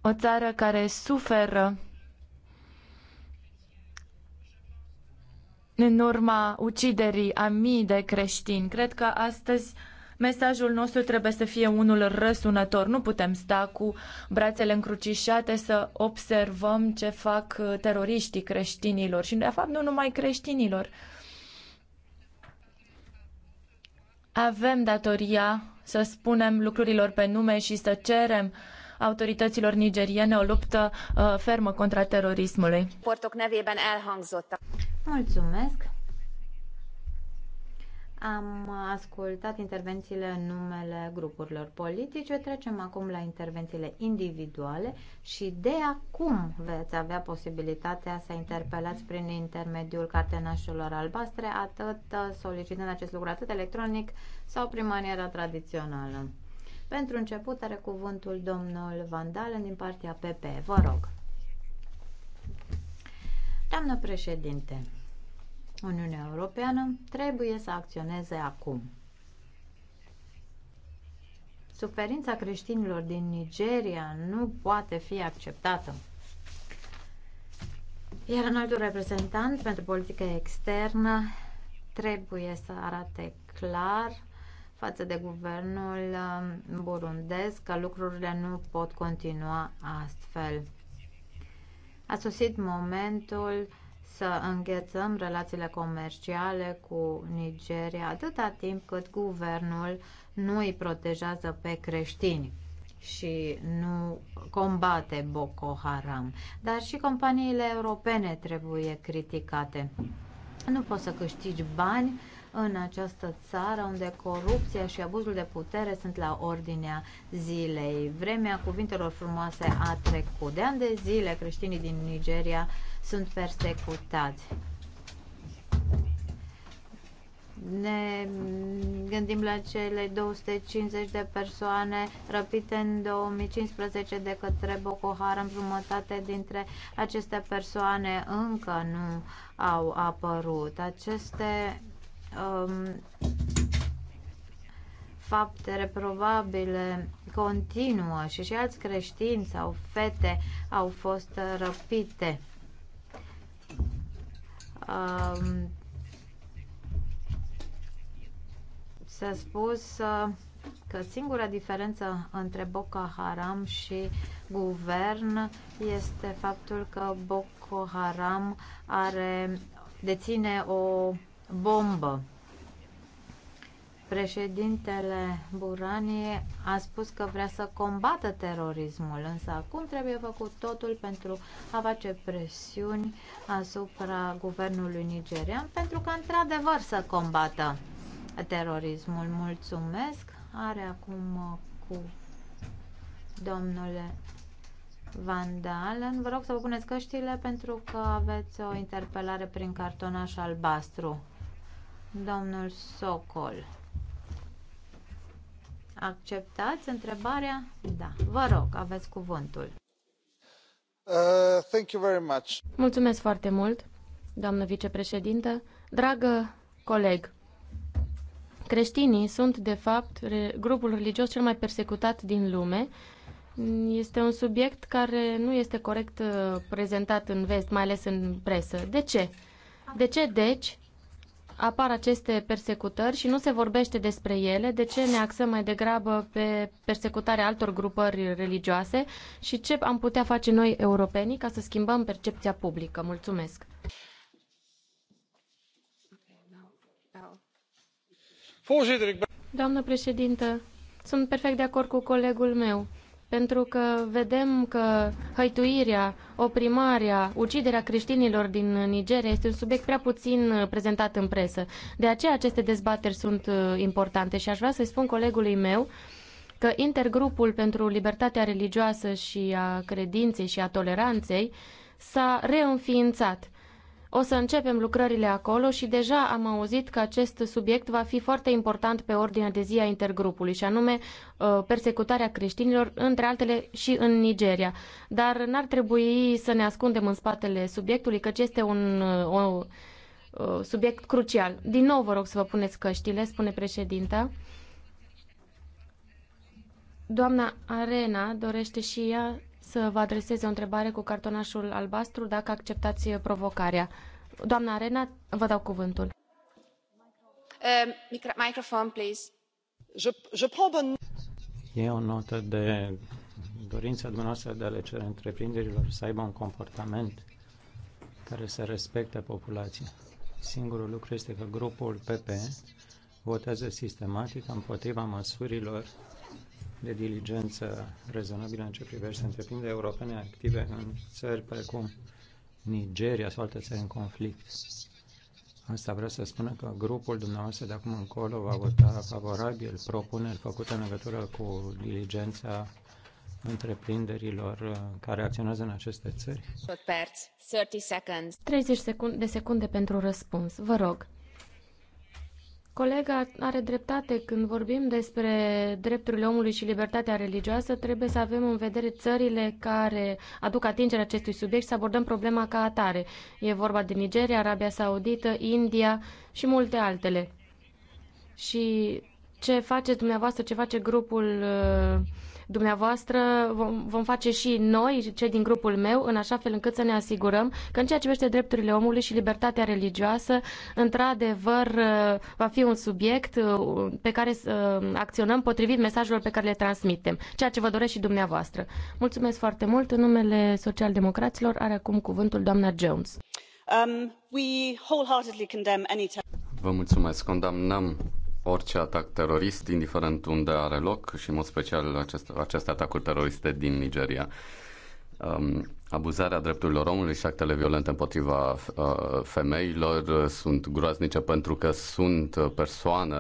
O țară care suferă în urma uciderii a mii de creștini. Cred că astăzi Mesajul nostru trebuie să fie unul răsunător. Nu putem sta cu brațele încrucișate să observăm ce fac uh, teroriștii creștinilor și, de fapt, nu numai creștinilor. Avem datoria să spunem lucrurilor pe nume și să cerem autorităților nigeriene o luptă uh, fermă contra terorismului. Mulțumesc! Am ascultat intervențiile în numele grupurilor politice. Trecem acum la intervențiile individuale și de acum veți avea posibilitatea să interpelați prin intermediul cartenașelor albastre, atât uh, solicitând acest lucru atât electronic sau prin maniera tradițională. Pentru început are cuvântul domnul Vandal din partea PP. Vă rog. Doamnă președinte, Uniunea Europeană trebuie să acționeze acum. Suferința creștinilor din Nigeria nu poate fi acceptată. Iar altul reprezentant pentru politică externă trebuie să arate clar față de guvernul um, burundez că lucrurile nu pot continua astfel. A sosit momentul să înghețăm relațiile comerciale cu Nigeria atâta timp cât guvernul nu îi protejează pe creștini și nu combate Boko Haram. Dar și companiile europene trebuie criticate. Nu poți să câștigi bani în această țară unde corupția și abuzul de putere sunt la ordinea zilei. Vremea cuvintelor frumoase a trecut. De ani de zile creștinii din Nigeria sunt persecutați. Ne gândim la cele 250 de persoane răpite în 2015 de către Boko Haram. Jumătate dintre aceste persoane încă nu au apărut. Aceste um, fapte reprobabile continuă și și alți creștini sau fete au fost răpite um, s-a spus uh, că singura diferență între Boko Haram și guvern este faptul că Boko Haram are deține o bombă Președintele Burani a spus că vrea să combată terorismul, însă acum trebuie făcut totul pentru a face presiuni asupra guvernului nigerian pentru că într-adevăr să combată terorismul. Mulțumesc. Are acum uh, cu domnule Vandalen. Vă rog să vă puneți căștile pentru că aveți o interpelare prin cartonaș albastru. Domnul Sokol acceptați întrebarea? Da. Vă rog, aveți cuvântul. Uh, thank you very much. Mulțumesc foarte mult, doamnă vicepreședintă. Dragă coleg, creștinii sunt, de fapt, grupul religios cel mai persecutat din lume. Este un subiect care nu este corect uh, prezentat în vest, mai ales în presă. De ce? De ce, deci, apar aceste persecutări și nu se vorbește despre ele, de ce ne axăm mai degrabă pe persecutarea altor grupări religioase și ce am putea face noi europenii ca să schimbăm percepția publică. Mulțumesc! Doamnă președintă, sunt perfect de acord cu colegul meu pentru că vedem că hăituirea, oprimarea, uciderea creștinilor din Nigeria este un subiect prea puțin uh, prezentat în presă. De aceea aceste dezbateri sunt uh, importante și aș vrea să-i spun colegului meu că intergrupul pentru libertatea religioasă și a credinței și a toleranței s-a reînființat o să începem lucrările acolo și deja am auzit că acest subiect va fi foarte important pe ordinea de zi a intergrupului, și anume uh, persecutarea creștinilor, între altele și în Nigeria. Dar n-ar trebui să ne ascundem în spatele subiectului, căci este un uh, o, uh, subiect crucial. Din nou vă rog să vă puneți căștile, spune președinta. Doamna Arena dorește și ea să vă adreseze o întrebare cu cartonașul albastru dacă acceptați uh, provocarea. Doamna Arena, vă dau cuvântul. Uh, microfon, please. E o notă de dorința dumneavoastră de a le cere întreprinderilor să aibă un comportament care să respecte populația. Singurul lucru este că grupul PP votează sistematic împotriva măsurilor de diligență rezonabilă în ce privește întreprinderi europene active în țări precum Nigeria sau alte țări în conflict. Asta vreau să spună că grupul dumneavoastră de acum încolo va vota favorabil propuneri făcute în legătură cu diligența întreprinderilor uh, care acționează în aceste țări? 30 secunde, de secunde pentru răspuns. Vă rog. Colega are dreptate când vorbim despre drepturile omului și libertatea religioasă, trebuie să avem în vedere țările care aduc atingerea acestui subiect și să abordăm problema ca atare. E vorba de Nigeria, Arabia Saudită, India și multe altele. Și ce faceți dumneavoastră, ce face grupul uh, dumneavoastră vom, vom face și noi, cei din grupul meu, în așa fel încât să ne asigurăm că în ceea ce privește drepturile omului și libertatea religioasă, într-adevăr uh, va fi un subiect uh, pe care să uh, acționăm potrivit mesajelor pe care le transmitem, ceea ce vă doresc și dumneavoastră. Mulțumesc foarte mult. În numele socialdemocraților are acum cuvântul doamna Jones. Um, we wholeheartedly condemn any... Vă mulțumesc. Condamnăm orice atac terorist, indiferent unde are loc și în mod special acest, aceste atacuri teroriste din Nigeria. Um, abuzarea drepturilor omului și actele violente împotriva uh, femeilor sunt groaznice pentru că sunt persoane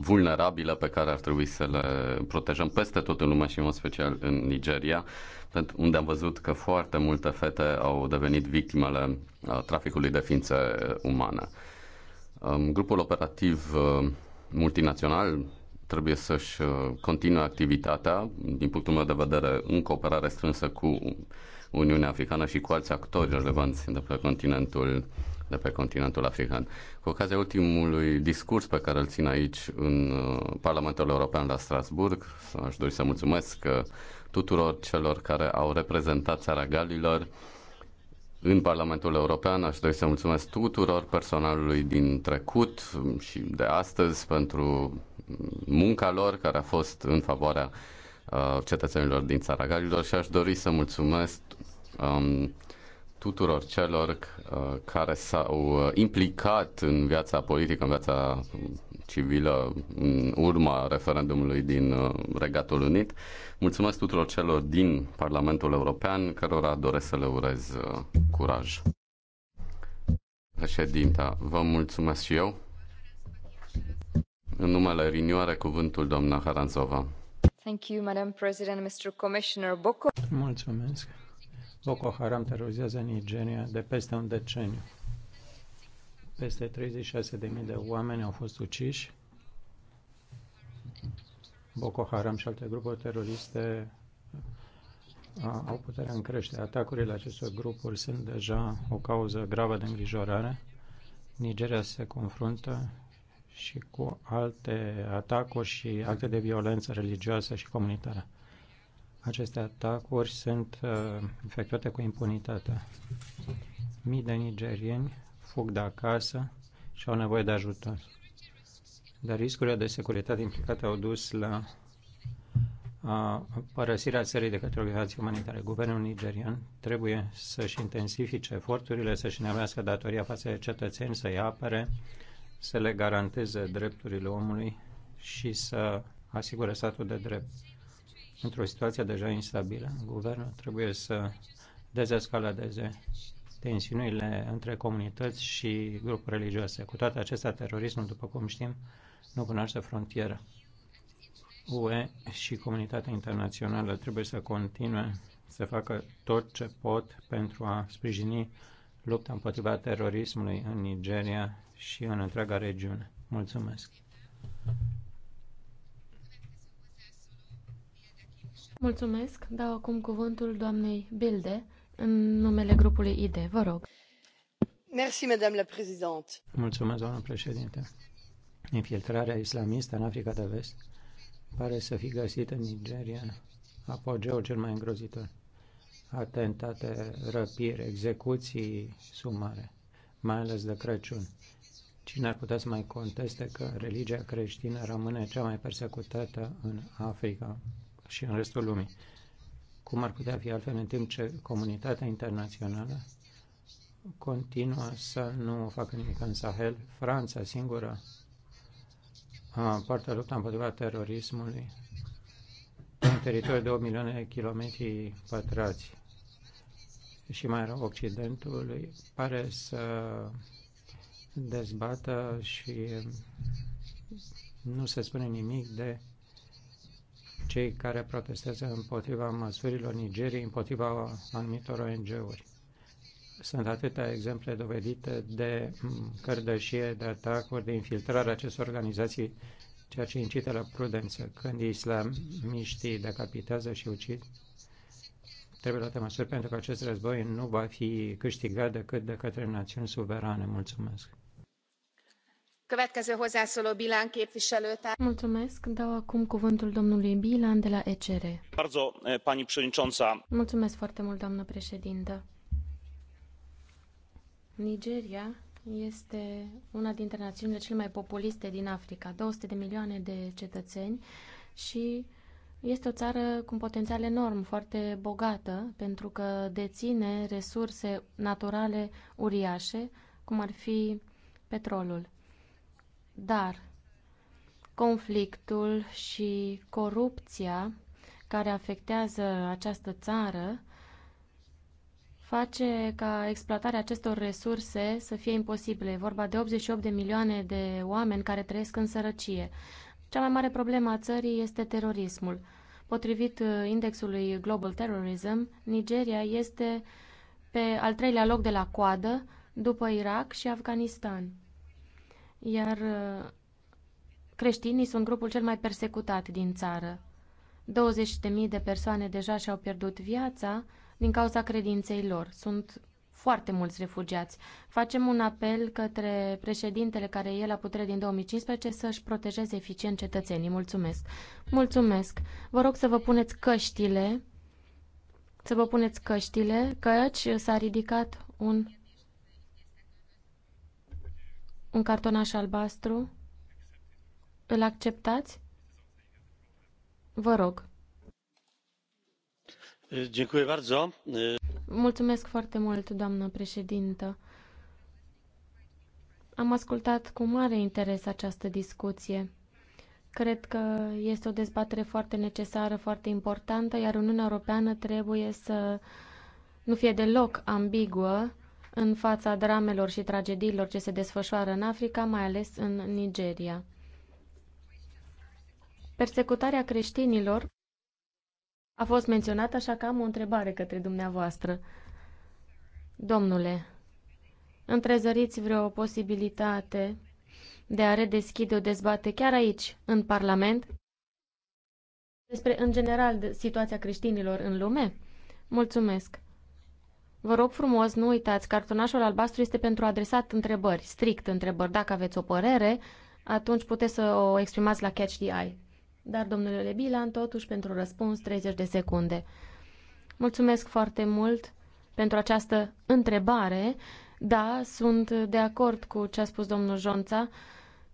vulnerabile pe care ar trebui să le protejăm peste tot în lume și în mod special în Nigeria, unde am văzut că foarte multe fete au devenit victimele uh, traficului de ființe umane. Um, grupul operativ uh, multinațional trebuie să-și uh, continue activitatea, din punctul meu de vedere, în cooperare strânsă cu Uniunea Africană și cu alți actori relevanți de pe continentul de pe continentul african. Cu ocazia ultimului discurs pe care îl țin aici în uh, Parlamentul European la Strasburg, aș dori să mulțumesc uh, tuturor celor care au reprezentat țara Galilor, în Parlamentul European. Aș dori să mulțumesc tuturor personalului din trecut și de astăzi pentru munca lor care a fost în favoarea uh, cetățenilor din țara Galilor și aș dori să mulțumesc um, tuturor celor uh, care s-au uh, implicat în viața politică, în viața civilă, în urma referendumului din uh, Regatul Unit. Mulțumesc tuturor celor din Parlamentul European, cărora doresc să le urez curaj. Președinta, vă mulțumesc și eu. În numele Rinioare, cuvântul doamna Haranzova. Thank you, Madam President, Mr. Commissioner Boko. Mulțumesc. Boko Haram terorizează Nigeria de peste un deceniu. Peste 36.000 de oameni au fost uciși. Boko Haram și alte grupuri teroriste au puterea în creștere. Atacurile acestor grupuri sunt deja o cauză gravă de îngrijorare. Nigeria se confruntă și cu alte atacuri și acte de violență religioasă și comunitară. Aceste atacuri sunt uh, efectuate cu impunitate. Mii de nigerieni fug de acasă și au nevoie de ajutor. Dar riscurile de securitate implicate au dus la a uh, părăsirea țării de către organizații umanitare. Guvernul nigerian trebuie să-și intensifice eforturile, să-și nevească datoria față de cetățeni, să-i apere, să le garanteze drepturile omului și să asigure statul de drept într-o situație deja instabilă. Guvernul trebuie să dezescaladeze tensiunile între comunități și grupuri religioase. Cu toate acestea, terorismul, după cum știm, nu cunoaște frontieră. UE și comunitatea internațională trebuie să continue să facă tot ce pot pentru a sprijini lupta împotriva terorismului în Nigeria și în întreaga regiune. Mulțumesc! Mulțumesc. Dau acum cuvântul doamnei Bilde în numele grupului ID. Vă rog. Merci, madame la présidente. Mulțumesc, doamna președinte. Infiltrarea islamistă în Africa de Vest pare să fi găsit în Nigeria apogeul cel mai îngrozitor. Atentate, răpiri, execuții sumare, mai ales de Crăciun. Cine ar putea să mai conteste că religia creștină rămâne cea mai persecutată în Africa și în restul lumii. Cum ar putea fi altfel în timp ce comunitatea internațională continuă să nu facă nimic în Sahel? Franța singură poartă lupta împotriva terorismului în teritoriul de 8 milioane de kilometri pătrați și mai rău Occidentul pare să dezbată și nu se spune nimic de cei care protestează împotriva măsurilor Nigeriei, împotriva anumitor ONG-uri. Sunt atâtea exemple dovedite de cărdășie, de atacuri, de infiltrare acestor organizații, ceea ce incită la prudență. Când islamiștii decapitează și ucid, trebuie luate măsuri pentru că acest război nu va fi câștigat decât de către națiuni suverane. Mulțumesc! Mulțumesc. Dau acum cuvântul domnului de la foarte mult, Nigeria este una dintre națiunile cele mai populiste din Africa, 200 de milioane de cetățeni și este o țară cu un potențial enorm, foarte bogată, pentru că deține resurse naturale uriașe, cum ar fi petrolul. Dar conflictul și corupția care afectează această țară face ca exploatarea acestor resurse să fie imposibile. E vorba de 88 de milioane de oameni care trăiesc în sărăcie. Cea mai mare problemă a țării este terorismul. Potrivit uh, indexului Global Terrorism, Nigeria este pe al treilea loc de la coadă, după Irak și Afganistan iar uh, creștinii sunt grupul cel mai persecutat din țară. 20.000 de persoane deja și-au pierdut viața din cauza credinței lor. Sunt foarte mulți refugiați. Facem un apel către președintele care e la putere din 2015 să-și protejeze eficient cetățenii. Mulțumesc! Mulțumesc! Vă rog să vă puneți căștile, să vă puneți căștile, căci s-a ridicat un un cartonaș albastru. Îl acceptați? Vă rog. Mulțumesc foarte mult, doamnă președintă. Am ascultat cu mare interes această discuție. Cred că este o dezbatere foarte necesară, foarte importantă, iar Uniunea Europeană trebuie să nu fie deloc ambiguă în fața dramelor și tragediilor ce se desfășoară în Africa, mai ales în Nigeria. Persecutarea creștinilor a fost menționată, așa că am o întrebare către dumneavoastră. Domnule, întrezăriți vreo posibilitate de a redeschide o dezbate chiar aici, în Parlament, despre, în general, situația creștinilor în lume? Mulțumesc. Vă rog frumos, nu uitați, cartonașul albastru este pentru adresat întrebări, strict întrebări. Dacă aveți o părere, atunci puteți să o exprimați la Catch the Eye. Dar, domnule Lebilan, totuși, pentru răspuns, 30 de secunde. Mulțumesc foarte mult pentru această întrebare. Da, sunt de acord cu ce a spus domnul Jonța.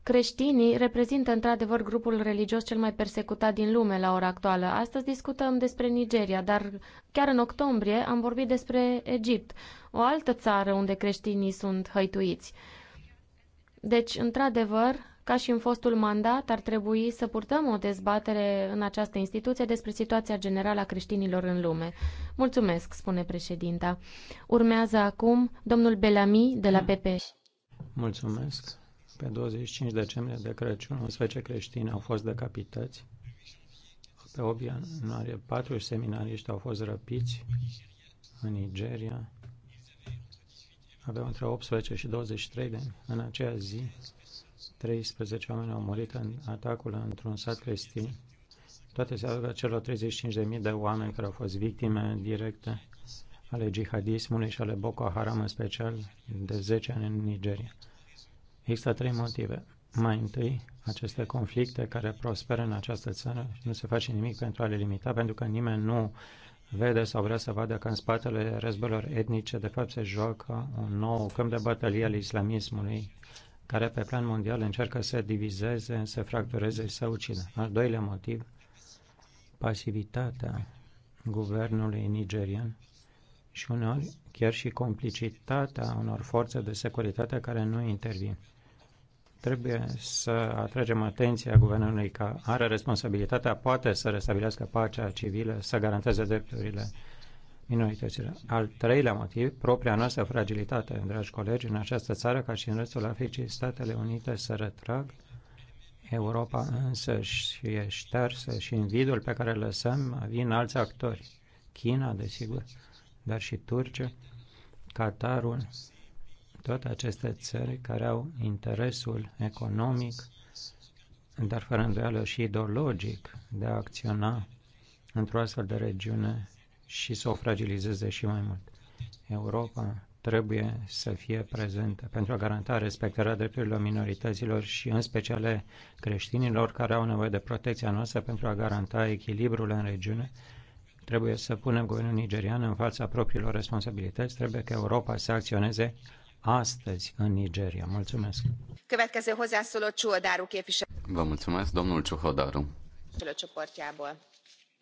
Creștinii reprezintă într-adevăr grupul religios cel mai persecutat din lume la ora actuală. Astăzi discutăm despre Nigeria, dar chiar în octombrie am vorbit despre Egipt, o altă țară unde creștinii sunt hăituiți. Deci, într-adevăr, ca și în fostul mandat, ar trebui să purtăm o dezbatere în această instituție despre situația generală a creștinilor în lume. Mulțumesc, spune președinta. Urmează acum domnul Belami de la PP. Mulțumesc. Pe 25 decembrie de Crăciun, 11 creștini au fost decapitați. Pe 8 ianuarie, 4 seminariști au fost răpiți în Nigeria. Aveau între 18 și 23 de ani. În aceea zi, 13 oameni au murit în atacul într-un sat creștin. Toate se adaugă celor 35.000 de oameni care au fost victime directe ale jihadismului și ale Boko Haram, în special de 10 ani în Nigeria. Există trei motive. Mai întâi, aceste conflicte care prosperă în această țară și nu se face nimic pentru a le limita, pentru că nimeni nu vede sau vrea să vadă că în spatele războiilor etnice, de fapt, se joacă un nou câmp de bătălie al islamismului, care pe plan mondial încearcă să divizeze, să fractureze și să ucidă. Al doilea motiv, pasivitatea guvernului nigerian și uneori chiar și complicitatea unor forțe de securitate care nu intervin. Trebuie să atragem atenția guvernului că are responsabilitatea, poate să restabilească pacea civilă, să garanteze drepturile minorităților. Al treilea motiv, propria noastră fragilitate, dragi colegi, în această țară, ca și în restul Africii, Statele Unite se retrag, Europa însă și e ștersă și în vidul pe care îl lăsăm vin alți actori. China, desigur, dar și Turcia, Qatarul, toate aceste țări care au interesul economic, dar fără îndoială și ideologic, de a acționa într-o astfel de regiune și să o fragilizeze și mai mult. Europa trebuie să fie prezentă pentru a garanta respectarea drepturilor minorităților și în special creștinilor care au nevoie de protecția noastră pentru a garanta echilibrul în regiune. Trebuie să punem guvernul nigerian în fața propriilor responsabilități, trebuie că Europa să acționeze astăzi în Nigeria. Mulțumesc! Vă mulțumesc, domnul Ciuhodaru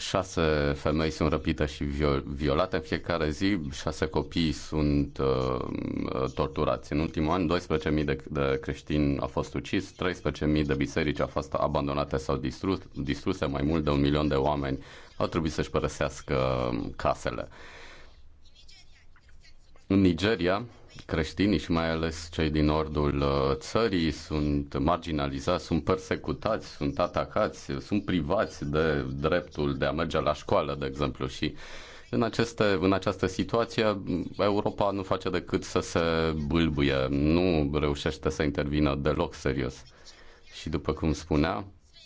șase femei sunt răpite și violate în fiecare zi, șase copii sunt uh, torturați. În ultimul an, 12.000 de, de creștini au fost ucis, 13.000 de biserici au fost abandonate sau distrus, distruse, mai mult de un milion de oameni au trebuit să-și părăsească casele. În Nigeria, creștinii și mai ales cei din nordul uh, țării sunt marginalizați, sunt persecutați, sunt atacați, sunt privați de dreptul de a merge la școală, de exemplu, și în, aceste, în această situație, Europa nu face decât să se bâlbuie, nu reușește să intervină deloc serios. Și după cum spunea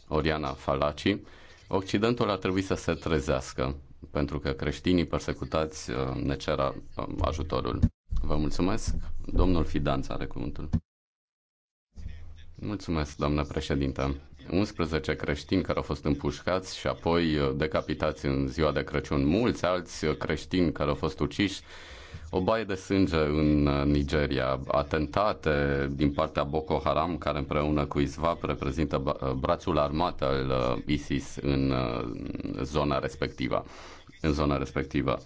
Oriana Falaci, Occidentul ar trebui să se trezească, pentru că creștinii persecutați uh, ne cer uh, ajutorul. Vă mulțumesc. Domnul Fidanț are cuvântul. Mulțumesc, doamnă președintă. 11 creștini care au fost împușcați și apoi uh, decapitați în ziua de Crăciun. Mulți alți uh, creștini care au fost uciși o baie de sânge în uh, Nigeria, atentate din partea Boko Haram, care împreună cu ISVAP reprezintă brațul armat al ISIS în zona respectivă. În zona respectivă.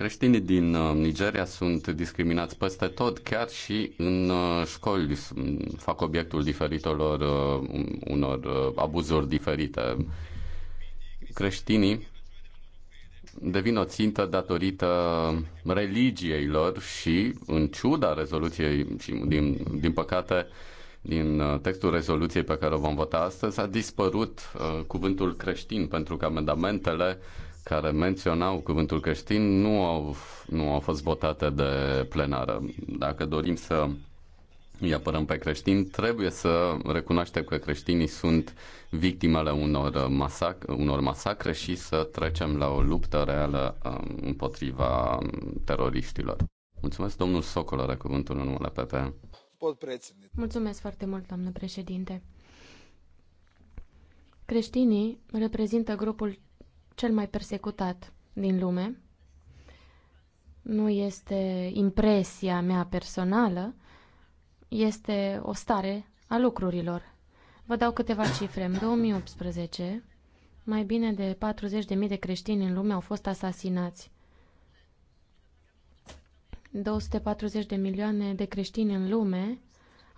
Creștinii din uh, Nigeria sunt discriminați peste tot, chiar și în uh, școli fac obiectul diferitelor, uh, unor abuzuri diferite. Creștinii devin o țintă datorită religiei lor și, în ciuda rezoluției, și din, din păcate, din textul rezoluției pe care o vom vota astăzi, a dispărut uh, cuvântul creștin pentru că amendamentele uh, care menționau cuvântul creștin nu au, nu au fost votate de plenară. Dacă dorim să îi apărăm pe creștini, trebuie să recunoaștem că creștinii sunt victimele unor, masac- unor masacre și să trecem la o luptă reală um, împotriva teroriștilor. Mulțumesc, domnul Socol, are cuvântul în numele PP. Mulțumesc foarte mult, doamnă președinte. Creștinii reprezintă grupul cel mai persecutat din lume. Nu este impresia mea personală, este o stare a lucrurilor. Vă dau câteva cifre. În 2018, mai bine de 40.000 de creștini în lume au fost asasinați. 240 de milioane de creștini în lume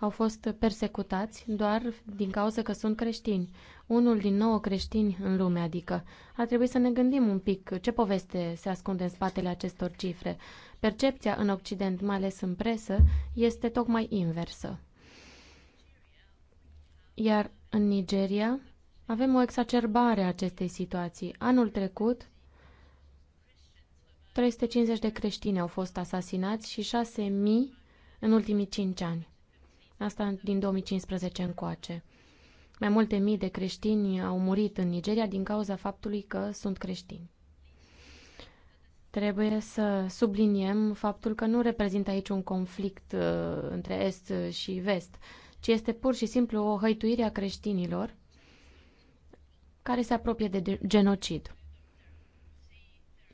au fost persecutați doar din cauza că sunt creștini. Unul din nouă creștini în lume, adică. Ar trebui să ne gândim un pic ce poveste se ascunde în spatele acestor cifre. Percepția în Occident, mai ales în presă, este tocmai inversă. Iar în Nigeria avem o exacerbare a acestei situații. Anul trecut, 350 de creștini au fost asasinați și 6.000 în ultimii 5 ani. Asta din 2015 încoace. Mai multe mii de creștini au murit în Nigeria din cauza faptului că sunt creștini. Trebuie să subliniem faptul că nu reprezintă aici un conflict uh, între Est și Vest, ci este pur și simplu o hăituire a creștinilor care se apropie de genocid.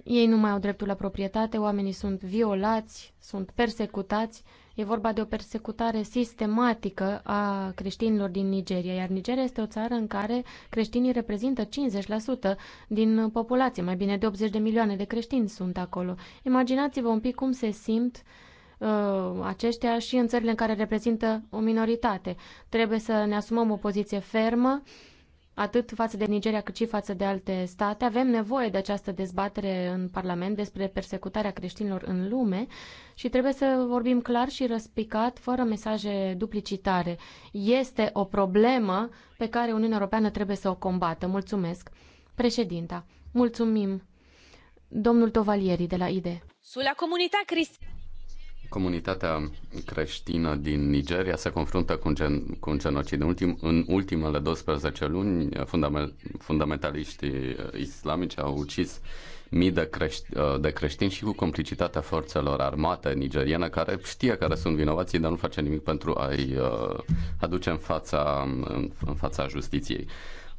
Ei nu mai au dreptul la proprietate, oamenii sunt violați, sunt persecutați E vorba de o persecutare sistematică a creștinilor din Nigeria, iar Nigeria este o țară în care creștinii reprezintă 50% din populație. Mai bine de 80 de milioane de creștini sunt acolo. Imaginați-vă un pic cum se simt uh, aceștia și în țările în care reprezintă o minoritate. Trebuie să ne asumăm o poziție fermă uh, atât față de Nigeria cât și față de alte state. Avem nevoie de această dezbatere în Parlament despre persecutarea creștinilor în lume și trebuie să vorbim clar și răspicat, fără mesaje duplicitare. Este o problemă pe care Uniunea Europeană trebuie să o combată. Mulțumesc. Președinta, mulțumim. Domnul Tovalieri de la IDE. Sulla comunità Comunitatea creștină din Nigeria se confruntă cu un, gen, cu un genocid. În, ultim, în ultimele 12 luni, fundament, fundamentaliștii islamici au ucis mii de, crești, de creștini și cu complicitatea forțelor armate nigeriene care știe care sunt vinovații, dar nu face nimic pentru a-i uh, aduce în fața, în fața justiției.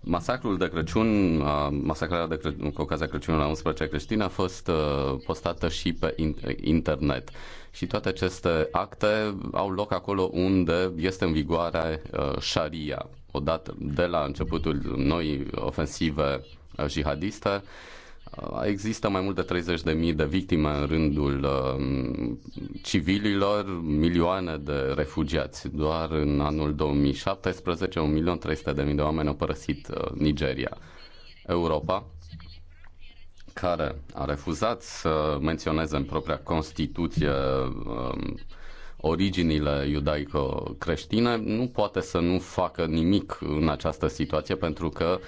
Masacrul de Crăciun, uh, masacrarea de Crăciun, cu ocazia Crăciunului la 11 creștini a fost uh, postată și pe internet și toate aceste acte au loc acolo unde este în vigoare uh, șaria. Odată de la începutul noi ofensive uh, jihadiste, uh, Există mai mult de 30.000 de victime în rândul um, civililor, milioane de refugiați. Doar în anul 2017, 1.300.000 de oameni au părăsit Nigeria. Europa care a refuzat să menționeze în propria Constituție um, originile iudaico-creștine, nu poate să nu facă nimic în această situație pentru că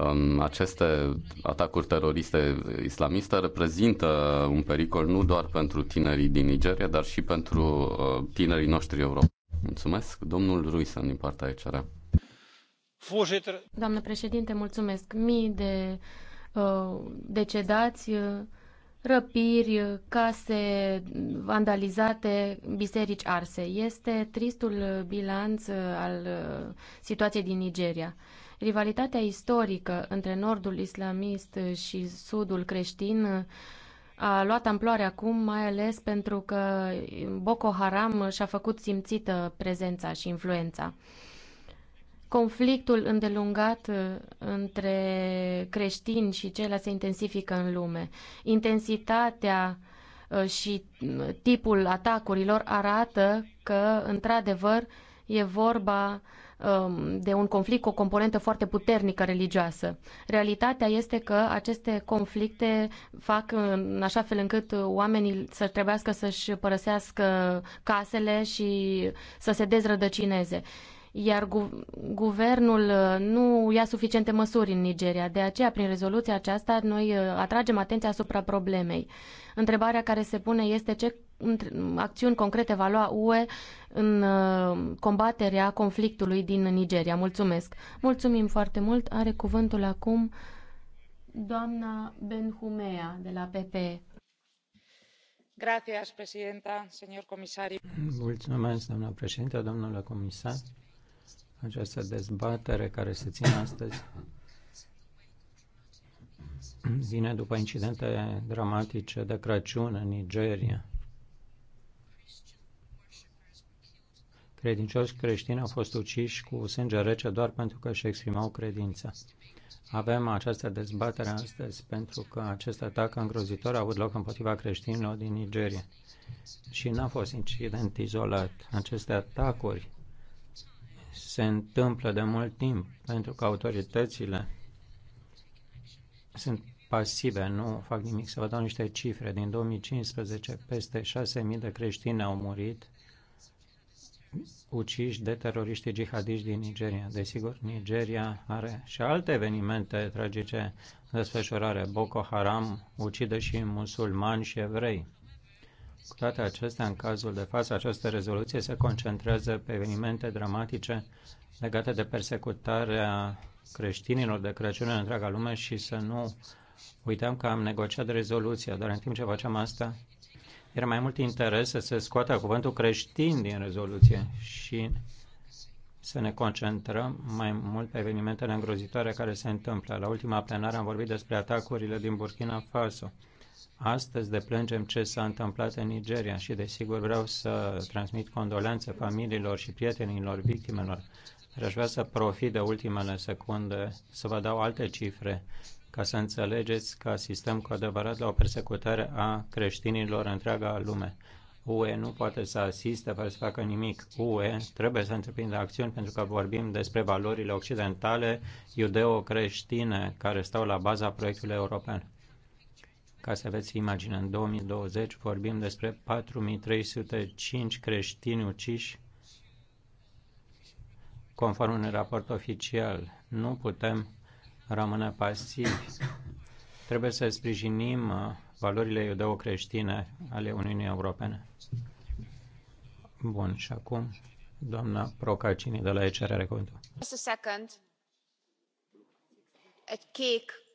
um, aceste atacuri teroriste islamiste reprezintă un pericol nu doar pentru tinerii din Nigeria, dar și pentru uh, tinerii noștri europeni. Mulțumesc. Domnul Ruisan din partea ECR. Doamnă președinte, mulțumesc. Mii de Uh, decedați, uh, răpiri, uh, case vandalizate, biserici arse. Este tristul bilanț al situației din Nigeria. Rivalitatea istorică între nordul islamist și sudul creștin a luat amploare acum, mai ales pentru că Boko Haram și-a făcut simțită prezența și influența conflictul îndelungat uh, între creștini și ceilalți se intensifică în lume. Intensitatea uh, și uh, tipul atacurilor arată că, într-adevăr, e vorba um, de un conflict cu o componentă foarte puternică religioasă. Realitatea este că aceste conflicte fac în așa fel încât oamenii să trebuiască să-și părăsească casele și să se dezrădăcineze iar gu- guvernul uh, nu ia suficiente măsuri în Nigeria. De aceea, prin rezoluția aceasta, noi uh, atragem atenția asupra problemei. Întrebarea care se pune este ce acțiuni concrete va lua UE în uh, combaterea conflictului din Nigeria. Mulțumesc! Mulțumim foarte mult! Are cuvântul acum doamna Benhumea de la PPE. Mulțumesc, doamnă președinte, domnule comisar această dezbatere care se ține astăzi vine după incidente dramatice de Crăciun în Nigeria. Credincioși creștini au fost uciși cu sânge rece doar pentru că își exprimau credința. Avem această dezbatere astăzi pentru că acest atac îngrozitor a avut loc împotriva creștinilor din Nigeria. Și n-a fost incident izolat. Aceste atacuri se întâmplă de mult timp, pentru că autoritățile sunt pasive, nu fac nimic. Să vă dau niște cifre. Din 2015, peste 6.000 de creștini au murit uciși de teroriștii jihadiști din Nigeria. Desigur, Nigeria are și alte evenimente tragice în desfășurare. Boko Haram ucide și musulmani și evrei. Cu toate acestea, în cazul de față, această rezoluție se concentrează pe evenimente dramatice legate de persecutarea creștinilor de Crăciun în întreaga lume și să nu uităm că am negociat rezoluția, dar în timp ce facem asta, era mai mult interes să se scoată cuvântul creștin din rezoluție și să ne concentrăm mai mult pe evenimentele îngrozitoare care se întâmplă. La ultima plenară am vorbit despre atacurile din Burkina Faso. Astăzi deplângem ce s-a întâmplat în Nigeria și, desigur, vreau să transmit condolențe familiilor și prietenilor victimelor. Dar aș vrea să profit de ultimele secunde să vă dau alte cifre ca să înțelegeți că asistăm cu adevărat la o persecutare a creștinilor întreaga lume. UE nu poate să asiste fără să facă nimic. UE trebuie să întreprindă acțiuni pentru că vorbim despre valorile occidentale iudeo-creștine care stau la baza proiectului european. Ca să aveți imagine, în 2020 vorbim despre 4305 creștini uciși conform unui raport oficial. Nu putem rămâne pasivi. Trebuie să sprijinim uh, valorile iudeo-creștine ale Uniunii Europene. Bun, și acum doamna Procacini de la ECR are cuvântul. Just a second. A cake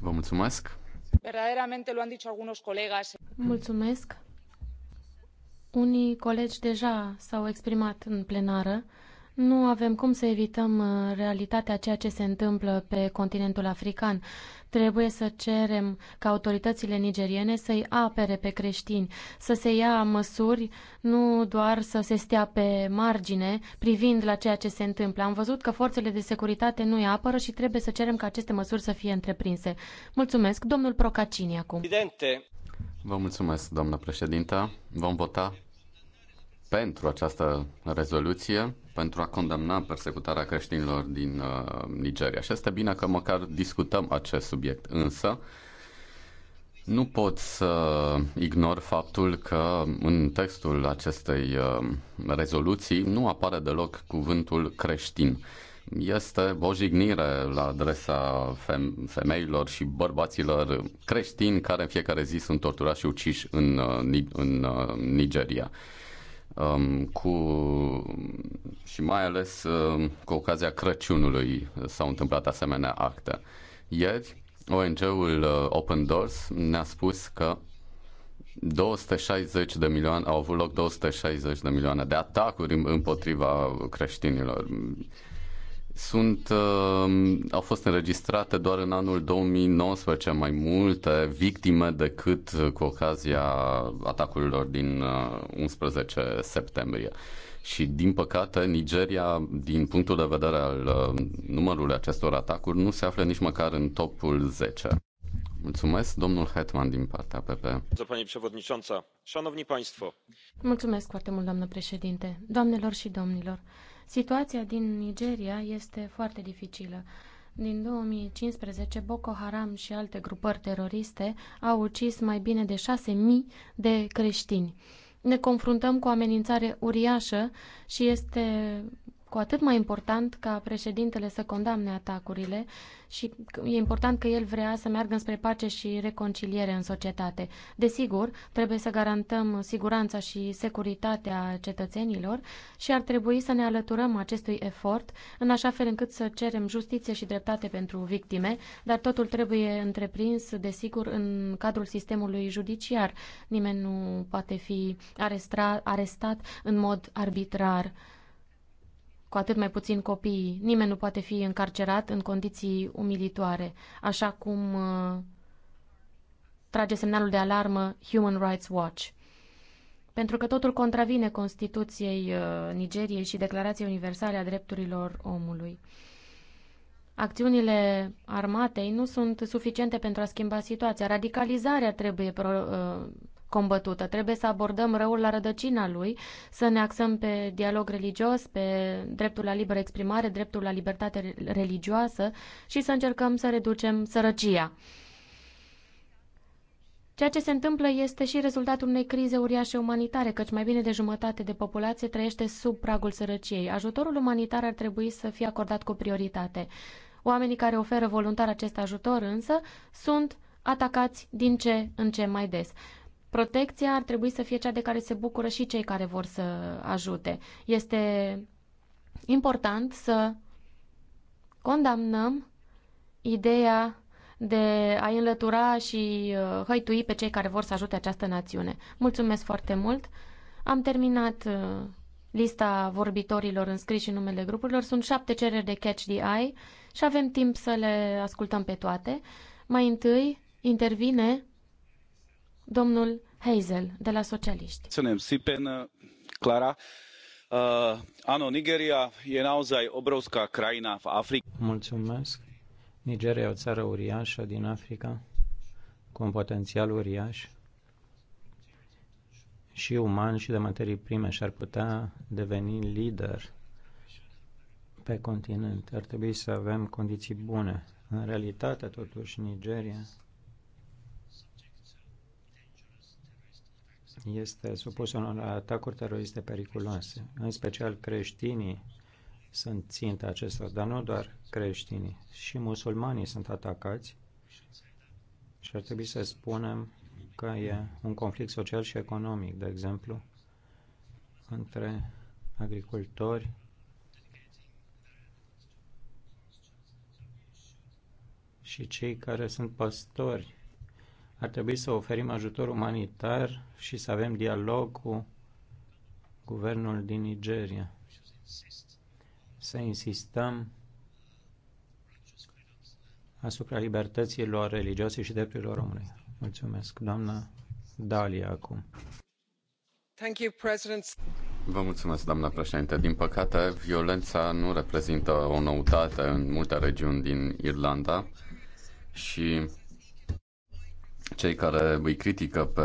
mulțumesc. Verdaderamente lo han dicho algunos colegas. Mulțumesc. Unii colegi deja s-au exprimat în plenară nu avem cum să evităm uh, realitatea ceea ce se întâmplă pe continentul african. Trebuie să cerem ca autoritățile nigeriene să-i apere pe creștini, să se ia măsuri, nu doar să se stea pe margine privind la ceea ce se întâmplă. Am văzut că forțele de securitate nu-i apără și trebuie să cerem ca aceste măsuri să fie întreprinse. Mulțumesc, domnul Procacini, acum. Evidente. Vă mulțumesc, doamnă președintă. Vom vota pentru această rezoluție pentru a condamna persecutarea creștinilor din uh, Nigeria. Și este bine că măcar discutăm acest subiect, însă nu pot să ignor faptul că în textul acestei uh, rezoluții nu apare deloc cuvântul creștin. Este o jignire la adresa femeilor și bărbaților creștini care în fiecare zi sunt torturați și uciși în, uh, în uh, Nigeria um, cu și mai ales um, cu ocazia Crăciunului s-au întâmplat asemenea acte. Ieri, ONG-ul uh, Open Doors ne-a spus că 260 de milioane, au avut loc 260 de milioane de atacuri împotriva creștinilor sunt, uh, au fost înregistrate doar în anul 2019 mai multe victime decât uh, cu ocazia atacurilor din uh, 11 septembrie. Și, din păcate, Nigeria, din punctul de vedere al uh, numărului acestor atacuri, nu se află nici măcar în topul 10. Mulțumesc, domnul Hetman, din partea PP. Mulțumesc foarte mult, doamnă președinte. Doamnelor și domnilor, Situația din Nigeria este foarte dificilă. Din 2015, Boko Haram și alte grupări teroriste au ucis mai bine de 6.000 de creștini. Ne confruntăm cu o amenințare uriașă și este cu atât mai important ca președintele să condamne atacurile și e important că el vrea să meargă spre pace și reconciliere în societate. Desigur, trebuie să garantăm siguranța și securitatea cetățenilor și ar trebui să ne alăturăm acestui efort în așa fel încât să cerem justiție și dreptate pentru victime, dar totul trebuie întreprins, desigur, în cadrul sistemului judiciar. Nimeni nu poate fi arestat în mod arbitrar cu atât mai puțin copiii. Nimeni nu poate fi încarcerat în condiții umilitoare, așa cum uh, trage semnalul de alarmă Human Rights Watch. Pentru că totul contravine Constituției uh, Nigeriei și Declarației Universale a Drepturilor Omului. Acțiunile armatei nu sunt suficiente pentru a schimba situația. Radicalizarea trebuie pro, uh, combătută. Trebuie să abordăm răul la rădăcina lui, să ne axăm pe dialog religios, pe dreptul la liberă exprimare, dreptul la libertate religioasă și să încercăm să reducem sărăcia. Ceea ce se întâmplă este și rezultatul unei crize uriașe umanitare, căci mai bine de jumătate de populație trăiește sub pragul sărăciei. Ajutorul umanitar ar trebui să fie acordat cu prioritate. Oamenii care oferă voluntar acest ajutor însă sunt atacați din ce în ce mai des. Protecția ar trebui să fie cea de care se bucură și cei care vor să ajute. Este important să condamnăm ideea de a înlătura și uh, hăitui pe cei care vor să ajute această națiune. Mulțumesc foarte mult! Am terminat uh, lista vorbitorilor înscriși în numele grupurilor. Sunt șapte cereri de catch the eye și avem timp să le ascultăm pe toate. Mai întâi intervine domnul Hazel, de la Socialiști. Ținem Sipen, Clara. Uh, ano, Nigeria e naozaj obrovská krajina v Afrike. Mulțumesc. Nigeria e o țară uriașă din Africa, cu un potențial uriaș și uman și de materii prime și ar putea deveni lider pe continent. Ar trebui să avem condiții bune. În realitate, totuși, Nigeria este supus unor atacuri teroriste periculoase. În special creștinii sunt ținta acestor, dar nu doar creștinii. Și musulmanii sunt atacați și ar trebui să spunem că e un conflict social și economic, de exemplu, între agricultori și cei care sunt pastori ar trebui să oferim ajutor umanitar și să avem dialog cu guvernul din Nigeria. Să insistăm asupra libertăților religioase și drepturilor omului. Mulțumesc, doamna Dalia, acum. Thank you, President. Vă mulțumesc, doamna președinte. Din păcate, violența nu reprezintă o noutate în multe regiuni din Irlanda și cei care îi critică pe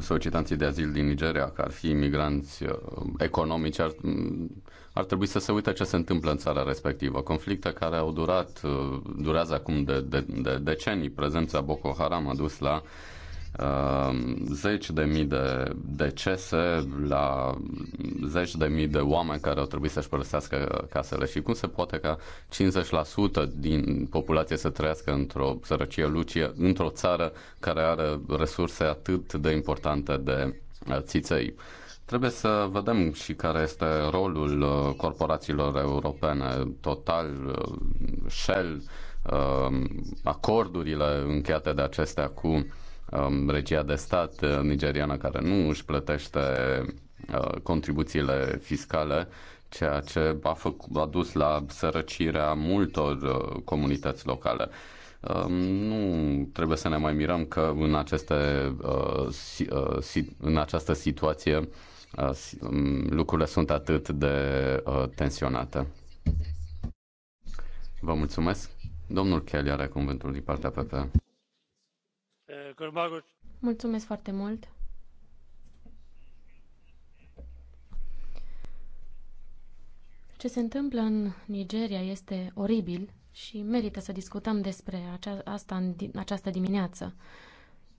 solicitanții de azil din Nigeria că ar fi imigranți uh, economici ar, mm, ar trebui să se uite ce se întâmplă în țara respectivă. Conflicte care au durat, uh, durează acum de, de, de decenii. Prezența Boko Haram a dus la Um, zeci de mii de decese, la zeci de mii de oameni care au trebuit să-și părăsească casele și cum se poate ca 50% din populație să trăiască într-o sărăcie lucie, într-o țară care are resurse atât de importante de uh, țiței. Trebuie să vedem și care este rolul uh, corporațiilor europene, Total, uh, Shell, acordurile încheiate de acestea cu Um, regia de stat uh, nigeriană care nu își plătește uh, contribuțiile fiscale, ceea ce a, făcut, a dus la sărăcirea multor uh, comunități locale. Um, nu trebuie să ne mai mirăm că în, aceste, în această situație um, lucrurile sunt atât de tensionate. Vă mulțumesc. Domnul Kelly are cuvântul din partea PP. Mulțumesc foarte mult. Ce se întâmplă în Nigeria este oribil și merită să discutăm despre asta în această dimineață.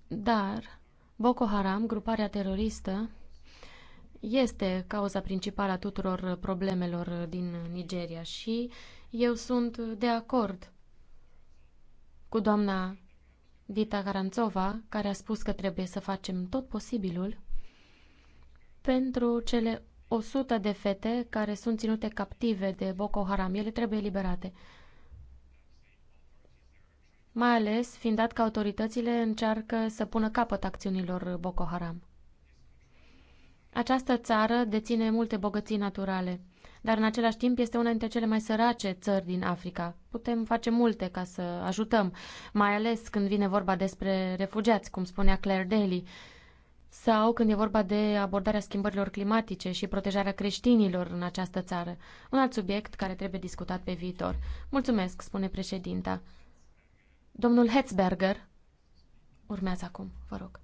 Dar Boko Haram, gruparea teroristă, este cauza principală a tuturor problemelor din Nigeria și eu sunt de acord cu doamna Dita Garanțova, care a spus că trebuie să facem tot posibilul pentru cele 100 de fete care sunt ținute captive de Boko Haram. Ele trebuie liberate. Mai ales fiind dat că autoritățile încearcă să pună capăt acțiunilor Boko Haram. Această țară deține multe bogății naturale – dar în același timp este una dintre cele mai sărace țări din Africa. Putem face multe ca să ajutăm, mai ales când vine vorba despre refugiați, cum spunea Claire Daly, sau când e vorba de abordarea schimbărilor climatice și protejarea creștinilor în această țară. Un alt subiect care trebuie discutat pe viitor. Mulțumesc, spune președinta. Domnul Hetzberger, urmează acum, vă rog.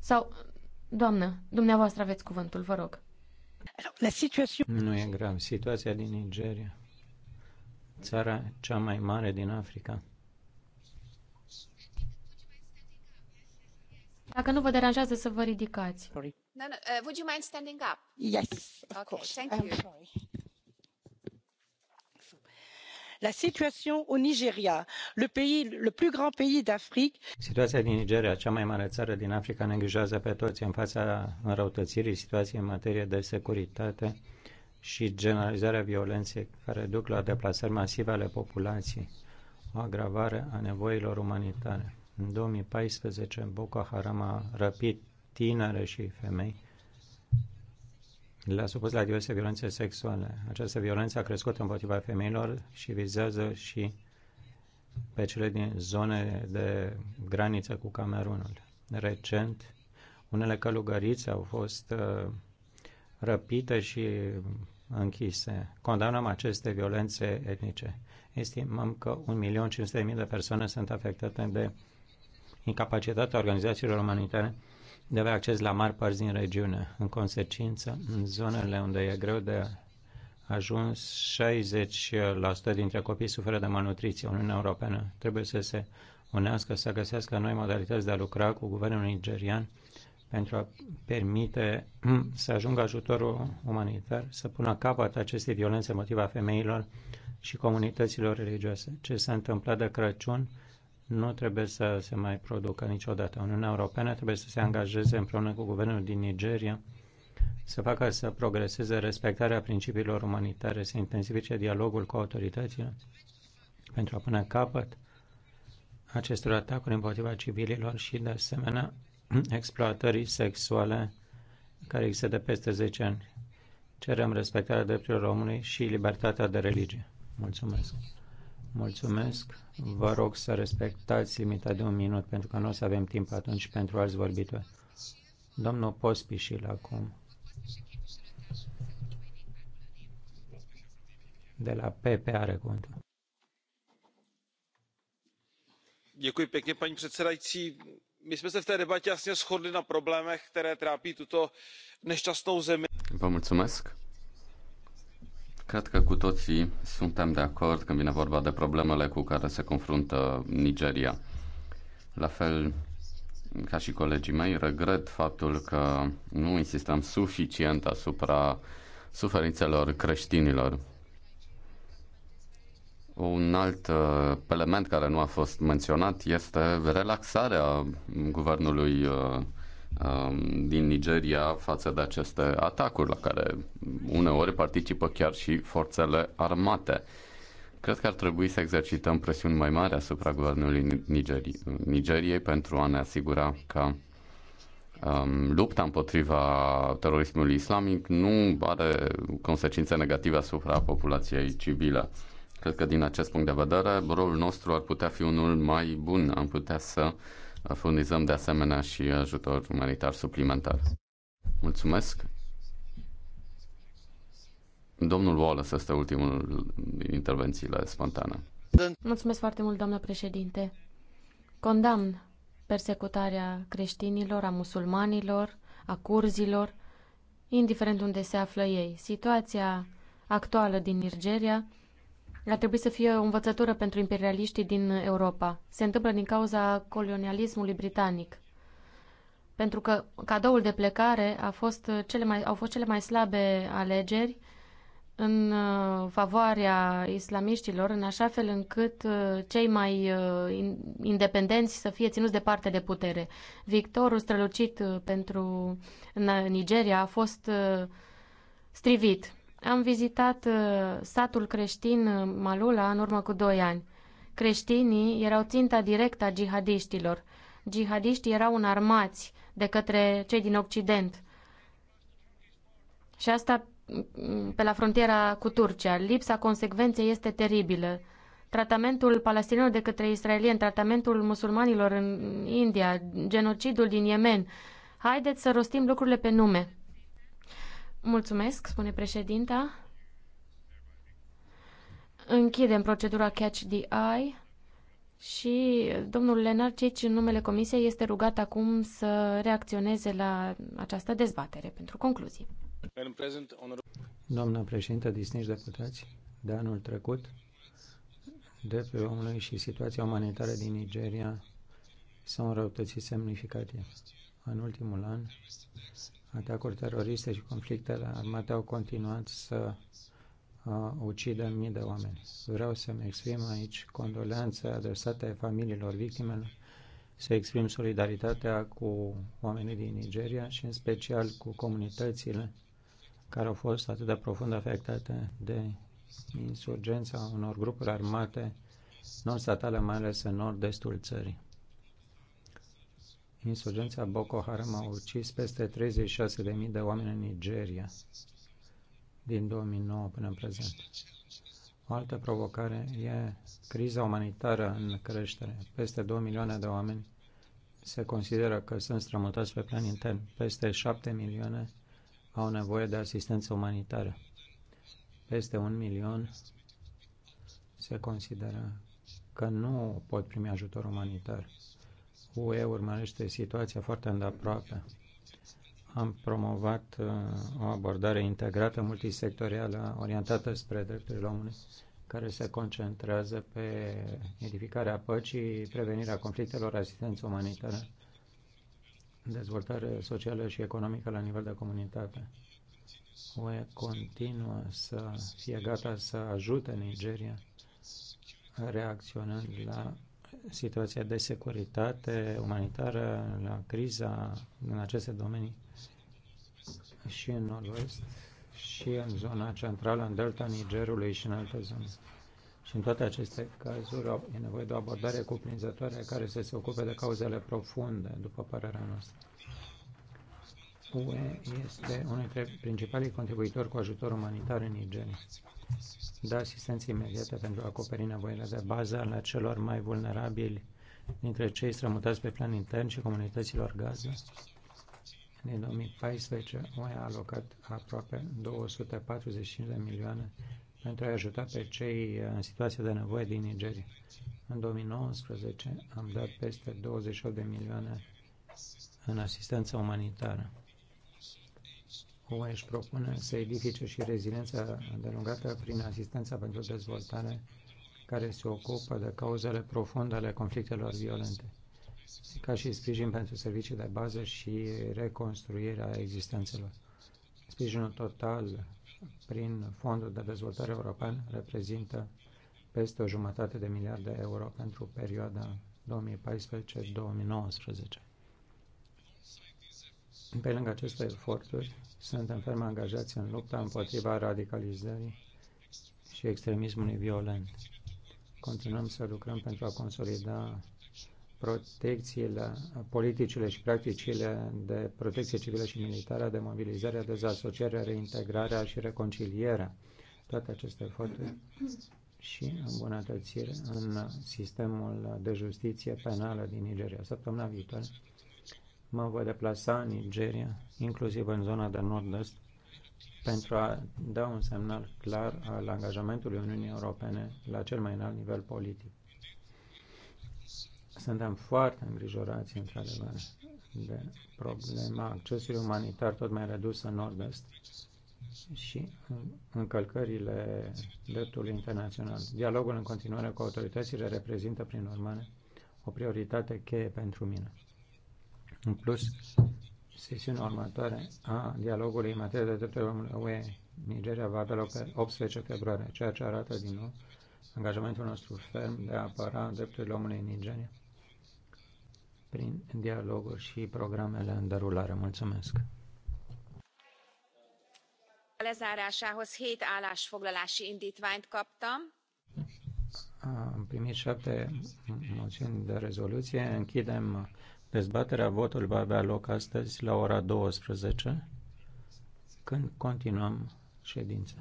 Sau, Doamnă, dumneavoastră aveți cuvântul, vă rog. Nu e grav. Situația din Nigeria, țara cea mai mare din Africa. Dacă nu vă deranjează să vă ridicați. Sorry. No, no, uh, would you mind standing up? Yes, of okay, course. Thank you. I'm sorry la situation au Nigeria, le pays le plus grand pays d'Afrique. Situația din Nigeria, cea mai mare țară din Africa, ne îngrijează pe toți în fața înrăutățirii situației în materie de securitate și generalizarea violenței care duc la deplasări masive ale populației, o agravare a nevoilor umanitare. În 2014, Boko Haram a răpit tinere și femei le-a supus la diverse violențe sexuale. Această violență a crescut împotriva femeilor și vizează și pe cele din zone de graniță cu Camerunul. Recent, unele călugărițe au fost uh, răpite și închise. Condamnăm aceste violențe etnice. Estimăm că 1.500.000 de persoane sunt afectate de incapacitatea organizațiilor umanitare de avea acces la mari părți din regiune. În consecință, în zonele unde e greu de ajuns, 60% dintre copii suferă de malnutriție. Uniunea Europeană trebuie să se unească, să găsească noi modalități de a lucra cu guvernul nigerian pentru a permite să ajungă ajutorul umanitar, să pună capăt acestei violențe motiva femeilor și comunităților religioase. Ce s-a întâmplat de Crăciun nu trebuie să se mai producă niciodată. Uniunea Europeană trebuie să se angajeze împreună cu guvernul din Nigeria să facă să progreseze respectarea principiilor umanitare, să intensifice dialogul cu autoritățile pentru a pune capăt acestor atacuri împotriva civililor și, de asemenea, exploatării sexuale care există de peste 10 ani. Cerem respectarea drepturilor omului și libertatea de religie. Mulțumesc! Mulțumesc. Vă rog să respectați limita de un minut, pentru că nu o să avem timp atunci pentru alți vorbitori. Domnul Pospișil acum. De la PP are cuvântul. Děkuji pěkně, paní předsedající. My jsme se v té debatě jasně shodli na problémech, které trápí tuto nešťastnou zemi. Vám mulțumesc. Cred că cu toții suntem de acord când vine vorba de problemele cu care se confruntă Nigeria. La fel ca și colegii mei, regret faptul că nu insistăm suficient asupra suferințelor creștinilor. Un alt uh, element care nu a fost menționat este relaxarea guvernului uh, Um, din Nigeria față de aceste atacuri, la care uneori participă chiar și forțele armate. Cred că ar trebui să exercităm presiuni mai mari asupra guvernului Nigerii, Nigeriei pentru a ne asigura că um, lupta împotriva terorismului islamic nu are consecințe negative asupra populației civile. Cred că din acest punct de vedere, rolul nostru ar putea fi unul mai bun. Am putea să uh, furnizăm de asemenea și ajutor umanitar suplimentar. Mulțumesc! Domnul Wallace este ultimul din intervențiile spontane. Mulțumesc foarte mult, doamnă președinte. Condamn persecutarea creștinilor, a musulmanilor, a curzilor, indiferent unde se află ei. Situația actuală din Nigeria ar trebui să fie o învățătură pentru imperialiștii din Europa. Se întâmplă din cauza colonialismului britanic. Pentru că cadoul de plecare a fost cele mai, au fost cele mai slabe alegeri în uh, favoarea islamiștilor, în așa fel încât uh, cei mai uh, independenți să fie ținuți departe de putere. Victorul strălucit pentru Nigeria a fost strivit am vizitat uh, satul creștin uh, Malula în urmă cu doi ani. Creștinii erau ținta directă a jihadiștilor. Jihadiștii erau înarmați de către cei din Occident. Și asta mm, pe la frontiera cu Turcia. Lipsa consecvenței este teribilă. Tratamentul palestinilor de către israelieni, tratamentul musulmanilor în India, genocidul din Yemen. Haideți să rostim lucrurile pe nume. Mulțumesc, spune președinta. Închidem procedura Catch the Eye și domnul Cici, în numele Comisiei, este rugat acum să reacționeze la această dezbatere pentru concluzii. Doamna președintă, distinși deputați, de anul trecut, drepturile omului și situația umanitară din Nigeria s-au înrăutățit semnificativ. În ultimul an, atacuri teroriste și conflictele armate au continuat să uh, ucidă mii de oameni. Vreau să-mi exprim aici condoleanțe adresate familiilor victimelor, să exprim solidaritatea cu oamenii din Nigeria și în special cu comunitățile care au fost atât de profund afectate de insurgența unor grupuri armate non-statale, mai ales în nord-estul țării. Insurgența Boko Haram a ucis peste 36.000 de oameni în Nigeria din 2009 până în prezent. O altă provocare e criza umanitară în creștere. Peste 2 milioane de oameni se consideră că sunt strămutați pe plan intern. Peste 7 milioane au nevoie de asistență umanitară. Peste un milion se consideră că nu pot primi ajutor umanitar. UE urmărește situația foarte îndeaproape. Am promovat uh, o abordare integrată, multisectorială, orientată spre drepturile omului, care se concentrează pe edificarea păcii, prevenirea conflictelor, asistență umanitară, dezvoltare socială și economică la nivel de comunitate. UE continuă să fie gata să ajute Nigeria reacționând la situația de securitate umanitară, la criza în aceste domenii și în nord-vest și în zona centrală, în delta Nigerului și în alte zone. Și în toate aceste cazuri e nevoie de o abordare cuprinzătoare care să se ocupe de cauzele profunde, după părerea noastră. UE este unul dintre principalii contribuitori cu ajutor umanitar în Nigeria. Da asistență imediată pentru a acoperi nevoile de bază ale celor mai vulnerabili dintre cei strămutați pe plan intern și comunităților Gaza. Din 2014, UE a alocat aproape 245 de milioane pentru a ajuta pe cei în situație de nevoie din Nigeria. În 2019 am dat peste 28 de milioane în asistență umanitară cum își propune să edifice și reziliența îndelungată prin asistența pentru dezvoltare care se ocupă de cauzele profunde ale conflictelor violente, ca și sprijin pentru servicii de bază și reconstruirea existențelor. Sprijinul total prin Fondul de Dezvoltare European reprezintă peste o jumătate de miliarde de euro pentru perioada 2014-2019. Pe lângă aceste eforturi, suntem ferm angajați în lupta împotriva radicalizării și extremismului violent. Continuăm să lucrăm pentru a consolida protecțiile, politicile și practicile de protecție civilă și militară, de mobilizare, dezasocierea, reintegrarea și reconcilierea. Toate aceste eforturi și îmbunătățire în sistemul de justiție penală din Nigeria. Săptămâna viitoare Mă voi deplasa în Nigeria, inclusiv în zona de nord-est, pentru a da un semnal clar al angajamentului Uniunii Europene la cel mai înalt nivel politic. Suntem foarte îngrijorați, într-adevăr, de problema accesului umanitar tot mai redus în nord-est și încălcările dreptului internațional. Dialogul în continuare cu autoritățile reprezintă, prin urmare, o prioritate cheie pentru mine. În plus, sesiunea următoare a dialogului în materie de drepturile omului UE Nigeria va avea loc pe 18 februarie, ceea ce arată din nou angajamentul nostru ferm de a apăra drepturile omului în Nigeria prin dialoguri și programele în derulare. Mulțumesc! lezárásához hét állásfoglalási indtványt kaptam. Am primit șapte moțiuni de rezoluție. Închidem Dezbaterea votului va avea loc astăzi la ora 12, când continuăm ședința.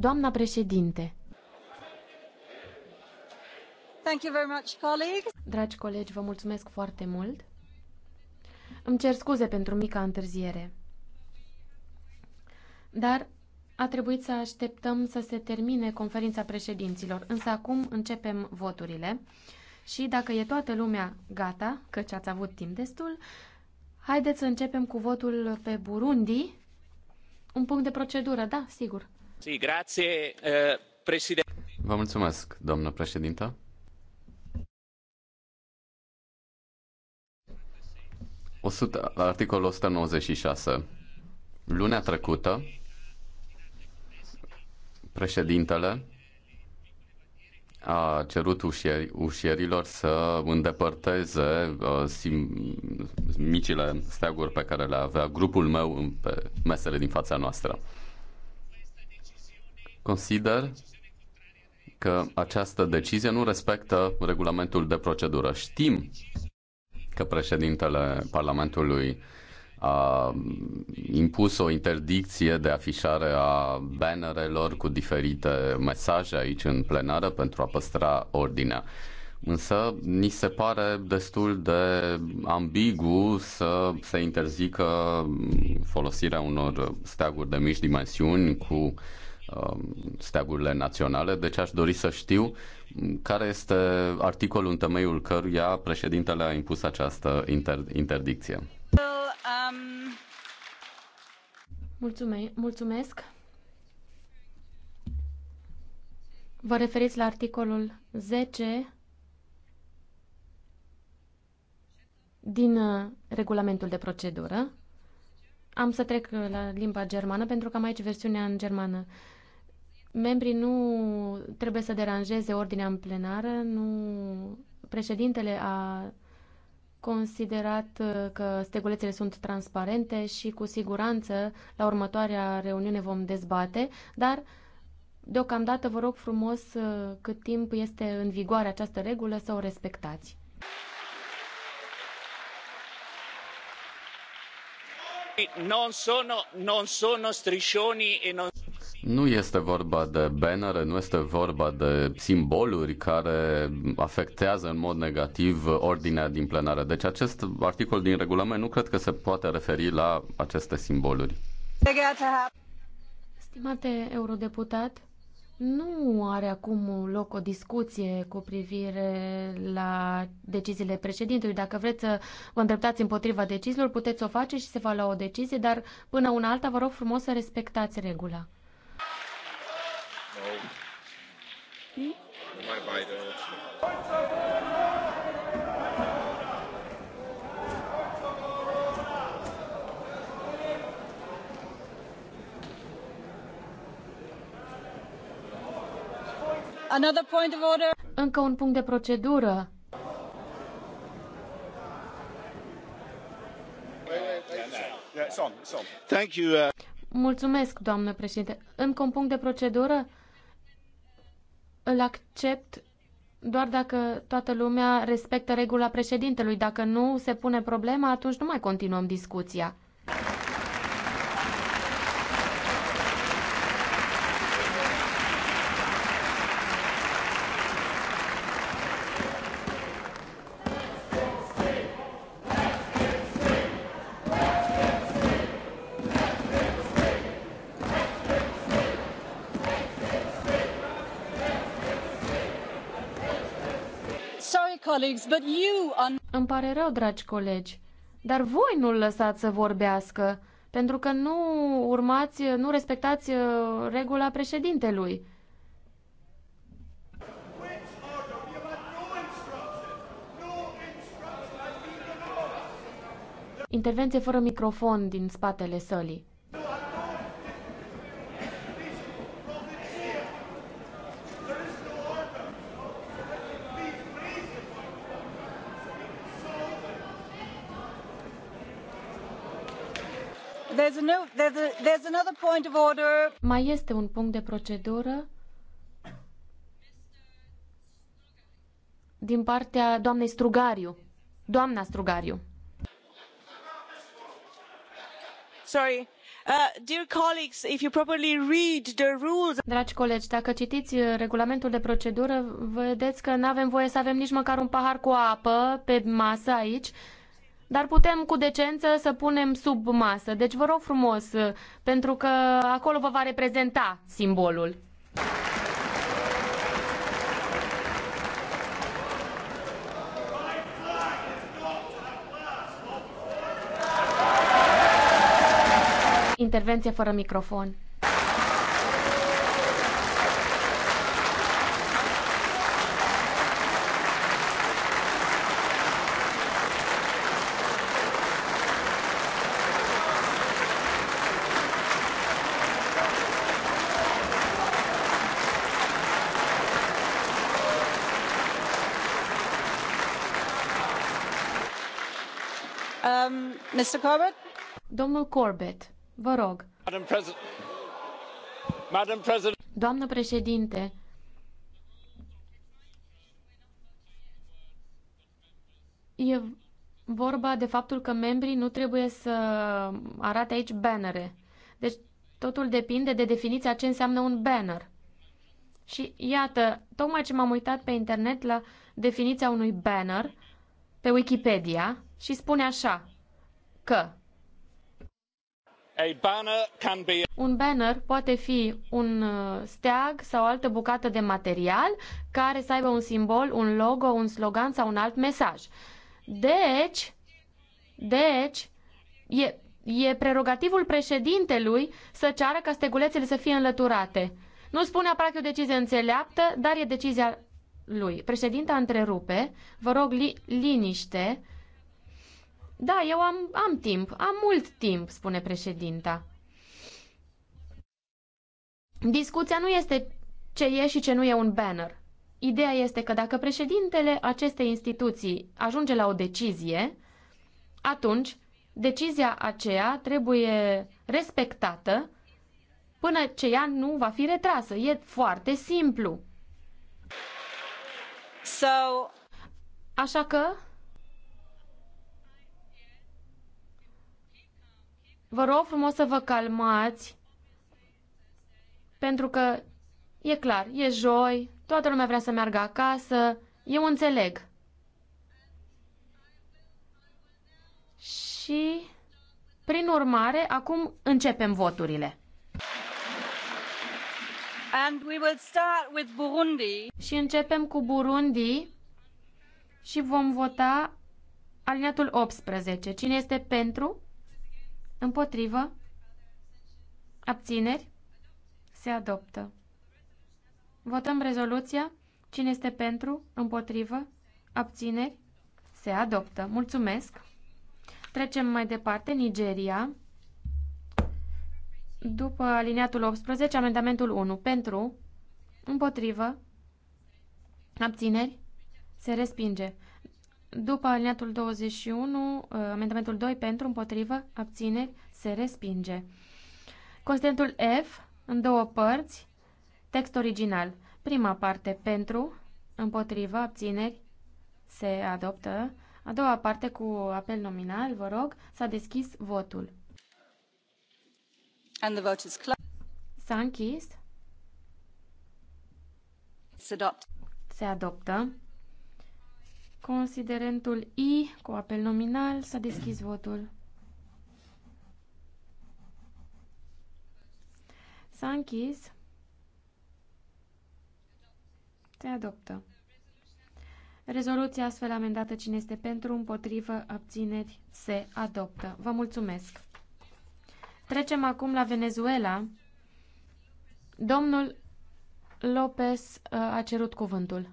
Doamna președinte, Thank you very much, colleagues. Dragi colegi, vă mulțumesc foarte mult. Îmi cer scuze pentru mica întârziere. Dar a trebuit să așteptăm să se termine conferința președinților, însă acum începem voturile și dacă e toată lumea gata, căci ați avut timp destul, haideți să începem cu votul pe Burundi. Un punct de procedură, da, sigur domnule eh, președinte. Vă mulțumesc, doamnă președintă. și șase. Luna trecută, președintele a cerut ușieri, ușierilor să îndepărteze uh, micile steaguri pe care le avea grupul meu pe mesele din fața noastră. Consider că această decizie nu respectă regulamentul de procedură. Știm că președintele Parlamentului a impus o interdicție de afișare a bannerelor cu diferite mesaje aici în plenară pentru a păstra ordinea. Însă, ni se pare destul de ambigu să se interzică folosirea unor steaguri de mici dimensiuni cu Um, steagurile naționale, deci aș dori să știu care este articolul în temeiul căruia președintele a impus această inter- interdicție. Mulțume- mulțumesc. Vă referiți la articolul 10 din uh, regulamentul de procedură. Am să trec uh, la limba germană pentru că am aici versiunea în germană. Uh, membrii nu trebuie să deranjeze ordinea în plenară, nu președintele a considerat uh, că stegulețele sunt transparente și cu siguranță la următoarea reuniune vom dezbate, dar deocamdată vă rog frumos uh, cât timp este în vigoare această regulă să o respectați. Non sono, non sono striscioni e non... Nu este vorba de bannere, nu este vorba de simboluri care afectează în mod negativ ordinea din plenară. Deci acest articol din regulament nu cred că se poate referi la aceste simboluri. Stimate eurodeputat, nu are acum loc o discuție cu privire la deciziile președintelui. Dacă vreți să vă îndreptați împotriva deciziilor, puteți o face și se va lua o decizie, dar până una alta vă rog frumos să respectați regula. Another point of order. Încă un punct de procedură. Uh, Mulțumesc, doamnă președinte. Încă un punct de procedură? îl accept doar dacă toată lumea respectă regula președintelui. Dacă nu se pune problema, atunci nu mai continuăm discuția. colleagues, but you are... Îmi pare rău, dragi colegi, dar voi nu-l lăsați să vorbească, pentru că nu urmați, nu respectați uh, regula președintelui. Intervenție fără microfon din spatele sălii. There's a there's a, there's another point of order. Mai este un punct de procedură din partea doamnei Strugariu. Doamna Strugariu. Sorry. Uh, dear colleagues, if you properly read the rules... Dragi colegi, dacă citiți uh, regulamentul de procedură, vedeți că nu avem voie să avem nici măcar un pahar cu apă pe masă aici dar putem cu decență să punem sub masă. Deci vă rog frumos, uh, pentru că acolo vă va reprezenta simbolul. Intervenție fără microfon. Mr. Corbett? Domnul Corbett, vă rog. Madam President. Madam President. Doamnă președinte, e vorba de faptul că membrii nu trebuie să arate aici bannere. Deci totul depinde de definiția ce înseamnă un banner. Și iată, tocmai ce m-am uitat pe internet la definiția unui banner pe Wikipedia și spune așa că un banner poate fi un uh, steag sau o altă bucată de material care să aibă un simbol, un logo, un slogan sau un alt mesaj. Deci, deci, e, e prerogativul președintelui să ceară ca stegulețele să fie înlăturate. Nu spune aparat o decizie înțeleaptă, dar e decizia lui. Președinta întrerupe, vă rog li, liniște, da, eu am, am timp, am mult timp, spune președinta. Discuția nu este ce e și ce nu e un banner. Ideea este că dacă președintele acestei instituții ajunge la o decizie, atunci decizia aceea trebuie respectată până ce ea nu va fi retrasă. E foarte simplu. So... Așa că Vă rog frumos să vă calmați, pentru că e clar, e joi, toată lumea vrea să meargă acasă, eu înțeleg. Și, prin urmare, acum începem voturile. And we will start with Burundi. Și începem cu Burundi și vom vota aliniatul 18. Cine este pentru? Împotrivă. Abțineri. Se adoptă. Votăm rezoluția. Cine este pentru? Împotrivă. Abțineri. Se adoptă. Mulțumesc. Trecem mai departe. Nigeria. După aliniatul 18, amendamentul 1. Pentru. Împotrivă. Abțineri. Se respinge. După alineatul 21, uh, amendamentul 2 pentru, împotrivă, abține, se respinge. Constantul F, în două părți, text original. Prima parte pentru, împotrivă, abțineri, se adoptă. A doua parte cu apel nominal, vă rog, s-a deschis votul. And the vote is S-a închis. Se adoptă. Considerentul I cu apel nominal s-a deschis votul. S-a închis. Se adoptă. Rezoluția astfel amendată cine este pentru, împotrivă, abțineri, se adoptă. Vă mulțumesc. Trecem acum la Venezuela. Domnul López uh, a cerut cuvântul.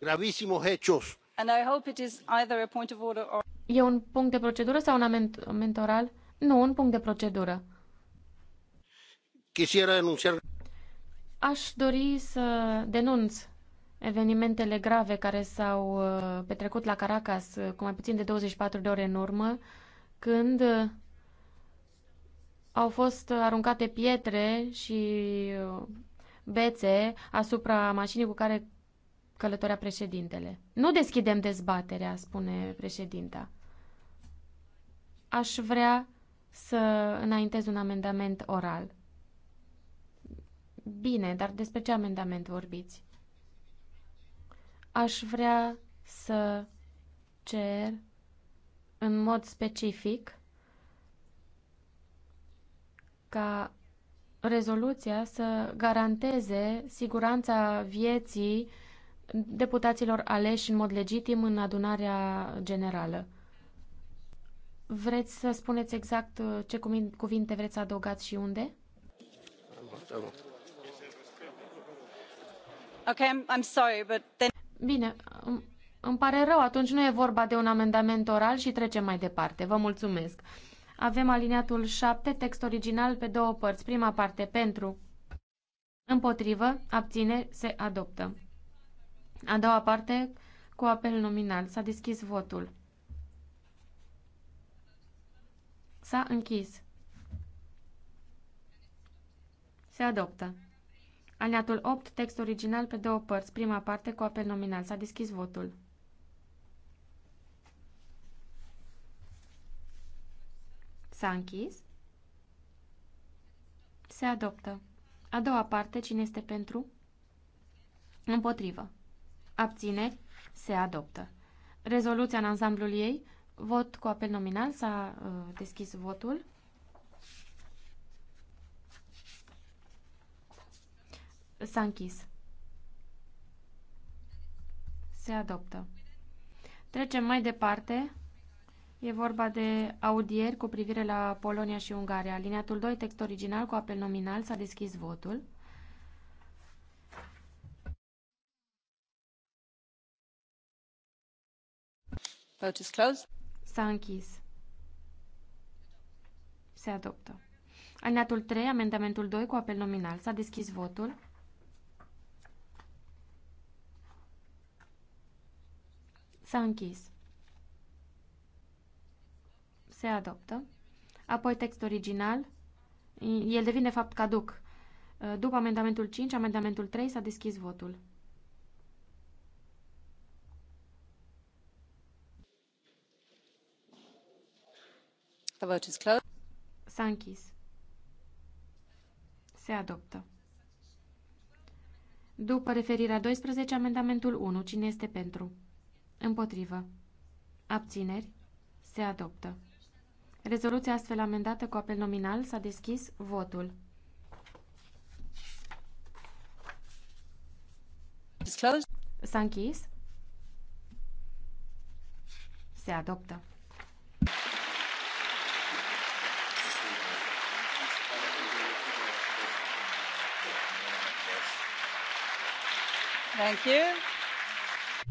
gravísimos hechos. E un punct de procedură sau un amendament oral? Nu, un punct de procedură. Quisiera denunciar... Aș dori să denunț evenimentele grave care s-au uh, petrecut la Caracas uh, cu mai puțin de 24 de ore în urmă, când uh, au fost aruncate pietre și bețe asupra mașinii cu care călătorea președintele. Nu deschidem dezbaterea, spune președinta. Aș vrea să înaintez un amendament oral. Bine, dar despre ce amendament vorbiți? Aș vrea să cer în mod specific ca rezoluția să garanteze siguranța vieții deputaților aleși în mod legitim în adunarea generală. Vreți să spuneți exact uh, ce cuvinte vreți să adăugați și unde? Okay, I'm sorry, but then... Bine, îmi pare rău, atunci nu e vorba de un amendament oral și trecem mai departe. Vă mulțumesc. Avem aliniatul 7, text original pe două părți. Prima parte pentru, împotrivă, abține, se adoptă. A doua parte cu apel nominal. S-a deschis votul. S-a închis. Se adoptă. Aliatul 8, text original pe două părți. Prima parte cu apel nominal. S-a deschis votul. S-a închis. Se adoptă. A doua parte, cine este pentru? Împotrivă. Abțineri? Se adoptă. Rezoluția în ansamblul ei, vot cu apel nominal, s-a uh, deschis votul. S-a închis. Se adoptă. Trecem mai departe. E vorba de audieri cu privire la Polonia și Ungaria. Alineatul 2, text original cu apel nominal, s-a deschis votul. S-a închis. Se adoptă. Alineatul 3, amendamentul 2 cu apel nominal. S-a deschis votul. S-a închis. Se adoptă. Apoi text original. El devine, fapt, caduc. Uh, după amendamentul 5, amendamentul 3 s-a deschis votul. The vote is closed. Se adoptă. După referirea 12, amendamentul 1. Cine este pentru? Împotrivă. Abțineri. Se adoptă. Rezoluția astfel amendată cu apel nominal s-a deschis votul. S-a închis. Se adoptă. Thank you.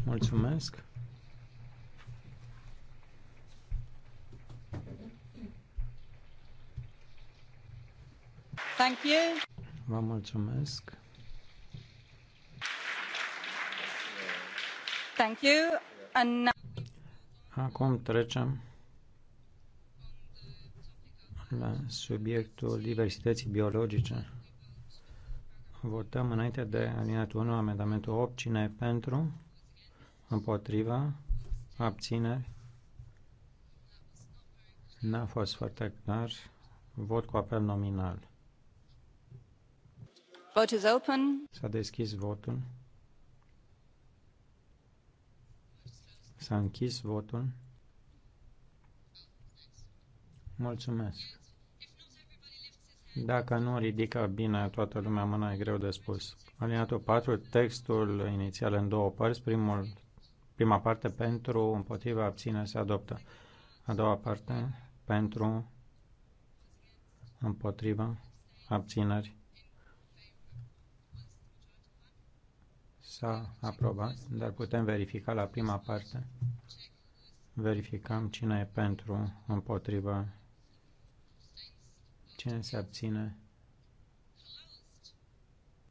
Mulțumesc. Thank you. Vă mulțumesc. Thank you. And now... Acum trecem la subiectul diversității biologice. Votăm înainte de alineatul 1, amendamentul 8. Cine e pentru? Împotriva? Abțineri? N-a fost foarte clar. Vot cu apel nominal. Vote is open. S-a deschis votul. S-a închis votul. Mulțumesc. Dacă nu ridică bine toată lumea mâna, e greu de spus. Alineatul 4, textul inițial în două părți, primul, prima parte pentru, împotriva, abține, se adoptă. A doua parte pentru, împotriva, abțineri. S-a aprobat, dar putem verifica la prima parte. Verificăm cine e pentru, împotriva, Cine se abține?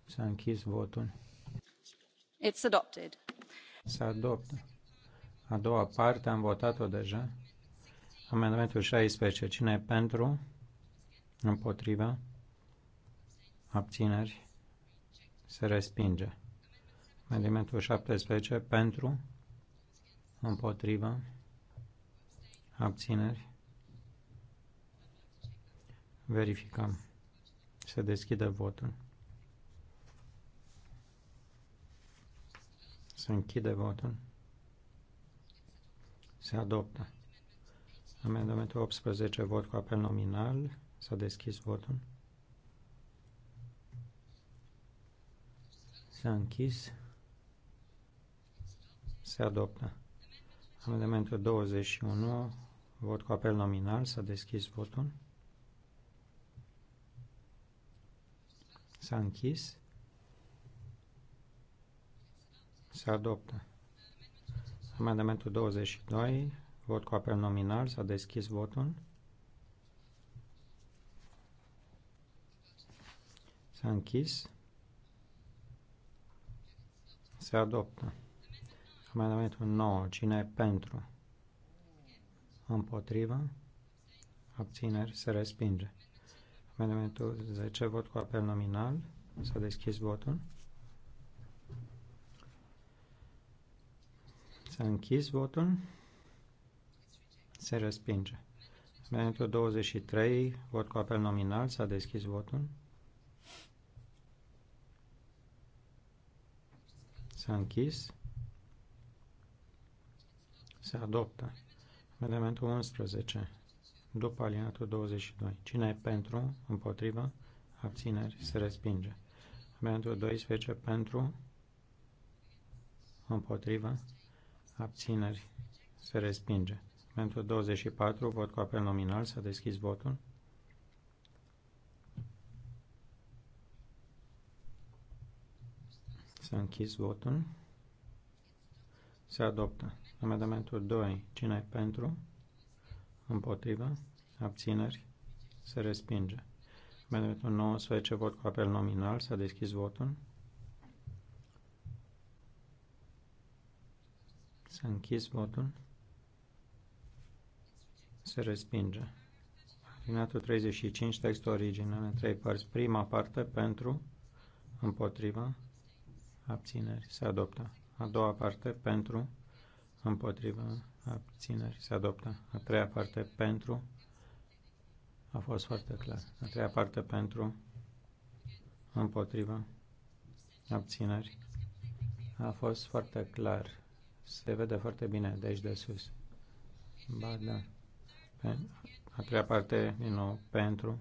S-a închis votul. It's adopted. S-a adoptat. A doua parte am votat-o deja. Amendamentul 16. Cine e pentru? Împotriva? Abțineri? Se respinge. Amendamentul 17. Pentru? Împotriva? Abțineri? Verificăm. Se deschide votul. Se închide votul. Se adoptă. Amendamentul 18, vot cu apel nominal. S-a deschis votul. S-a închis. Se adoptă. Amendamentul 21, vot cu apel nominal. S-a deschis votul. S-a închis. Se adoptă. Amendamentul 22, vot cu apel nominal, s-a deschis votul. S-a închis. Se adoptă. Amendamentul 9. Cine e pentru? Împotrivă? Abțineri? Se respinge elementul 10, vot cu apel nominal. S-a deschis votul. S-a închis votul. Se respinge. Elementul 23, vot cu apel nominal. S-a deschis votul. S-a închis. Se adoptă. Elementul 11, după alineatul 22. Cine e pentru, împotrivă, abțineri, se respinge. Amendamentul 12 pentru, împotrivă, abțineri, se respinge. Amendamentul 24, vot cu apel nominal, să deschis votul. să a închis votul. Se adoptă. Amendamentul 2. Cine e pentru? împotriva, abțineri, se respinge. Amendamentul 19, vot cu apel nominal, s-a deschis votul. S-a închis votul. Se respinge. Alineatul 35, textul original în trei părți. Prima parte pentru, împotriva, abțineri, se adoptă. A doua parte pentru, împotriva, abțineri, se adoptă. A treia parte pentru, a fost foarte clar. A treia parte pentru, împotriva, abțineri, a fost foarte clar. Se vede foarte bine de aici de sus. Ba, da. A treia parte, din nou, pentru,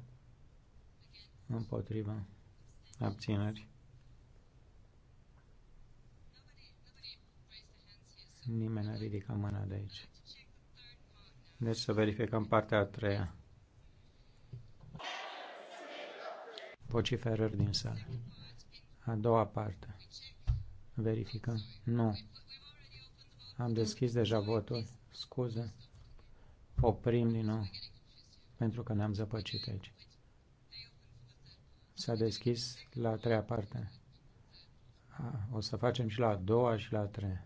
împotriva, abțineri Nimeni nu ridică mâna de aici. Deci să verificăm partea a treia. Vociferări din sală. A doua parte. Verificăm. Nu. Am deschis deja votul. Scuze. Oprim din nou. Pentru că ne-am zăpăcit aici. S-a deschis la a treia parte. A, o să facem și la a doua și la a treia.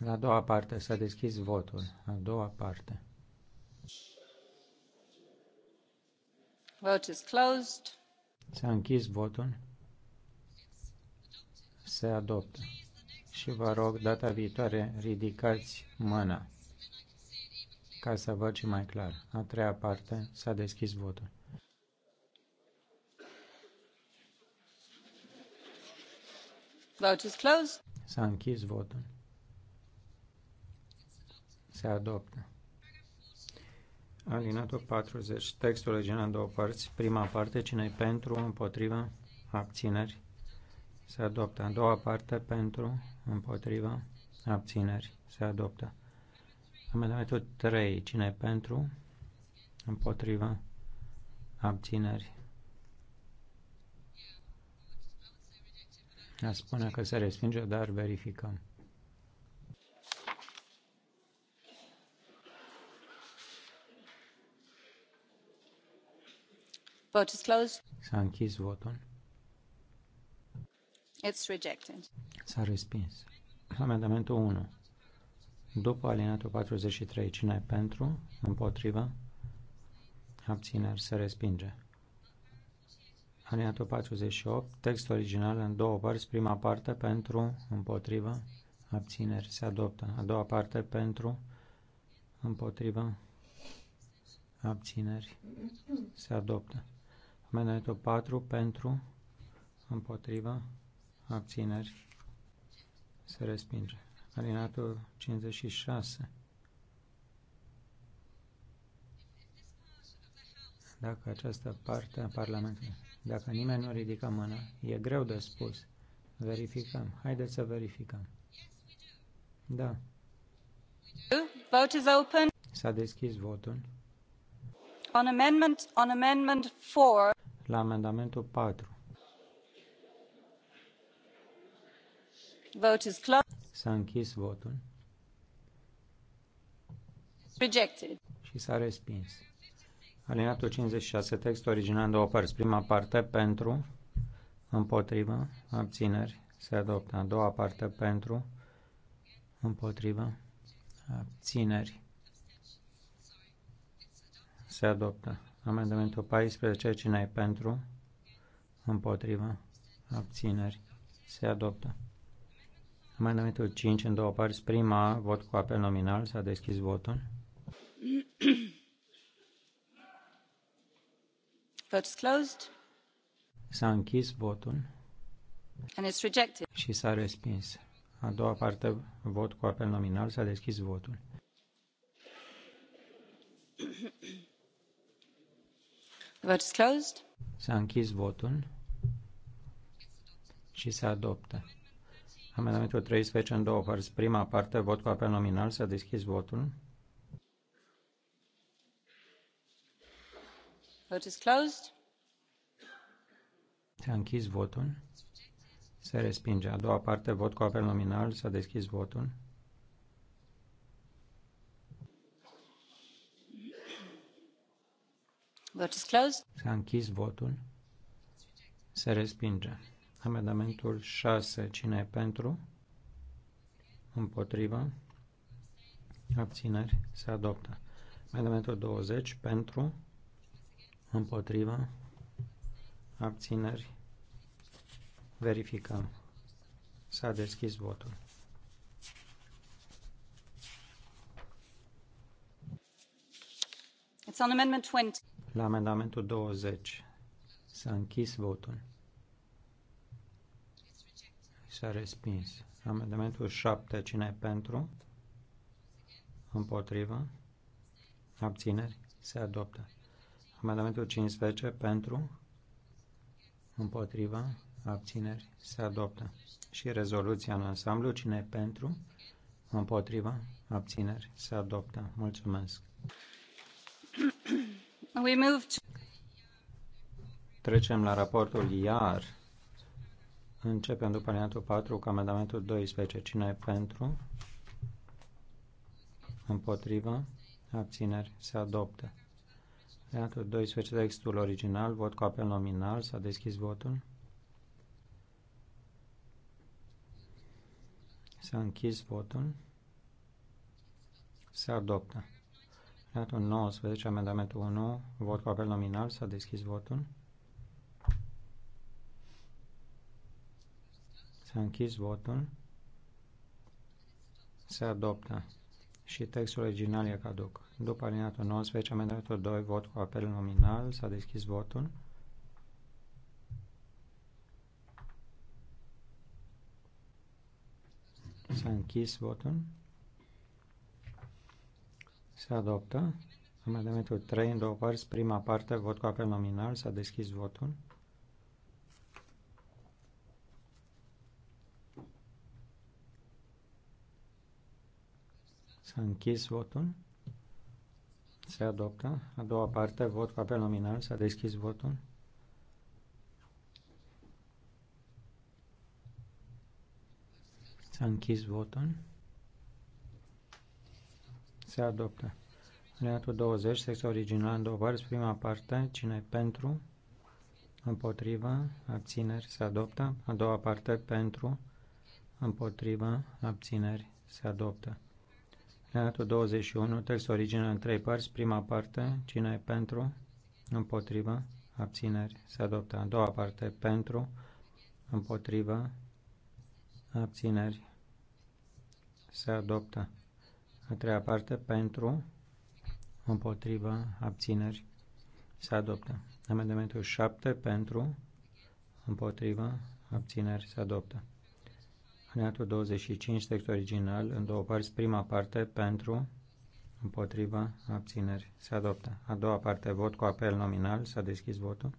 La a doua parte s-a deschis votul. A doua parte. Vote is closed. S-a închis votul. Se adoptă. Și vă rog, data viitoare, ridicați mâna ca să văd și mai clar. A treia parte s-a deschis votul. Vote is closed. S-a închis votul. Se adoptă. Alinatul 40. Textul original în două părți. Prima parte, cine pentru, împotriva, abțineri. Se adoptă. A doua parte, pentru, împotriva, abțineri. Se adoptă. Amendamentul 3. Cine pentru, împotriva, abțineri. Ne spune că se respinge, dar verificăm. Vote is closed. S-a închis votul. It's rejected. S-a respins. Amendamentul 1. După alineatul 43, cine pentru? Împotrivă? Abțineri se respinge. Alineatul 48, text original în două părți, prima parte pentru, împotrivă, abțineri, se adoptă. A doua parte pentru, împotrivă, abțineri, se adoptă. Amendamentul 4 pentru, împotrivă, abțineri, se respinge. Alinatul 56. Dacă această parte a Parlamentului dacă nimeni nu ridică mâna, e greu de spus. Verificăm. Haideți să verificăm. Da. Vote is open. S-a deschis votul. On amendment, on amendment 4. La amendamentul 4. Vote is closed. S-a închis votul. Rejected. Și s-a respins. Alineatul 56, text original în două părți. Prima parte pentru, împotrivă, abțineri, se adoptă. A doua parte pentru, împotrivă, abțineri, se adoptă. Amendamentul 14, cine ai pentru, împotrivă, abțineri, se adoptă. Amendamentul 5 în două părți. Prima, vot cu apel nominal. S-a deschis votul. S-a închis votul. And it's rejected. Și s-a respins. A doua parte, vot cu apel nominal, s-a deschis votul. The vote is closed. S-a închis votul și se adoptă. Amendamentul 13 în două părți. Prima parte, vot cu apel nominal, s-a deschis votul. Vote is a închis votul. Se respinge. A doua parte, vot cu apel nominal. S-a deschis votul. Vote is closed. S-a închis votul. Se respinge. Amendamentul 6. Cine e pentru? Împotriva? Abțineri? Se adoptă. Amendamentul 20. Pentru? împotriva, abțineri, verificăm. S-a deschis votul. It's on amendment 20. La amendamentul 20 s-a închis votul. S-a respins. Amendamentul 7, cine e pentru? Împotrivă? Abțineri? Se adoptă. Amendamentul 15 pentru, împotriva, abțineri, se adoptă. Și rezoluția în ansamblu, cine pentru, împotriva, abțineri, se adoptă. Mulțumesc. We move to... Trecem la raportul IAR. Începem după alineatul 4 cu amendamentul 12. Cine e pentru? Împotriva? Abțineri? Se adoptă. Iată 12 textul original, vot cu apel nominal, s-a deschis votul. S-a închis votul. Se adoptă. Iată 19, amendamentul 1, vot cu apel nominal, s-a deschis votul. S-a închis votul. Se adoptă și textul original e caduc. După alineatul 19, amendatul 2, vot cu apel nominal, s-a deschis votul. S-a închis votul. Se adoptă. Amendamentul 3, în două părți, prima parte, vot cu apel nominal, s-a deschis votul. S-a închis votul. Se adoptă. A doua parte, vot cu apel nominal. S-a deschis votul. S-a închis votul. Se adoptă. Alineatul 20, sex original în două părți, prima parte, cine pentru, împotriva, abțineri, se adoptă. A doua parte, pentru, împotriva, abțineri, se adoptă. Aliniatul 21, text origină în trei părți, prima parte, cine e pentru, împotriva, abțineri, se adoptă. A doua parte, pentru, împotriva, abțineri, se adoptă. A treia parte, pentru, împotriva, abțineri, se adoptă. Amendamentul 7, pentru, împotriva, abțineri, se adoptă. Alineatul 25, text original, în două părți, prima parte pentru, împotriva, abțineri, se adoptă. A doua parte, vot cu apel nominal, s-a deschis votul.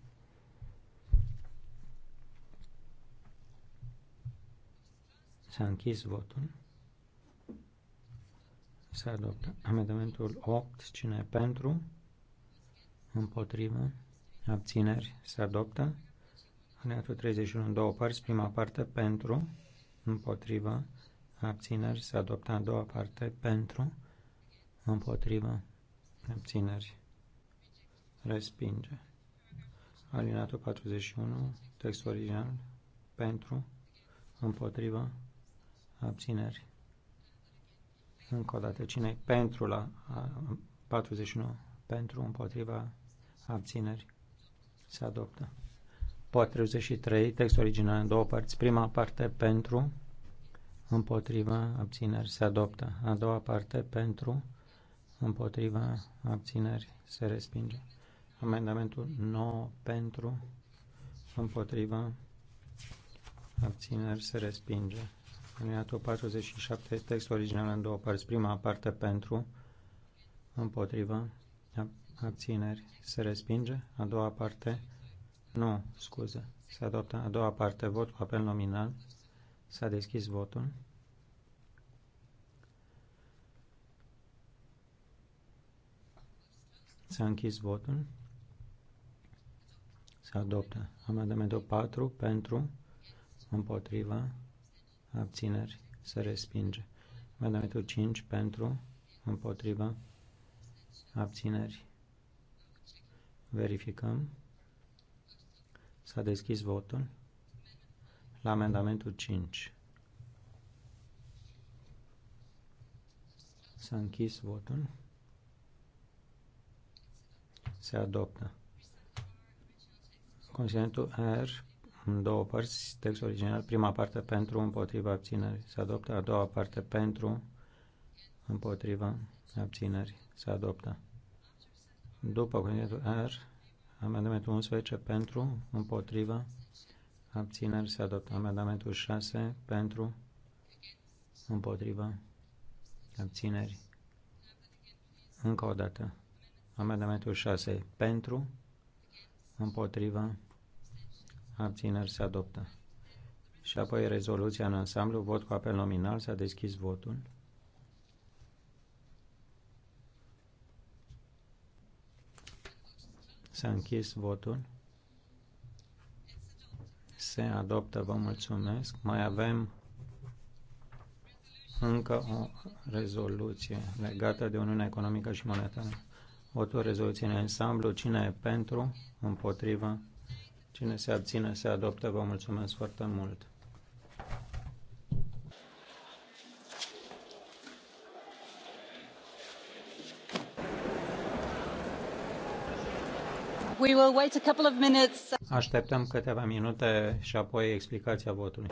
S-a închis votul. Se adoptă. Amendamentul 8, cine pentru, împotriva, abțineri, se adoptă. Alineatul 31, în două părți, prima parte pentru, împotrivă, abțineri, se adoptă a doua parte, pentru, împotrivă, abțineri, respinge. Alinatul 41, text original, pentru, împotrivă, abțineri. Încă o dată, cine pentru la 41, pentru, împotriva, abțineri, se adoptă. Pot 43, text original în două părți. Prima parte pentru, împotriva, abțineri, se adoptă. A doua parte pentru, împotriva, abțineri, se respinge. Amendamentul 9 pentru, împotriva, abțineri, se respinge. Amendamentul 47, text original în două părți. Prima parte pentru, împotriva, abțineri, se respinge. A doua parte nu, scuze. Se adoptă a doua parte, vot cu apel nominal. S-a deschis votul. S-a închis votul. Se adoptă amendamentul 4 pentru, împotriva, abțineri, se respinge. Amendamentul 5 pentru, împotriva, abțineri. Verificăm. S-a deschis votul la amendamentul 5. S-a închis votul. Se adoptă. Consentul R, în două părți, text original, prima parte pentru, împotriva abțineri. Se adoptă a doua parte pentru, împotriva abțineri. Se adoptă. După consentul R, Amendamentul 11 pentru, împotriva, abțineri se adoptă. Amendamentul 6 pentru, împotriva, abțineri. Încă o dată. Amendamentul 6 pentru, împotriva, abțineri se adoptă. Și apoi rezoluția în ansamblu, vot cu apel nominal, s-a deschis votul. S-a închis votul. Se adoptă, vă mulțumesc. Mai avem încă o rezoluție legată de Uniunea Economică și Monetară. Votul rezoluție în ansamblu. Cine e pentru, împotrivă, cine se abține, se adoptă. Vă mulțumesc foarte mult. We will wait a couple of minutes. Așteptăm câteva minute și apoi explicația votului.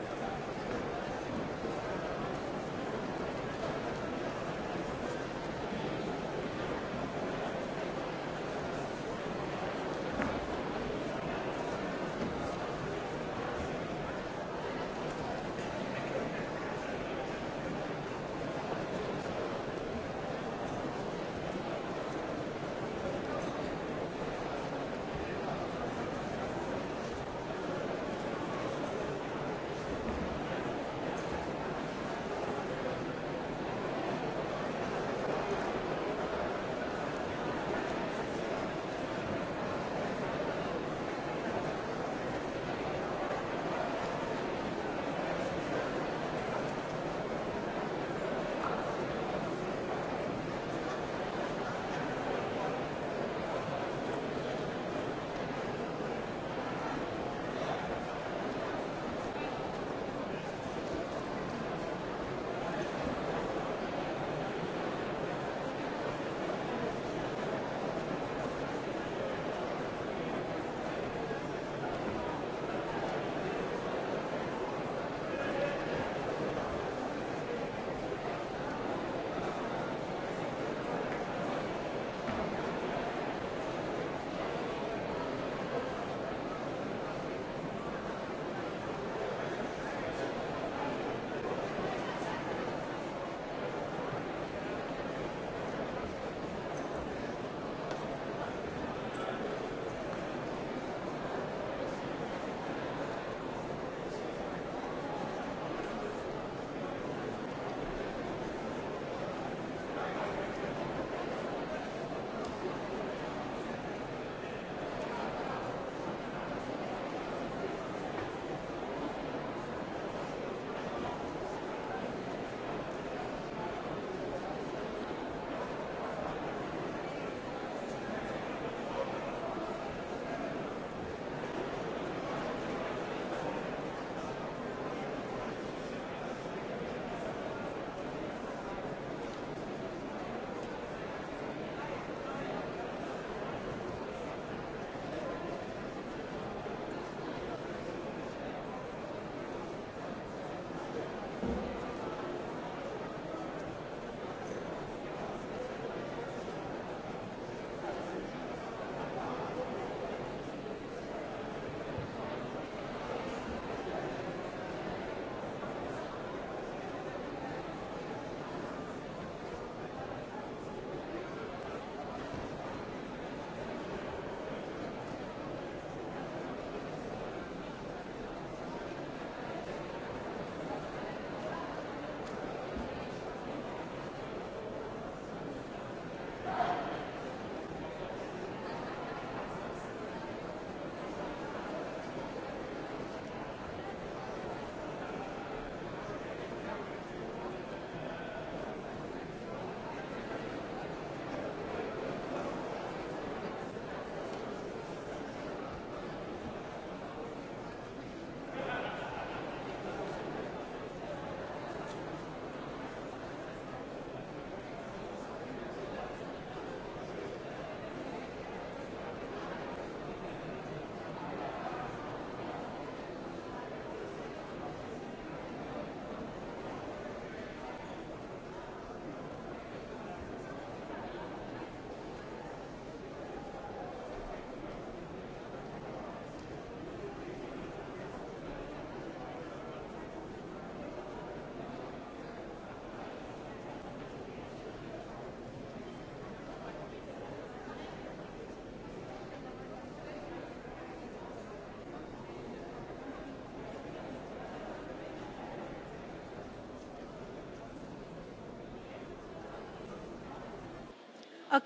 Um,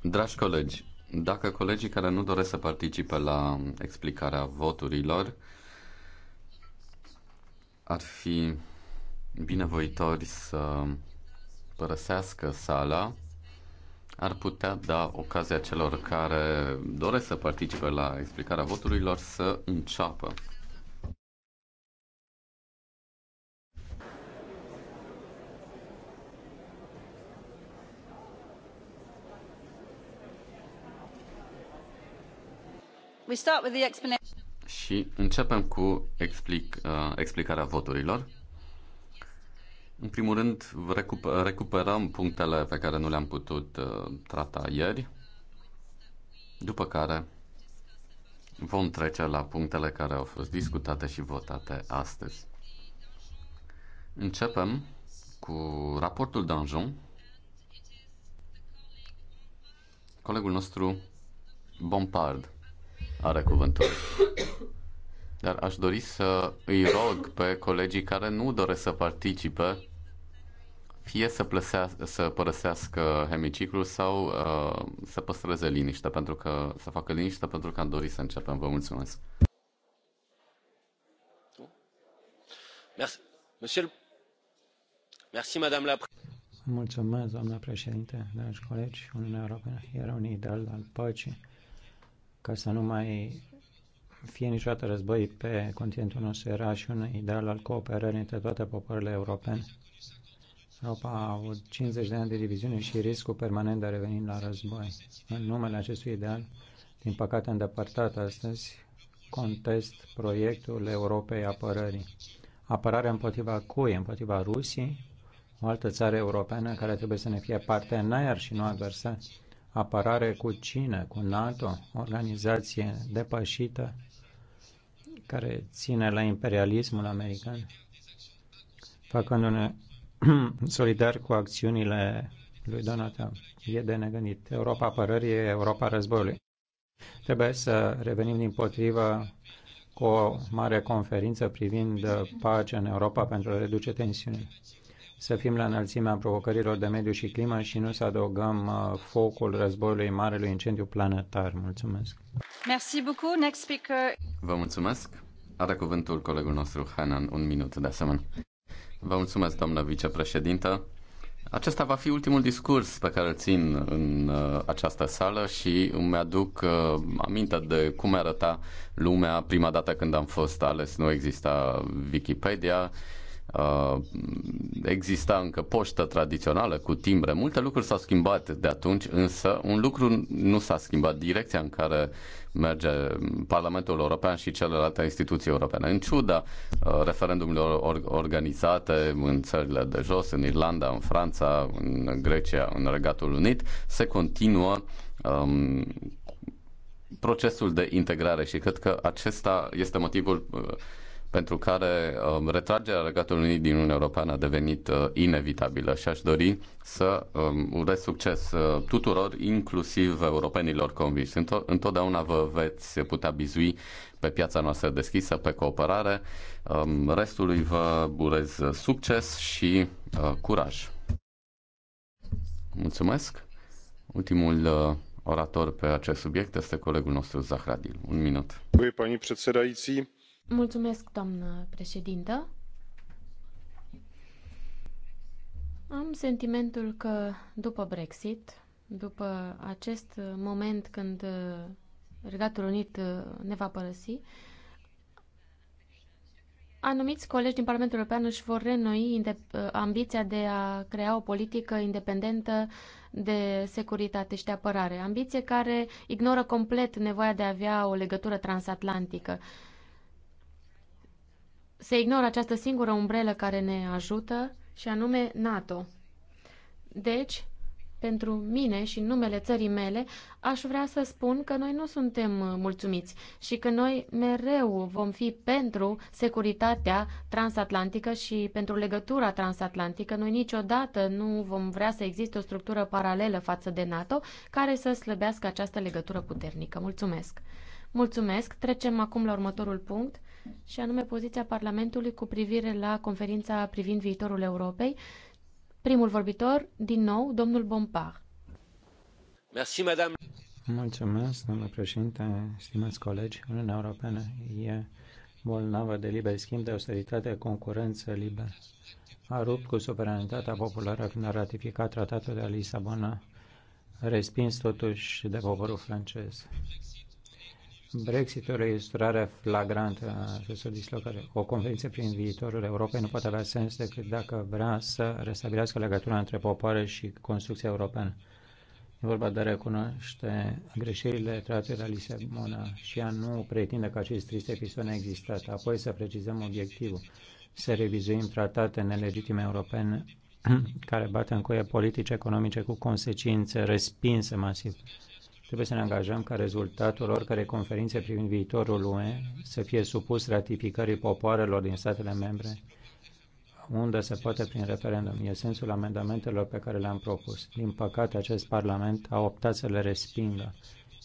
Dragi colegi, dacă colegii care nu doresc să participe la explicarea voturilor ar fi binevoitori să părăsească sala, ar putea da ocazia celor care doresc să participe la explicarea voturilor să înceapă. Și începem cu explic, uh, explicarea voturilor. În primul rând, recuper, recuperăm punctele pe care nu le-am putut uh, trata ieri, după care vom trece la punctele care au fost discutate și votate astăzi. Începem cu raportul Danjon. Colegul nostru Bompard are cuvântul. Dar aș dori să îi rog pe colegii care nu doresc să participe fie să, plăsea, să părăsească hemiciclul sau uh, să păstreze liniște, pentru că să facă liniște pentru că am dorit să începem. Vă mulțumesc. Merci, monsieur... Merci, madame la... Mulțumesc, doamna președinte, dragi colegi. Uniunea Europeană era un ideal al păcii ca să nu mai fie niciodată război pe continentul nostru. Era și un ideal al cooperării între toate popoarele europene. Europa a avut 50 de ani de diviziune și riscul permanent de a reveni la război. În numele acestui ideal, din păcate îndepărtat astăzi, contest proiectul Europei apărării. Apărarea împotriva cui? Împotriva Rusiei, o altă țară europeană care trebuie să ne fie partener și nu adversar apărare cu cine? Cu NATO? Organizație depășită care ține la imperialismul american, făcându-ne solidar cu acțiunile lui Donald Trump. E de negândit. Europa apărării e Europa războiului. Trebuie să revenim din potrivă cu o mare conferință privind pacea în Europa pentru a reduce tensiunile să fim la înălțimea provocărilor de mediu și climă și nu să adăugăm uh, focul războiului marelui incendiu planetar. Mulțumesc! Merci beaucoup. Next speaker. Vă mulțumesc! Are cuvântul colegul nostru Hanan, un minut de asemenea. Vă mulțumesc, doamnă vicepreședintă. Acesta va fi ultimul discurs pe care îl țin în uh, această sală și îmi aduc uh, aminte de cum arăta lumea prima dată când am fost ales. Nu exista Wikipedia, uh, Uh, exista încă poștă tradițională cu timbre. Multe lucruri s-au schimbat de atunci, însă un lucru nu s-a schimbat. Direcția în care merge Parlamentul European și celelalte instituții europene. În ciuda uh, referendumurilor organizate în țările de jos, în Irlanda, în Franța, în Grecia, în Regatul Unit, se continuă um, procesul de integrare și cred că acesta este motivul uh, pentru care um, retragerea Regatului Unit din Uniunea Europeană a devenit uh, inevitabilă și aș dori să um, urez succes uh, tuturor, inclusiv europenilor convinși. Înto- întotdeauna vă veți putea bizui pe piața noastră deschisă, pe cooperare. Um, restului vă urez uh, succes și uh, curaj. Mulțumesc. Ultimul uh, orator pe acest subiect este colegul nostru Zahradil. Un minut. Pani Mulțumesc, doamnă președintă. Am sentimentul că după Brexit, după acest moment când uh, Regatul Unit uh, ne va părăsi, anumiți colegi din Parlamentul European își vor renoi uh, ambiția de a crea o politică independentă de securitate și de apărare. Ambiție care ignoră complet nevoia de a avea o legătură transatlantică. Uh, se ignoră această singură umbrelă care ne ajută și anume NATO. Deci, pentru mine și numele țării mele, aș vrea să spun că noi nu suntem mulțumiți și că noi mereu vom fi pentru securitatea transatlantică și pentru legătura transatlantică. Noi niciodată nu vom vrea să existe o structură paralelă față de NATO care să slăbească această legătură puternică. Mulțumesc! Mulțumesc! Trecem acum la următorul punct și anume poziția Parlamentului cu privire la conferința privind viitorul Europei. Primul vorbitor, din nou, domnul Bompard. Merci, madame. Mulțumesc, domnule președinte, stimați colegi. Uniunea Europeană e bolnavă de liber schimb, de austeritate, concurență liberă. A rupt cu suveranitatea populară când a ratificat tratatul de la Lisabona, respins totuși de poporul francez. Brexitul o registrare flagrantă a acestor dislocări. O conferință prin viitorul Europei nu poate avea sens decât dacă vrea să restabilească legătura între popoare și construcția europeană. E vorba de a recunoaște greșelile trate la Lisabona și a nu pretinde că acest trist episod a existat, apoi să precizăm obiectivul, să revizuim tratate nelegitime europene care bat în cuie politici economice cu consecințe respinse masiv Trebuie să ne angajăm ca rezultatul oricărei conferințe privind viitorul UE să fie supus ratificării popoarelor din statele membre, unde se poate prin referendum. E sensul amendamentelor pe care le-am propus. Din păcate, acest Parlament a optat să le respingă,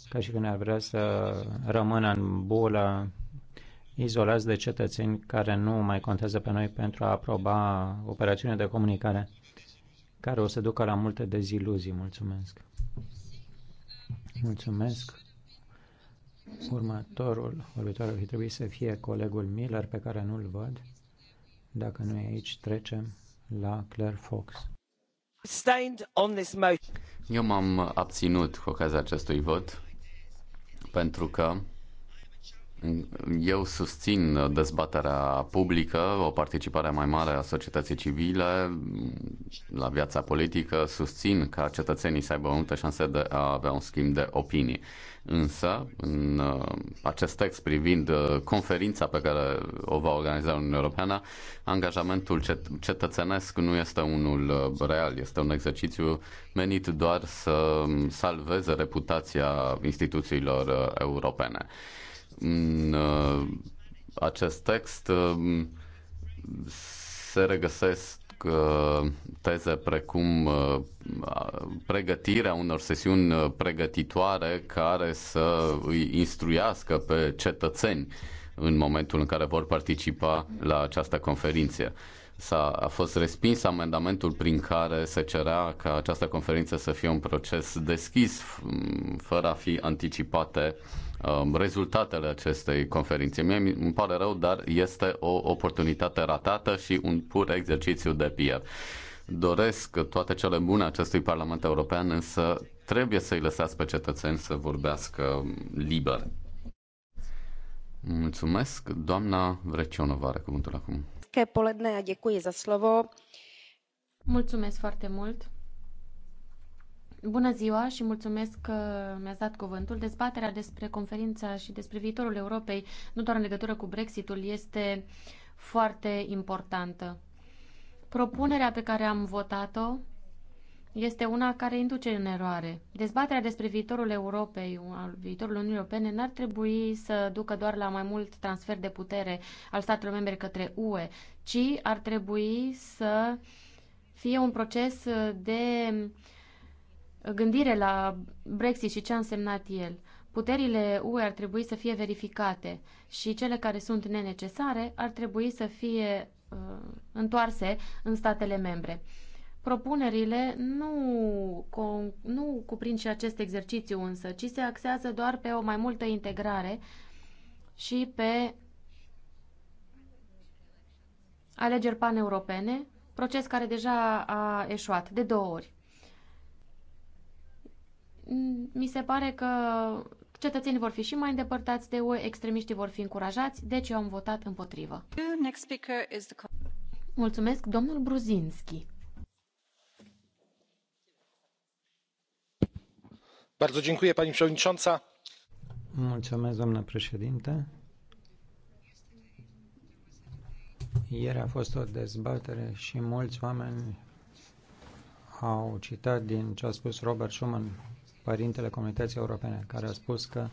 ca și când ar vrea să rămână în bulă izolați de cetățeni care nu mai contează pe noi pentru a aproba operațiunea de comunicare care o să ducă la multe deziluzii. Mulțumesc! Mulțumesc. Următorul vorbitor ar fi trebuit să fie colegul Miller, pe care nu-l văd. Dacă nu e aici, trecem la Claire Fox. Eu m-am abținut cu ocazia acestui vot pentru că eu susțin dezbaterea publică, o participare mai mare a societății civile la viața politică, susțin ca cetățenii să aibă multe șanse de a avea un schimb de opinii. Însă, în uh, acest text privind uh, conferința pe care o va organiza Uniunea Europeană, angajamentul cet- cetățenesc nu este unul uh, real, este un exercițiu menit doar să salveze reputația instituțiilor europene. Uh, acest text um, se regăsesc uh, teze precum uh, pregătirea unor sesiuni pregătitoare care să îi instruiască pe cetățeni în momentul în care vor participa la această conferință s-a, a fost respins amendamentul prin care se cerea ca această conferință să fie un proces deschis, mm, fără a fi anticipate um, rezultatele acestei conferințe. Mie îmi pare rău, dar este o oportunitate ratată și un pur exercițiu de PR. Doresc toate cele bune acestui Parlament European, însă trebuie să-i lăsați pe cetățeni să vorbească um, liber. Mulțumesc. Doamna Vrecionova are cuvântul acum. Hezké poledne a děkuji za slovo. Mulțumesc foarte mult. Bună ziua și mulțumesc că uh, mi-ați dat cuvântul. Dezbaterea despre conferința și despre viitorul Europei, nu doar în legătură cu Brexitul, este foarte importantă. Propunerea pe care am votat-o este una care induce în eroare. Dezbaterea despre viitorul Europei, viitorul Uniunii Europene, n-ar trebui să ducă doar la mai mult transfer de putere al statelor membre către UE, ci ar trebui să fie un proces de gândire la Brexit și ce a însemnat el. Puterile UE ar trebui să fie verificate și cele care sunt nenecesare ar trebui să fie uh, întoarse în statele membre. Propunerile nu, nu cuprind și acest exercițiu însă, ci se axează doar pe o mai multă integrare și pe alegeri paneuropene, proces care deja a eșuat de două ori. Mi se pare că cetățenii vor fi și mai îndepărtați de UE, extremiștii vor fi încurajați, deci eu am votat împotrivă. Mulțumesc, domnul Bruzinski. doamnă președinte. ieri a fost o dezbatere și mulți oameni au citat din ce a spus Robert Schuman, părintele Comunității Europene, care a spus că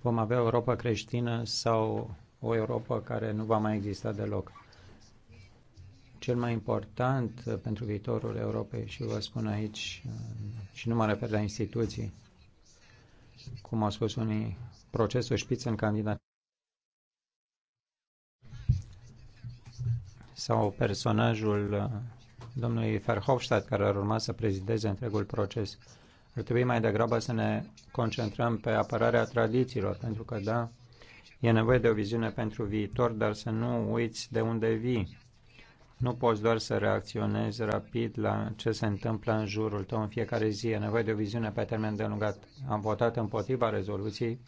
vom avea Europa creștină sau o Europa care nu va mai exista deloc. Cel mai important pentru viitorul Europei, și vă spun aici, și nu mă refer la instituții, cum au spus unii, procesul șpiță în candidat. Sau personajul uh, domnului Verhofstadt, care ar urma să prezideze întregul proces. Ar trebui mai degrabă să ne concentrăm pe apărarea tradițiilor, pentru că, da, e nevoie de o viziune pentru viitor, dar să nu uiți de unde vii. Nu poți doar să reacționezi rapid la ce se întâmplă în jurul tău în fiecare zi. E nevoie de o viziune pe termen delungat. Am votat împotriva rezoluției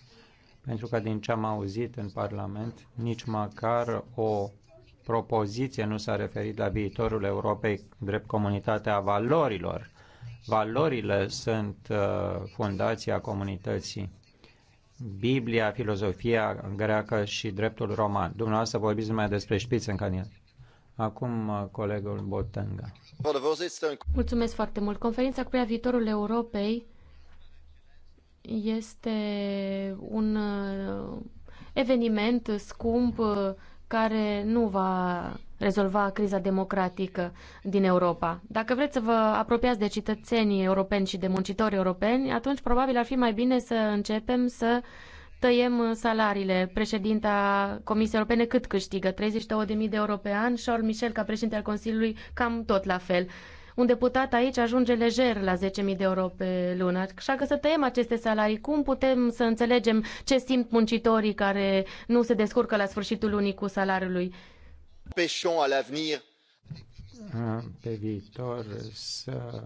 pentru că din ce am auzit în Parlament, nici măcar o propoziție nu s-a referit la viitorul Europei drept comunitatea valorilor. Valorile sunt uh, fundația comunității. Biblia, filozofia greacă și dreptul roman. Dumneavoastră vorbiți numai despre șpiță în canier. Acum uh, colegul Botenga. Mulțumesc foarte mult. Conferința cu viitorul Europei este un uh, eveniment scump uh, care nu va rezolva criza democratică din Europa. Dacă vreți să vă apropiați de cetățenii europeni și de muncitori europeni, atunci probabil ar fi mai bine să începem să uh, tăiem uh, salariile. Președinta Comisiei Europene cât câștigă? 32.000 de euro pe an. Charles Michel, ca președinte al Consiliului, cam tot la fel. Un deputat aici ajunge lejer la 10.000 de euro pe lună. Așa că să tăiem aceste salarii. Cum putem să înțelegem ce simt muncitorii care nu se descurcă la sfârșitul lunii cu salariului? Pêchons Pe viitor să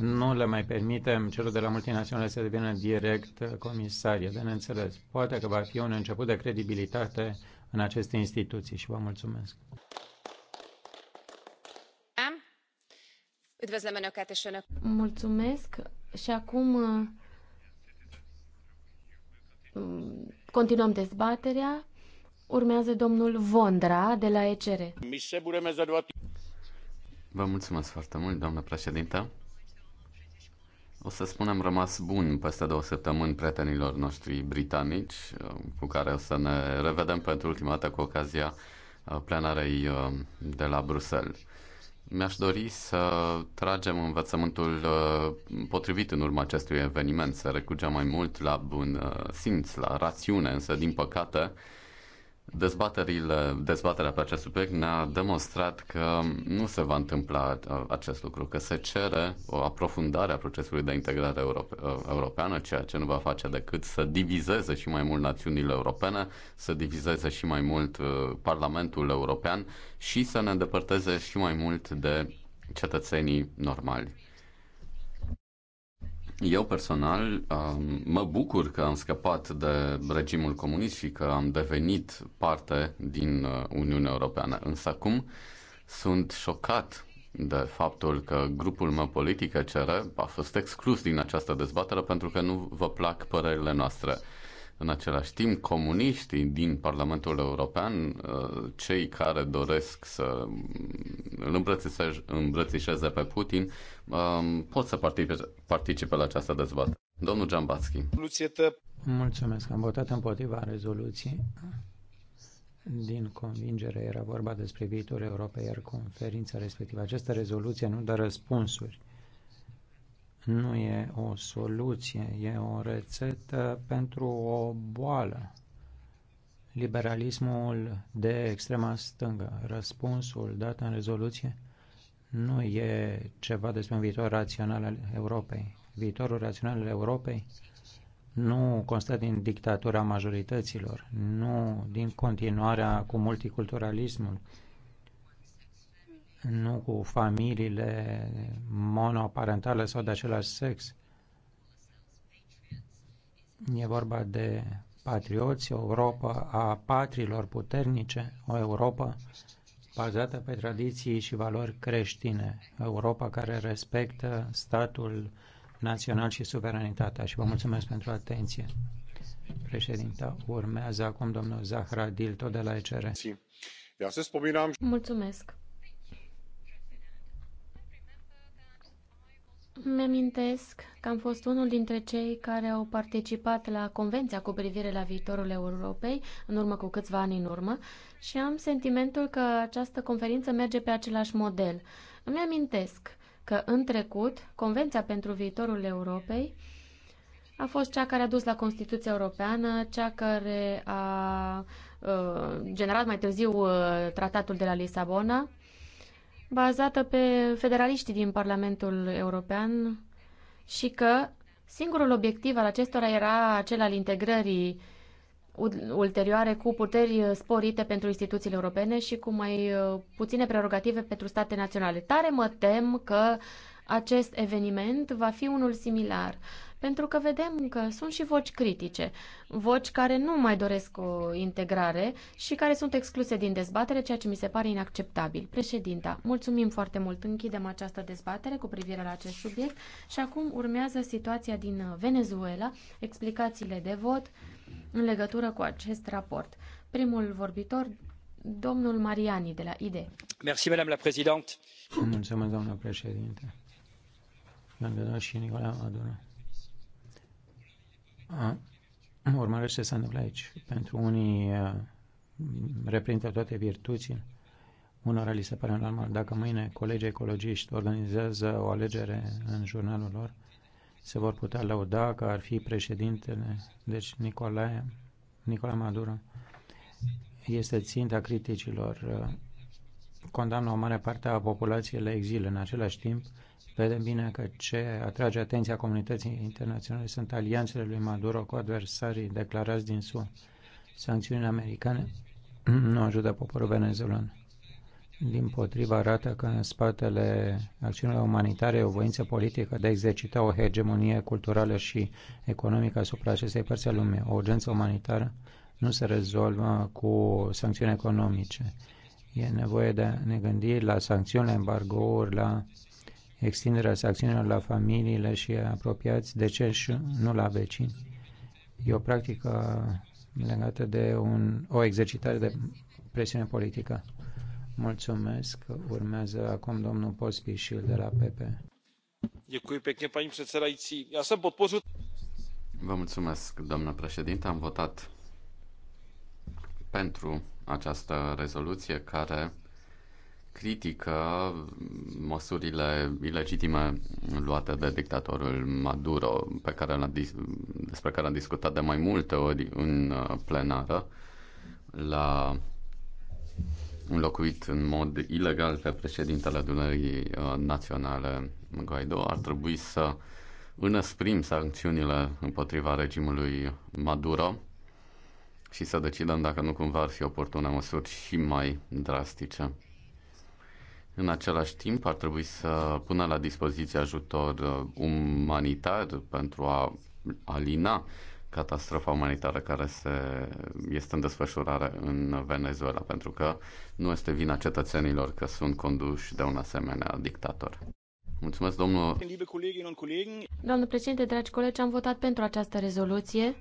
nu le mai permitem celor de la multinaționale să devină direct comisari, de neînțeles. Poate că va fi un început de credibilitate în aceste instituții și vă mulțumesc. Mulțumesc și acum mm, continuăm dezbaterea. Urmează domnul Vondra de la ECR. Vă mulțumesc foarte mult, doamnă președintă o să spunem, rămas bun peste două săptămâni prietenilor noștri britanici, uh, cu care o să ne revedem pentru ultima dată cu ocazia uh, plenarei uh, de la Bruxelles. Mi-aș dori să tragem învățământul potrivit în urma acestui eveniment, să recurgem mai mult la bun simț, la rațiune, însă, din păcate, Dezbaterile, dezbaterea pe acest subiect ne-a demonstrat că nu se va întâmpla acest lucru, că se cere o aprofundare a procesului de integrare europe, europeană, ceea ce nu va face decât să divizeze și mai mult națiunile europene, să divizeze și mai mult Parlamentul European și să ne îndepărteze și mai mult de cetățenii normali. Eu personal mă bucur că am scăpat de regimul comunist și că am devenit parte din uh, Uniunea Europeană. Însă acum sunt șocat de faptul că grupul meu politic, ECR, a fost exclus din această dezbatere pentru că nu vă plac părerile noastre. În același timp, comuniștii din Parlamentul European, uh, cei care doresc să îl îmbrățișeze pe Putin, um, pot să participe, participe la această dezbatere. Domnul Giambatski. Mulțumesc, am votat împotriva rezoluției. Din convingere era vorba despre viitorul Europei, iar conferința respectivă. Această rezoluție nu dă răspunsuri. Nu e o soluție, e o rețetă pentru o boală. Liberalismul de extrema stângă. Răspunsul dat în rezoluție nu e ceva despre un viitor rațional al Europei. Viitorul rațional al Europei nu constă din dictatura majorităților, nu din continuarea cu multiculturalismul, nu cu familiile monoparentale sau de același sex. E vorba de patrioți, o Europa a patrilor puternice, o Europa bazată pe tradiții și valori creștine, Europa care respectă statul național și suveranitatea. Și vă mulțumesc pentru atenție. Președinta, urmează acum domnul Zahra tot de la ECR. Mulțumesc. Mi-amintesc că am fost unul dintre cei care au participat la Convenția cu privire la viitorul Europei, în urmă cu câțiva ani în urmă, și am sentimentul că această conferință merge pe același model. Îmi amintesc că în trecut, Convenția pentru viitorul Europei a fost cea care a dus la Constituția Europeană, cea care a uh, generat mai târziu uh, tratatul de la Lisabona, bazată pe federaliștii din Parlamentul European și că singurul obiectiv al acestora era acela al integrării ulterioare cu puteri sporite pentru instituțiile europene și cu mai uh, puține prerogative pentru state naționale. Tare mă tem că acest eveniment va fi unul similar. Pentru că vedem că sunt și voci critice, voci care nu mai doresc o integrare și care sunt excluse din dezbatere, ceea ce mi se pare inacceptabil. Președinta, mulțumim foarte mult. Închidem această dezbatere cu privire la acest subiect și acum urmează situația din Venezuela, explicațiile de vot în legătură cu acest raport. Primul vorbitor, domnul Mariani de la IDE. Merci, madame la președinte. Mulțumesc, doamnă președinte. Am și Nicola Madura urmărește ce se întâmplă aici. Pentru unii reprinte toate virtuțile, unora li se pare normal. Dacă mâine colegii ecologiști organizează o alegere în jurnalul lor, se vor putea lăuda că ar fi președintele, deci Nicolae, Nicolae Maduro, este ținta criticilor. Condamnă o mare parte a populației la exil. În același timp, Vedem bine că ce atrage atenția comunității internaționale sunt alianțele lui Maduro cu adversarii declarați din SUA. Sancțiunile americane nu ajută poporul venezuelan. Din potriva arată că în spatele acțiunilor umanitare e o voință politică de a exercita o hegemonie culturală și economică asupra acestei părți a lumii. O urgență umanitară nu se rezolvă cu sancțiuni economice. E nevoie de a ne gândi la sancțiuni, la embargouri, la extinderea sancțiunilor la familiile și apropiați, de ce și nu la vecini? E o practică legată de un, o exercitare de presiune politică. Mulțumesc. Urmează acum domnul Pospișil de la PP. Vă mulțumesc, doamnă președinte. Am votat pentru această rezoluție care critică măsurile ilegitime luate de dictatorul Maduro, pe care l-a despre care am discutat de mai multe ori în uh, plenară, l-a înlocuit în mod ilegal pe președintele adunării uh, naționale Guaido, ar trebui să înăsprim sancțiunile împotriva regimului Maduro și să decidem dacă nu cumva ar fi oportune măsuri și mai drastice. În același timp, ar trebui să pună la dispoziție ajutor uh, umanitar pentru a alina catastrofa umanitară care se, este în desfășurare în Venezuela, pentru că nu este vina cetățenilor că sunt conduși de un asemenea dictator. Mulțumesc, domnul... Domnul președinte, dragi colegi, am votat pentru această rezoluție.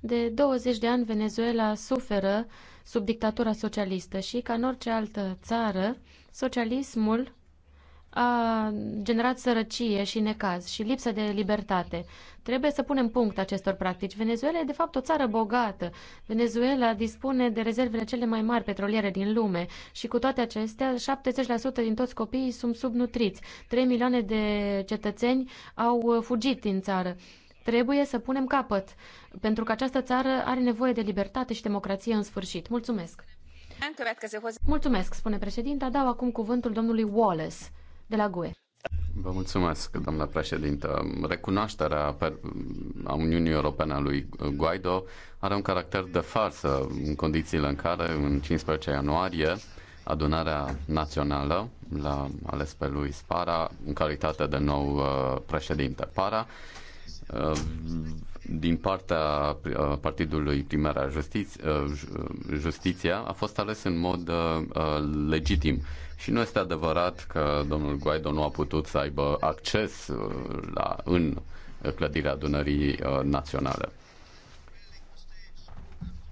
De 20 de ani Venezuela suferă sub dictatura socialistă și, ca în orice altă țară, socialismul a generat sărăcie și necaz și lipsă de libertate. Trebuie să punem punct acestor practici. Venezuela e, de fapt, o țară bogată. Venezuela dispune de rezervele cele mai mari petroliere din lume și, cu toate acestea, 70% din toți copiii sunt subnutriți. 3 milioane de cetățeni au fugit din țară. Trebuie să punem capăt, pentru că această țară are nevoie de libertate și democrație în sfârșit. Mulțumesc! Mulțumesc, spune președinta. Dau acum cuvântul domnului Wallace de la GUE. Vă mulțumesc, doamna președintă. Recunoașterea a Uniunii Europene a lui Guaido are un caracter de farsă în condițiile în care, în 15 ianuarie, adunarea națională l-a ales pe lui Spara în calitate de nou uh, președinte. Para Uh, din partea uh, partidului Primera Justiț- uh, Justiția a fost ales în mod legitim. Și nu este adevărat că domnul Guaido nu a putut să aibă acces la, în clădirea adunării naționale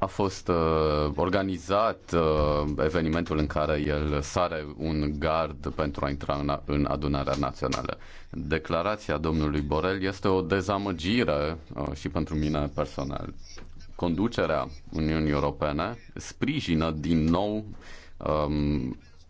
a fost uh, organizat uh, evenimentul în care el sare un gard pentru a intra în, în adunarea națională. Declarația domnului Borel este o dezamăgire uh, și pentru mine personal. Conducerea Uniunii Europene sprijină din nou um,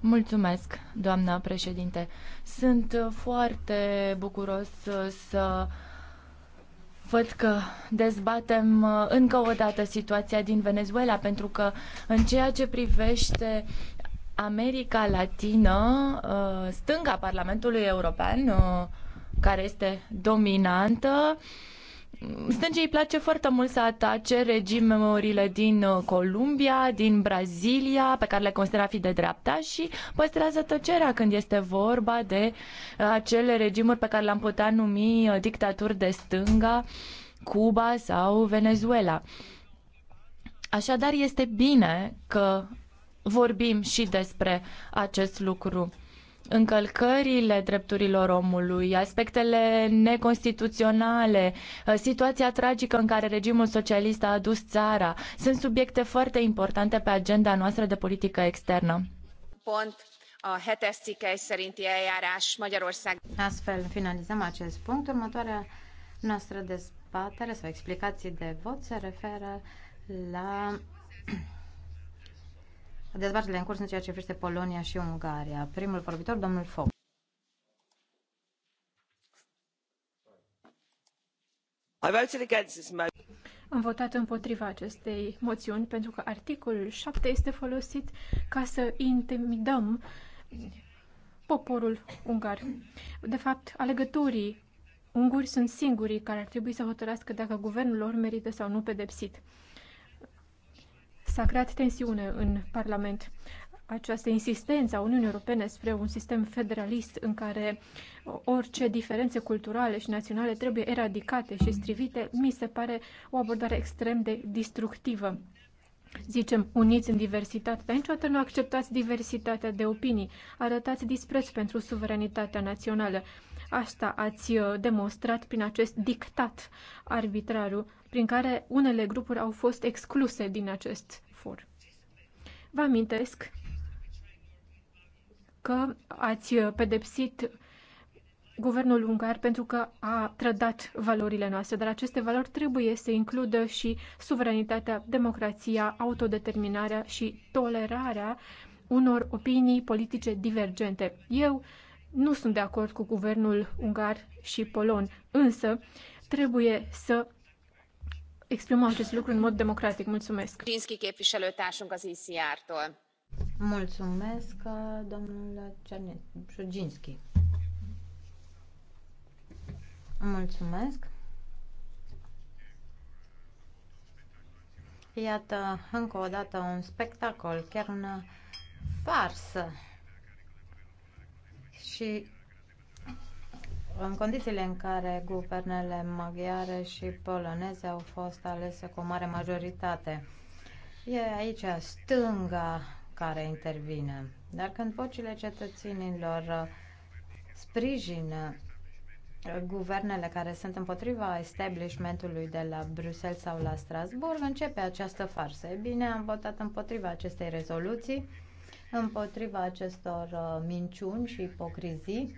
Mulțumesc, doamnă președinte. Sunt uh, foarte bucuros uh, să văd că dezbatem uh, încă o dată situația din Venezuela, pentru că în ceea ce privește America Latină, stânga Parlamentului European, care este dominantă, Stângii îi place foarte mult să atace regimurile din uh, Columbia, din Brazilia, pe care le considera fi de dreapta și păstrează tăcerea când este vorba de uh, acele regimuri pe care le-am putea numi uh, dictaturi de stânga, Cuba sau Venezuela. Așadar, este bine că vorbim și despre acest lucru încălcările drepturilor omului, aspectele neconstituționale, uh, situația tragică în care regimul socialist a adus țara, sunt subiecte foarte importante pe agenda noastră de politică externă. Pont a hetes szerinti eljárás Magyarország. Astfel finalizăm acest punct. Următoarea noastră dezbatere sau explicații de vot se referă la dezbaterile în curs în ceea ce privește Polonia și Ungaria. Primul vorbitor, domnul Foc. Am votat împotriva acestei moțiuni pentru că articolul 7 este folosit ca să intimidăm poporul ungar. De fapt, alegătorii unguri sunt singurii care ar trebui să hotărească dacă guvernul lor merită sau nu pedepsit. S-a creat tensiune în Parlament. Această insistență a Uniunii Europene spre un sistem federalist în care orice diferențe culturale și naționale trebuie eradicate și strivite, mi se pare o abordare extrem de destructivă zicem, uniți în diversitate, dar niciodată nu acceptați diversitatea de opinii. Arătați dispreț pentru suveranitatea națională. Asta ați uh, demonstrat prin acest dictat arbitrariu prin care unele grupuri au fost excluse din acest for. Vă amintesc că ați pedepsit guvernul ungar pentru că a trădat valorile noastre, dar aceste valori trebuie să includă și suveranitatea, democrația, autodeterminarea și tolerarea unor opinii politice divergente. Eu nu sunt de acord cu guvernul ungar și polon, însă trebuie să exprimăm acest lucru în mod democratic. Mulțumesc! Cinski képviselőtársunk az ICR-tól. Mulțumesc, domnul Cernetșuginski. Mulțumesc. Iată, încă o dată, un spectacol, chiar una farsă. Și în condițiile în care guvernele maghiare și poloneze au fost alese cu o mare majoritate. E aici stânga care intervine. Dar când vocile cetățenilor sprijină guvernele care sunt împotriva establishmentului de la Bruxelles sau la Strasburg, începe această farsă. E bine, am votat împotriva acestei rezoluții, împotriva acestor uh, minciuni și ipocrizii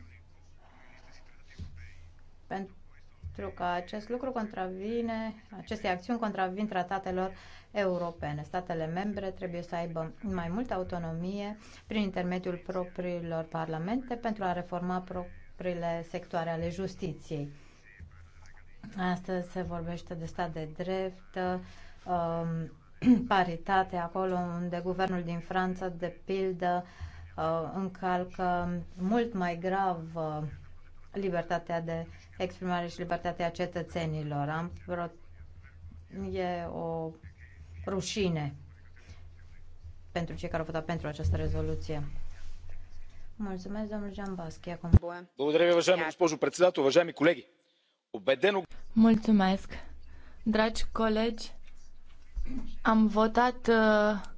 pentru că acest lucru contravine, aceste acțiuni contravin tratatelor europene. Statele membre trebuie să aibă mai multă autonomie prin intermediul propriilor parlamente pentru a reforma propriile sectoare ale justiției. Astăzi se vorbește de stat de drept, um, paritate acolo unde guvernul din Franța, de pildă, uh, încalcă mult mai grav uh, libertatea de exprimare și libertatea cetățenilor. Am, e o rușine pentru cei care au votat pentru această rezoluție. Mulțumesc, domnul Baschi. Acum. Благодаря ви, уважаема Mulțumesc. Dragi colegi, am votat uh,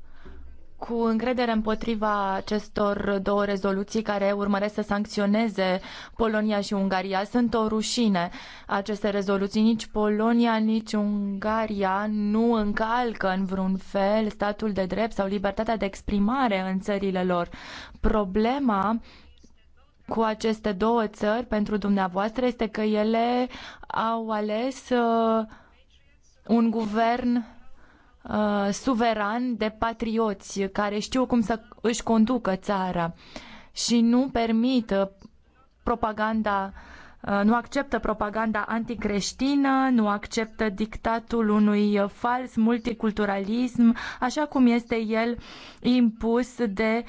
cu încredere împotriva acestor două rezoluții care urmăresc să sancționeze Polonia și Ungaria. Sunt o rușine aceste rezoluții. Nici Polonia, nici Ungaria nu încalcă în vreun fel statul de drept sau libertatea de exprimare în țările lor. Problema cu aceste două țări pentru dumneavoastră este că ele au ales uh, un guvern uh, de patrioți care știu cum să își conducă țara și nu permit uh, propaganda uh, nu acceptă propaganda anticreștină, nu acceptă dictatul unui uh, fals multiculturalism, așa cum este el impus de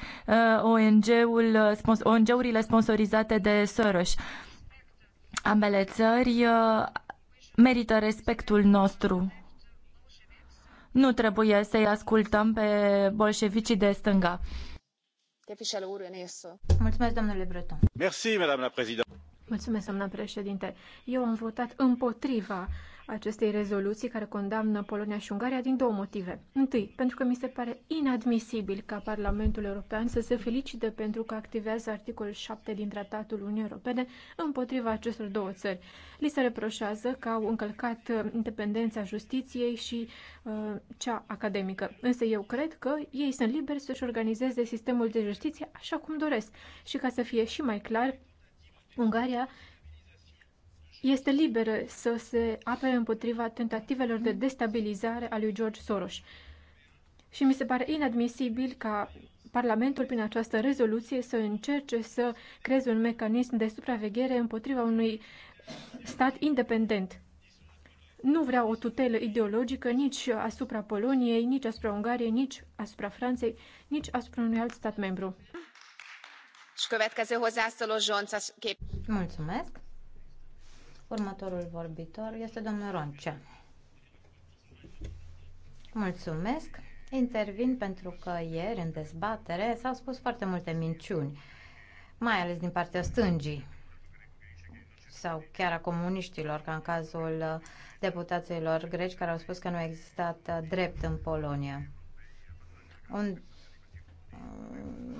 ONG-ul, ONG-urile sponsorizate de Soros. Ambele țări merită respectul nostru nu trebuie să-i ascultăm pe bolșevicii de stânga. Mulțumesc, domnule Breton. Mulțumesc, doamna președinte. Eu am votat împotriva acestei rezoluții care condamnă Polonia și Ungaria din două motive. Întâi, pentru că mi se pare inadmisibil ca Parlamentul European să se felicite pentru că activează articolul 7 din Tratatul Uniunii Europene împotriva acestor două țări. Li se reproșează că au încălcat uh, independența justiției și uh, cea academică. Însă eu cred că ei sunt liberi să-și organizeze sistemul de justiție așa cum doresc. Și ca să fie și mai clar, Ungaria este liberă să se apere împotriva tentativelor de destabilizare a lui George Soros. Și mi se pare inadmisibil ca Parlamentul, prin această rezoluție, să încerce să creeze un mecanism de supraveghere împotriva unui stat independent. Nu vreau o tutelă ideologică nici asupra Poloniei, nici asupra Ungariei, nici asupra Franței, nici asupra unui alt stat membru. Mulțumesc! Următorul vorbitor este domnul Roncea. Mulțumesc. Intervin pentru că ieri, în dezbatere, s-au spus foarte multe minciuni, mai ales din partea stângii sau chiar a comuniștilor, ca în cazul deputaților greci care au spus că nu a existat drept în Polonia. Un,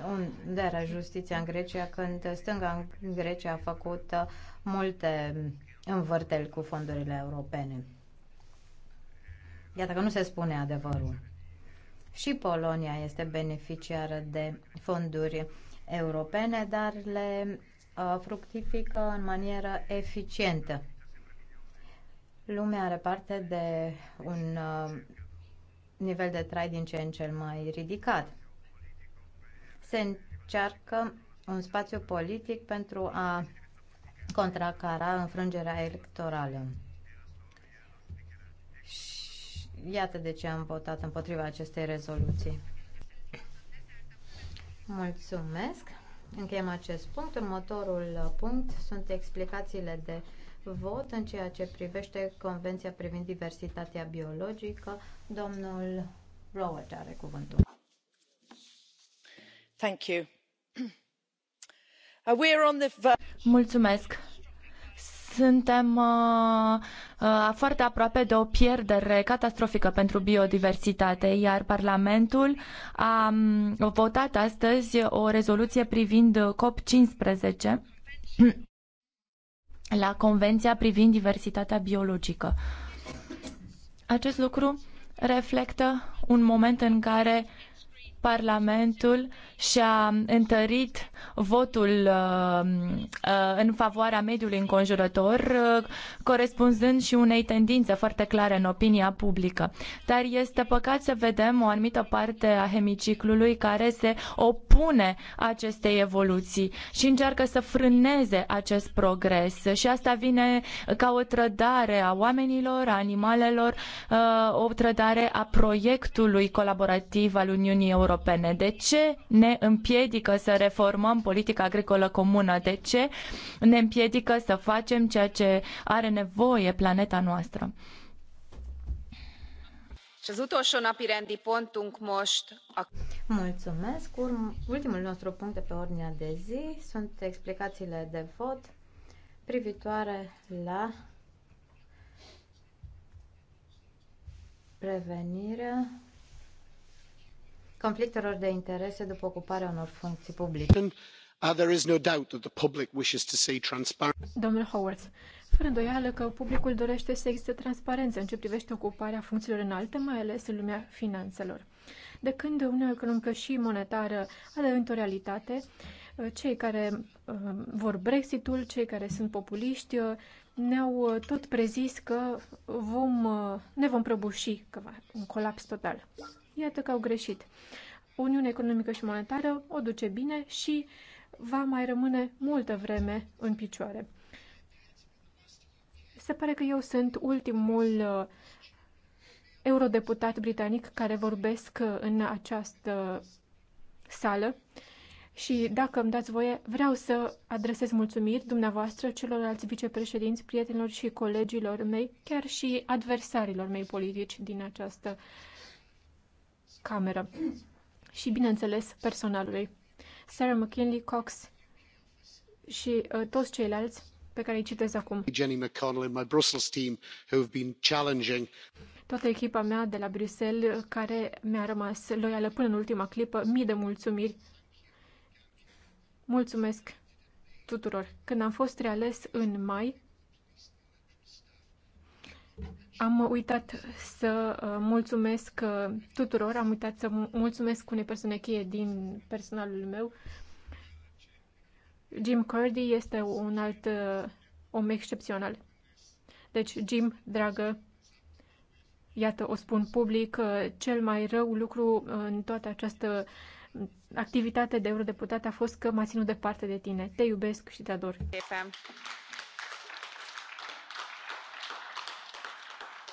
unde era justiția în Grecia când stânga în Grecia a făcut multe vârtel cu fondurile europene. Iată că nu se spune adevărul. Și Polonia este beneficiară de fonduri europene, dar le uh, fructifică în manieră eficientă. Lumea are parte de un uh, nivel de trai din ce în cel mai ridicat. Se încearcă un spațiu politic pentru a contracara înfrângerea electorală. Și iată de ce am votat împotriva acestei rezoluții. Mulțumesc! Încheiem acest punct. Următorul punct sunt explicațiile de vot în ceea ce privește Convenția privind diversitatea biologică. Domnul Rowett are cuvântul. Thank you. Uh, Mulțumesc. Suntem uh, uh, foarte aproape de o pierdere catastrofică pentru biodiversitate, iar Parlamentul a um, votat astăzi o rezoluție privind COP15 la Convenția privind diversitatea biologică. Acest lucru reflectă un moment în care Parlamentul și-a întărit votul uh, uh, în favoarea mediului înconjurător, uh, corespunzând și unei tendințe foarte clare în opinia publică. Dar este păcat să vedem o anumită parte a hemiciclului care se opune acestei evoluții și încearcă să frâneze acest progres. Și asta vine ca o trădare a oamenilor, a animalelor, o trădare a proiectului colaborativ al Uniunii Europene europene? De ce ne împiedică să reformăm politica agricolă comună? De ce ne împiedică să facem ceea ce are nevoie planeta noastră? Mulțumesc. Ultimul nostru punct de pe ordinea de zi sunt explicațiile de vot privitoare la prevenirea conflictelor de interese după ocuparea unor funcții publice. Domnul Howard, fără îndoială că publicul dorește să existe transparență în ce privește ocuparea funcțiilor înalte, mai ales în lumea finanțelor. De când Uniunea Economică și Monetară a devenit o realitate, uh, cei care uh, vor Brexitul, cei care sunt populiști, uh, ne-au tot prezis că vom, ne vom prăbuși, că va un colaps total iată că au greșit. Uniunea Economică și Monetară o duce bine și va mai rămâne multă vreme în picioare. Se pare că eu sunt ultimul uh, eurodeputat britanic care vorbesc uh, în această sală și, dacă îmi dați voie, vreau să adresez mulțumiri dumneavoastră, celorlalți vicepreședinți, prietenilor și colegilor mei, chiar și adversarilor mei politici din această cameră și, bineînțeles, personalului. Sarah McKinley Cox și uh, toți ceilalți pe care îi citez acum. Jenny McConnell and my Brussels team who have been challenging toată echipa mea de la Bruxelles, uh, care mi-a rămas loială până în ultima clipă, mii de mulțumiri. Mulțumesc tuturor. Când am fost reales în mai, am uitat să uh, mulțumesc uh, tuturor, am uitat să mulțumesc unei persoane cheie din personalul meu. Jim Curdy este un alt uh, om excepțional. Deci, Jim, dragă, iată, o spun public, cel mai rău lucru în toată această activitate de eurodeputat a fost că m-a ținut departe de tine. Te iubesc și te ador.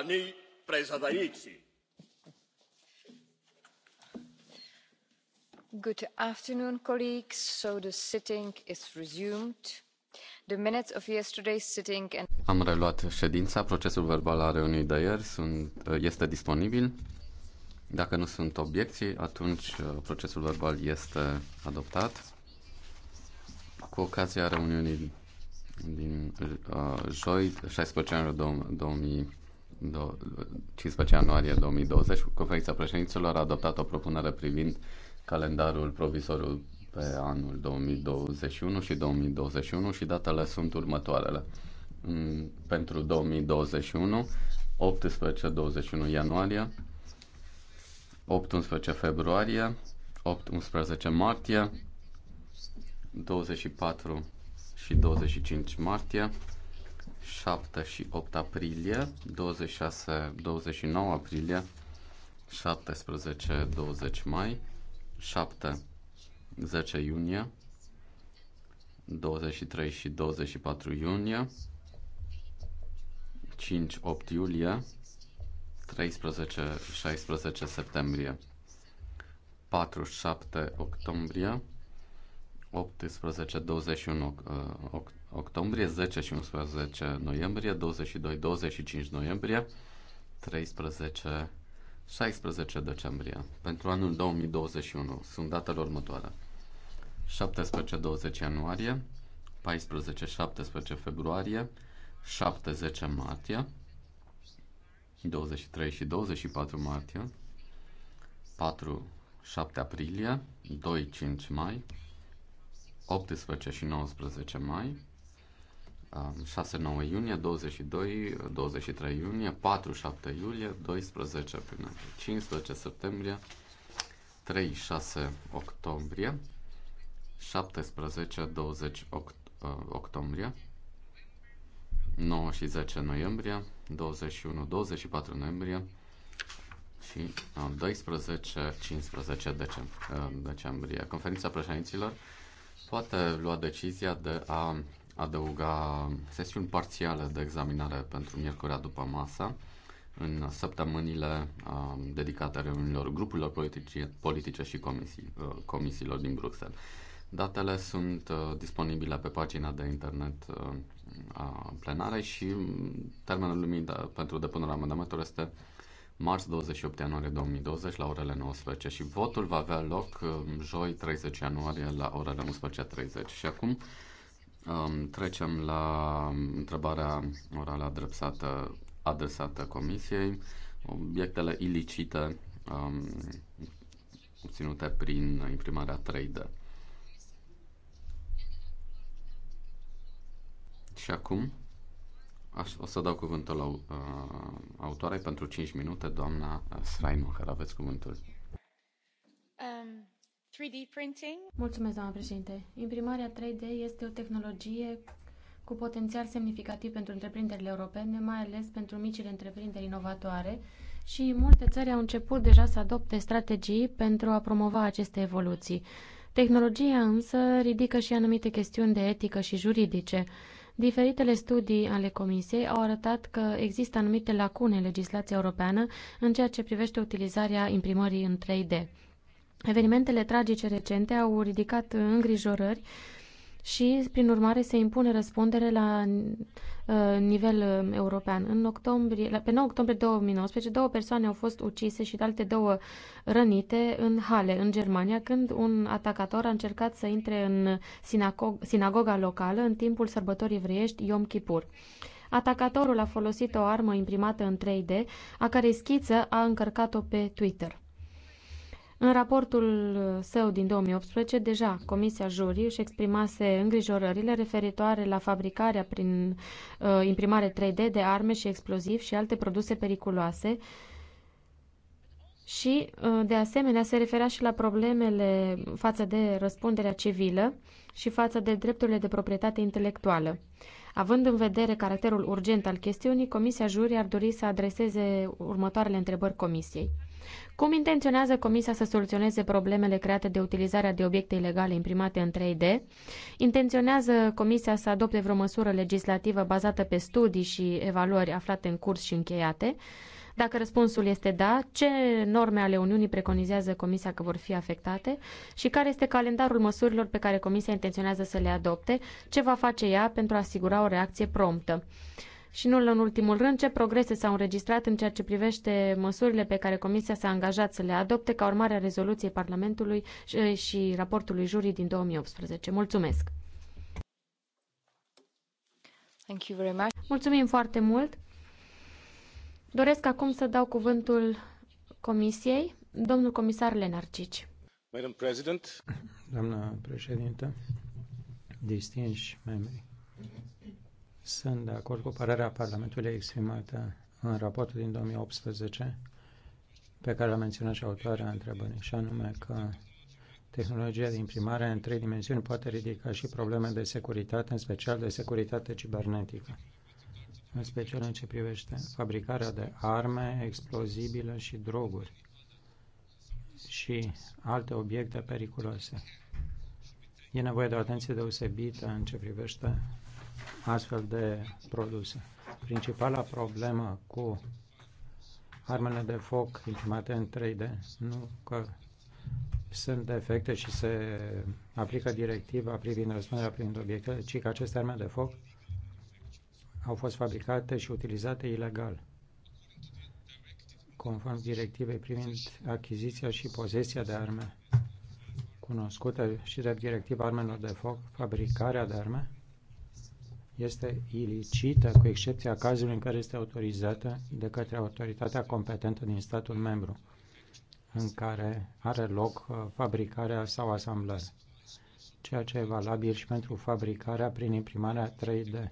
strani predsedající. Good afternoon, colleagues. So the sitting is resumed. The minutes of yesterday's sitting and... Am reluat ședința. Procesul verbal al reuniunii de ieri sunt, este disponibil. Dacă nu sunt obiecții, atunci uh, procesul verbal este adoptat. Cu ocazia reuniunii din uh, joi, 16 ianuarie 2000, 15 ianuarie 2020, conferința președinților a adoptat o propunere privind calendarul provizoriu pe anul 2021 și 2021 și datele sunt următoarele. Pentru 2021, 18-21 ianuarie, 18 februarie, 18 martie, 24 și 25 martie, 7 și 8 aprilie, 26, 29 aprilie, 17, 20 mai, 7, 10 iunie, 23 și 24 iunie, 5, 8 iulie, 13, 16 septembrie, 4, 7 octombrie, 18, 21 octombrie, octombrie, 10 și 11 noiembrie, 22-25 noiembrie, 13 16 decembrie. Pentru anul 2021 sunt datele următoare. 17-20 ianuarie, 14-17 februarie, 7-10 martie, 23 și 24 martie, 4 7 aprilie, 2 5 mai, 18 și 19 mai, 6-9 iunie, 22, 23 iunie, 4-7 iulie, 12 până 15 septembrie, 3-6 octombrie, 17-20 uh, octombrie, 9 și 10 noiembrie, 21-24 noiembrie și 12-15 uh, uh, decembrie. Conferința președinților poate lua decizia de a adăuga sesiuni parțiale de examinare pentru miercurea după masă în săptămânile uh, dedicate reuniunilor grupurilor politice, politice și comisii, uh, comisiilor din Bruxelles. Datele sunt uh, disponibile pe pagina de internet uh, a plenarei și um, termenul lumii de, pentru depunerea amendamentului este marți 28 ianuarie 2020 la orele 19 și votul va avea loc uh, joi 30 ianuarie la orele 11.30. Și acum Um, trecem la întrebarea orală adresată, adresată Comisiei. Obiectele ilicite um, obținute prin imprimarea 3D. Și acum aș, o să dau cuvântul la uh, autoarei pentru 5 minute, doamna Srainu, care aveți cuvântul. Um. 3D printing. Mulțumesc, doamna președinte. Imprimarea 3D este o tehnologie cu potențial semnificativ pentru întreprinderile europene, mai ales pentru micile întreprinderi inovatoare și multe țări au început deja să adopte strategii pentru a promova aceste evoluții. Tehnologia însă ridică și anumite chestiuni de etică și juridice. Diferitele studii ale Comisiei au arătat că există anumite lacune în legislația europeană în ceea ce privește utilizarea imprimării în 3D. Evenimentele tragice recente au ridicat îngrijorări și, prin urmare, se impune răspundere la uh, nivel uh, european. În octombrie, la, pe 9 octombrie 2019, două persoane au fost ucise și alte două rănite în Hale, în Germania, când un atacator a încercat să intre în sinagog, sinagoga locală în timpul sărbătorii evreiești Yom Kippur. Atacatorul a folosit o armă imprimată în 3D, a cărei schiță a încărcat-o pe Twitter. În raportul său din 2018, deja Comisia Jurii își exprimase îngrijorările referitoare la fabricarea prin uh, imprimare 3D de arme și explozivi și alte produse periculoase și, uh, de asemenea, se referea și la problemele față de răspunderea civilă și față de drepturile de proprietate intelectuală. Având în vedere caracterul urgent al chestiunii, Comisia Jurii ar dori să adreseze următoarele întrebări Comisiei. Cum intenționează Comisia să soluționeze problemele create de utilizarea de obiecte ilegale imprimate în 3D? Intenționează Comisia să adopte vreo măsură legislativă bazată pe studii și evaluări aflate în curs și încheiate? Dacă răspunsul este da, ce norme ale Uniunii preconizează Comisia că vor fi afectate și care este calendarul măsurilor pe care Comisia intenționează să le adopte, ce va face ea pentru a asigura o reacție promptă? Și nu în ultimul rând, ce progrese s-au înregistrat în ceea ce privește măsurile pe care Comisia s-a angajat să le adopte ca urmare a rezoluției Parlamentului și, eh, raportului jurii din 2018. Mulțumesc! Thank you very much. Mulțumim foarte mult! Doresc acum să dau cuvântul Comisiei, domnul comisar Lenarcici. Madam President. Doamna președintă, distinși membri, sunt de acord cu părerea Parlamentului exprimată în raportul din 2018, pe care l-a menționat și autoarea întrebării, și anume că tehnologia de imprimare în trei dimensiuni poate ridica și probleme de securitate, în special de securitate cibernetică, în special în ce privește fabricarea de arme, explozibile și droguri și alte obiecte periculoase. E nevoie de o atenție deosebită în ce privește astfel de produse. Principala problemă cu armele de foc imprimate în 3D, nu că sunt defecte și se aplică directiva privind răspunderea privind obiectele, ci că aceste arme de foc au fost fabricate și utilizate ilegal, conform directivei privind achiziția și posesia de arme cunoscută și de directiva armelor de foc, fabricarea de arme, este ilicită, cu excepția cazului în care este autorizată de către autoritatea competentă din statul membru în care are loc uh, fabricarea sau asamblarea, ceea ce e valabil și pentru fabricarea prin imprimarea 3D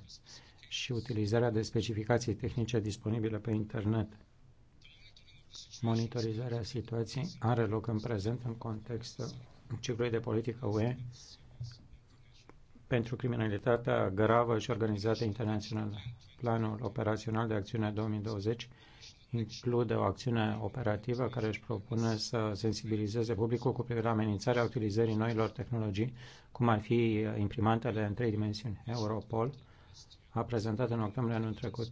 și utilizarea de specificații tehnice disponibile pe internet. Monitorizarea situației are loc în prezent în contextul ciclului de politică UE pentru criminalitatea gravă și organizată internațională. Planul operațional de acțiune 2020 include o acțiune operativă care își propune să sensibilizeze publicul cu privire la amenințarea utilizării noilor tehnologii, cum ar fi uh, imprimantele în trei dimensiuni. Europol a prezentat în octombrie anul trecut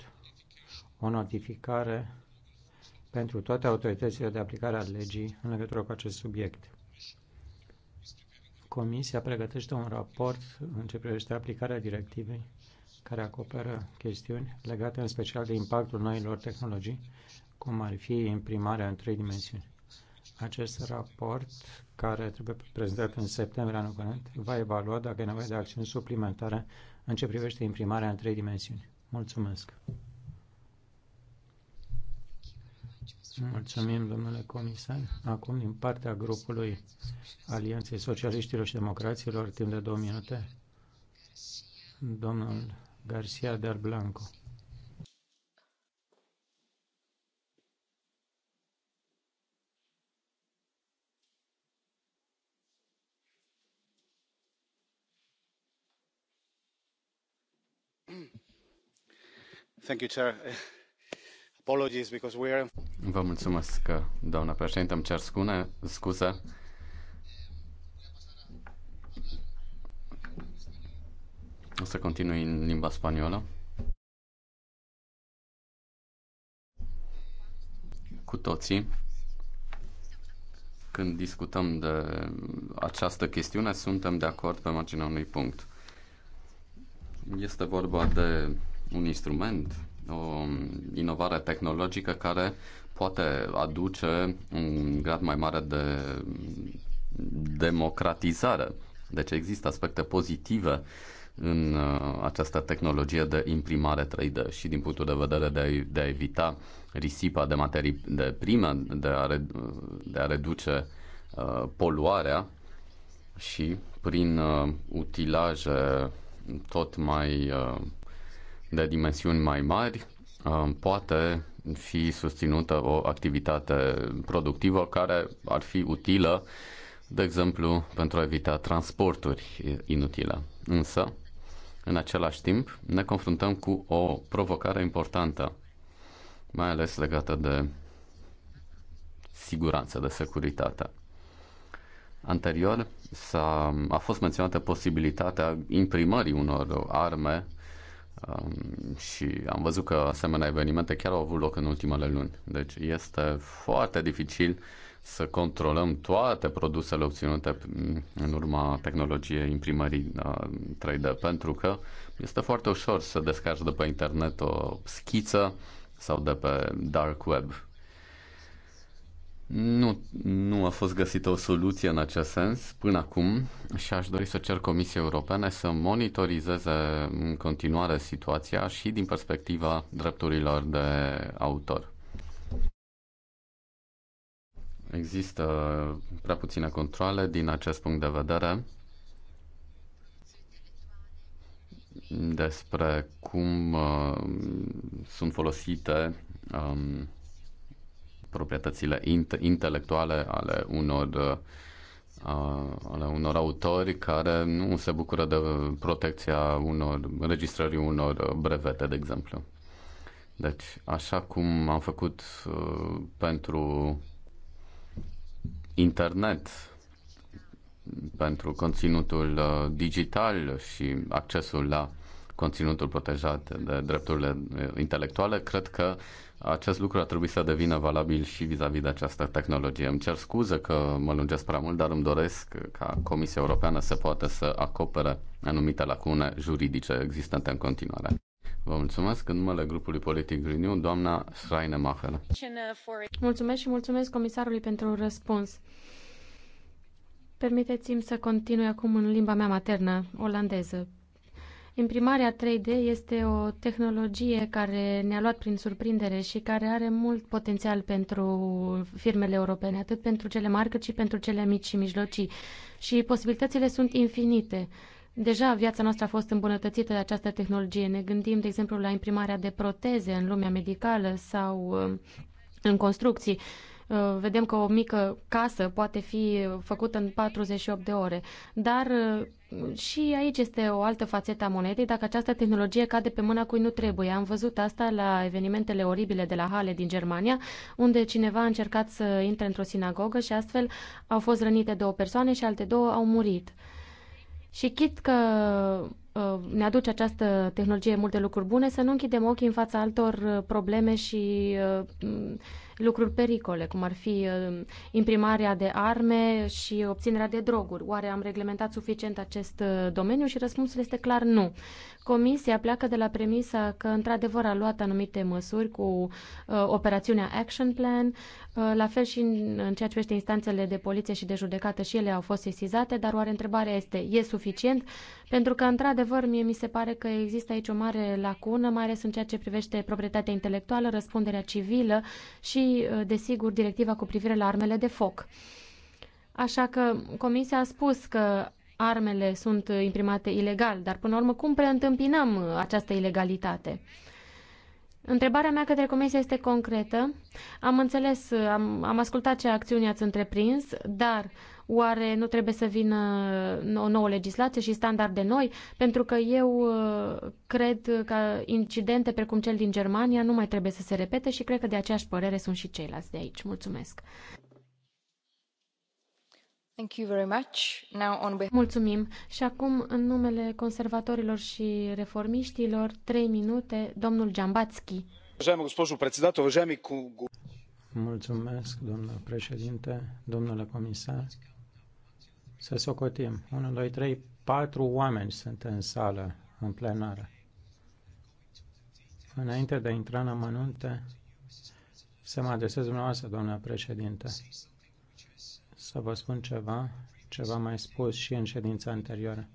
o notificare pentru toate autoritățile de aplicare a legii în legătură cu acest subiect. Comisia pregătește un raport în ce privește aplicarea directivei care acoperă chestiuni legate în special de impactul noilor tehnologii, cum ar fi imprimarea în trei dimensiuni. Acest raport, care trebuie prezentat în septembrie anul curent, va evalua dacă e nevoie de acțiuni suplimentare în ce privește imprimarea în trei dimensiuni. Mulțumesc! Mulțumim, domnule comisar. Acum, din partea grupului Alianței Socialiștilor și Democraților, timp de două minute, domnul Garcia de Blanco. Thank you, Chair. Apologies because are... Vă mulțumesc, doamna președinte, îmi cer scune, scuze. O să continui în limba spaniolă. Cu toții, când discutăm de această chestiune, suntem de acord pe marginea unui punct. Este vorba de un instrument o um, inovare tehnologică care poate aduce un grad mai mare de democratizare. Deci există aspecte pozitive în uh, această tehnologie de imprimare 3D și din punctul de vedere de a, de a evita risipa de materii de prime, de a, de a reduce uh, poluarea și prin uh, utilaje tot mai uh, de dimensiuni mai mari um, poate fi susținută o activitate productivă care ar fi utilă, de exemplu, pentru a evita transporturi inutile. Însă, în același timp, ne confruntăm cu o provocare importantă, mai ales legată de siguranță, de securitate. Anterior s-a, a fost menționată posibilitatea imprimării unor arme Um, și am văzut că asemenea evenimente chiar au avut loc în ultimele luni. Deci este foarte dificil să controlăm toate produsele obținute în urma tehnologiei imprimării 3D, uh, pentru că este foarte ușor să descarci de pe internet o schiță sau de pe dark web nu, nu a fost găsită o soluție în acest sens până acum și aș dori să cer Comisiei Europene să monitorizeze în continuare situația și din perspectiva drepturilor de autor. Există prea puține controle din acest punct de vedere despre cum uh, sunt folosite um, proprietățile intelectuale ale unor uh, ale unor autori care nu se bucură de protecția unor registrării unor uh, brevete, de exemplu. Deci, așa cum am făcut uh, pentru internet, pentru conținutul uh, digital și accesul la conținutul protejat de drepturile uh, intelectuale, cred că acest lucru ar trebui să devină valabil și vis-a-vis -vis de această tehnologie. Îmi cer scuze că mă lungesc prea mult, dar îmi doresc ca Comisia Europeană să poată să acopere anumite lacune juridice existente în continuare. Vă mulțumesc în numele grupului politic Renew, doamna Schreine Machel. Mulțumesc și mulțumesc comisarului pentru răspuns. Permiteți-mi să continui acum în limba mea maternă, olandeză. Imprimarea 3D este o tehnologie care ne-a luat prin surprindere și care are mult potențial pentru firmele europene, atât pentru cele mari cât și pentru cele mici și mijlocii. Și posibilitățile sunt infinite. Deja viața noastră a fost îmbunătățită de această tehnologie. Ne gândim, de exemplu, la imprimarea de proteze în lumea medicală sau uh, în construcții. Uh, vedem că o mică casă poate fi făcută în 48 de ore. Dar uh, și aici este o altă fațetă a monedei, dacă această tehnologie cade pe mâna cui nu trebuie. Am văzut asta la evenimentele oribile de la Hale din Germania, unde cineva a încercat să intre într-o sinagogă și astfel au fost rănite două persoane și alte două au murit. Și chit că uh, ne aduce această tehnologie multe lucruri bune, să nu închidem ochii în fața altor probleme și lucruri pericole, cum ar fi uh, imprimarea de arme și obținerea de droguri. Oare am reglementat suficient acest uh, domeniu? Și răspunsul este clar nu. Comisia pleacă de la premisa că într-adevăr a luat anumite măsuri cu uh, operațiunea Action Plan, uh, la fel și în, în ceea ce privește instanțele de poliție și de judecată și ele au fost sesizate, dar oare întrebarea este, e suficient? Pentru că într-adevăr mie mi se pare că există aici o mare lacună, mai ales în ceea ce privește proprietatea intelectuală, răspunderea civilă și Uh, desigur, directiva cu privire la armele de foc. Așa că Comisia a spus că armele sunt imprimate ilegal, dar până la urmă cum preîntâmpinăm această ilegalitate? Întrebarea mea către Comisie este concretă. Am înțeles, am, am ascultat ce acțiuni ați întreprins, dar Oare nu trebuie să vină o nouă legislație și standarde noi? Pentru că eu uh, cred că incidente precum cel din Germania nu mai trebuie să se repete și cred că de aceeași părere sunt și ceilalți de aici. Mulțumesc! Thank you very much. Now on... Mulțumim. Și acum, în numele conservatorilor și reformiștilor, trei minute, domnul Giambatski. Mulțumesc, doamnă președinte, domnule comisar. Să socotim. 1, 2, 3, 4 oameni sunt în sală, în plenară. Înainte de a intra în amănunte, să mă adresez dumneavoastră, doamna președinte, să vă spun ceva, ceva mai spus și în ședința anterioară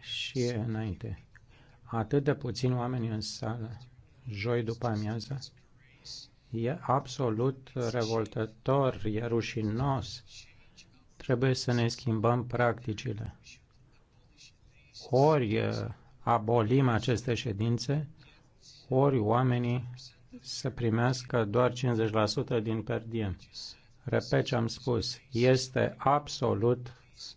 și înainte. Atât de puțini oameni în sală, joi după amiază, e absolut revoltător, e rușinos Trebuie să ne schimbăm practicile. Ori uh, abolim aceste ședințe, ori oamenii să primească doar 50% din per Repet ce am spus, este absolut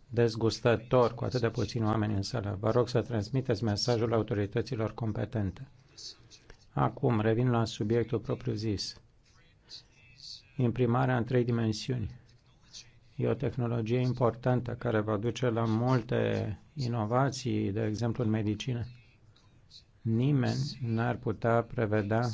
dezgustător cu atât de puțini oameni în sală. Vă rog să transmiteți mesajul autorităților competente. Acum revin la subiectul propriu-zis. Imprimarea în trei dimensiuni. E o tehnologie importantă care va duce la multe inovații, de exemplu în medicină. Nimeni n-ar putea prevedea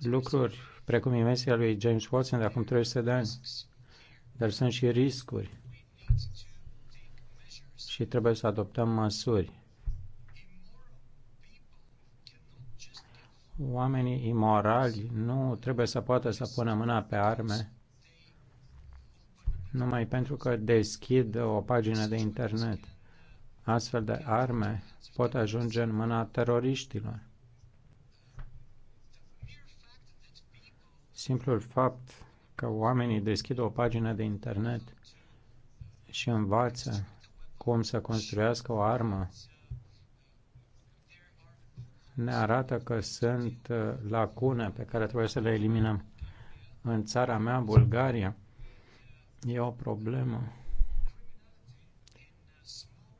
lucruri precum invenția lui James Watson de acum 300 de ani. Dar sunt și riscuri și trebuie să adoptăm măsuri. oamenii imorali nu trebuie să poată să pună mâna pe arme numai pentru că deschid o pagină de internet. Astfel de arme pot ajunge în mâna teroriștilor. Simplul fapt că oamenii deschid o pagină de internet și învață cum să construiască o armă ne arată că sunt uh, lacune pe care trebuie să le eliminăm. În țara mea, Bulgaria, e o problemă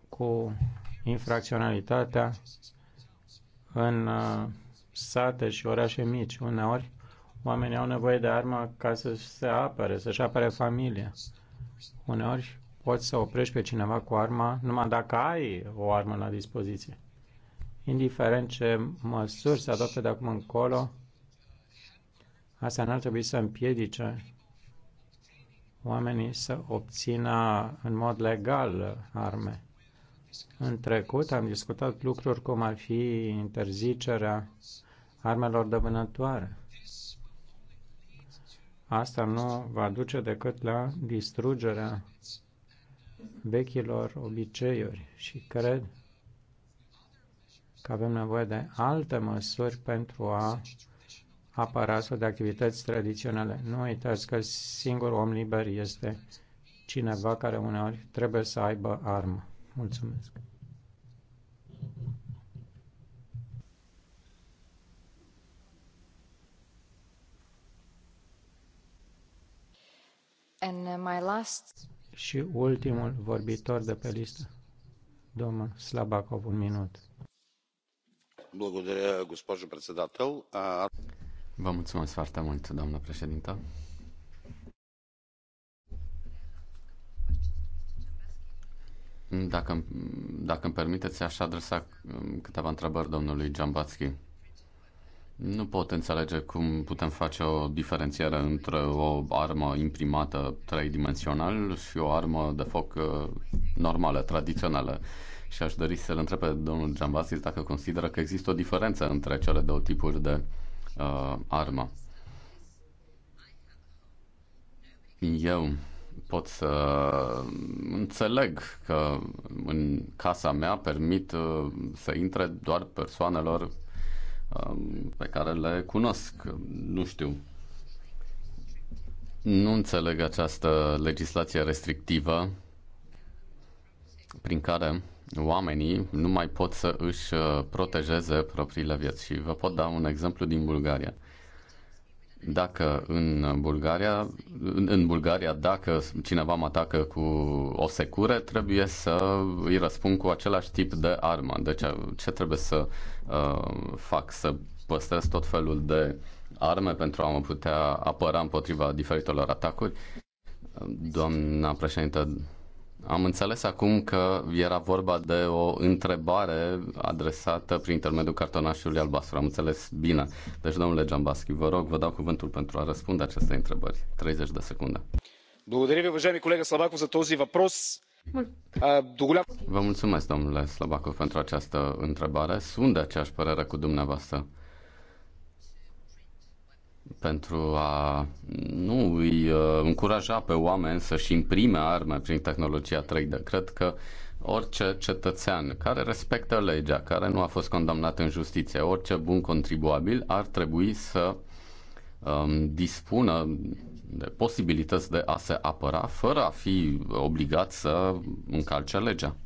cu infracționalitatea în uh, sate și orașe mici. Uneori, oamenii au nevoie de armă ca să se apere, să-și apere familia. Uneori, poți să oprești pe cineva cu arma numai dacă ai o armă la dispoziție indiferent ce măsuri se adoptă de acum încolo, asta n-ar trebui să împiedice oamenii să obțină în mod legal arme. În trecut am discutat lucruri cum ar fi interzicerea armelor de vânătoare. Asta nu va duce decât la distrugerea vechilor obiceiuri și cred că avem nevoie de alte măsuri pentru a apăra astfel de activități tradiționale. Nu uitați că singur om liber este cineva care uneori trebuie să aibă armă. Mulțumesc! And uh, my last... Și ultimul vorbitor de pe listă, domnul Slabakov, un minut doamnă președintă. Dacă, dacă îmi permiteți, aș adresa um, câteva întrebări domnului Giambatsky. Nu pot înțelege cum putem face o diferențiere între o armă imprimată tridimensional și o armă de foc uh, normală, tradițională și aș dori să-l întreb pe domnul Giambasis dacă consideră că există o diferență între cele două tipuri de uh, armă. Eu pot să înțeleg că în casa mea permit uh, să intre doar persoanelor um, pe care le cunosc. Nu știu. Nu înțeleg această legislație restrictivă prin care oamenii nu mai pot să își uh, protejeze propriile vieți. Și vă pot da un exemplu din Bulgaria. Dacă în Bulgaria, în Bulgaria, dacă cineva mă atacă cu o secură, trebuie să îi răspund cu același tip de armă. Deci uh, ce trebuie să uh, fac? Să păstrez tot felul de arme pentru a mă putea apăra împotriva diferitelor atacuri? Doamna președintă, am înțeles acum că era vorba de o întrebare adresată prin intermediul cartonașului albastru. Am înțeles bine. Deci, domnule Giambaschi, vă rog, vă dau cuvântul pentru a răspunde aceste întrebări. 30 de secunde. Vă mulțumesc, domnule Slabakov, pentru această întrebare. Sunt de aceeași părere cu dumneavoastră pentru a nu îi uh, încuraja pe oameni să-și imprime arme prin tehnologia 3D. Cred că orice cetățean care respectă legea, care nu a fost condamnat în justiție, orice bun contribuabil ar trebui să um, dispună de posibilități de a se apăra fără a fi obligat să încalce legea.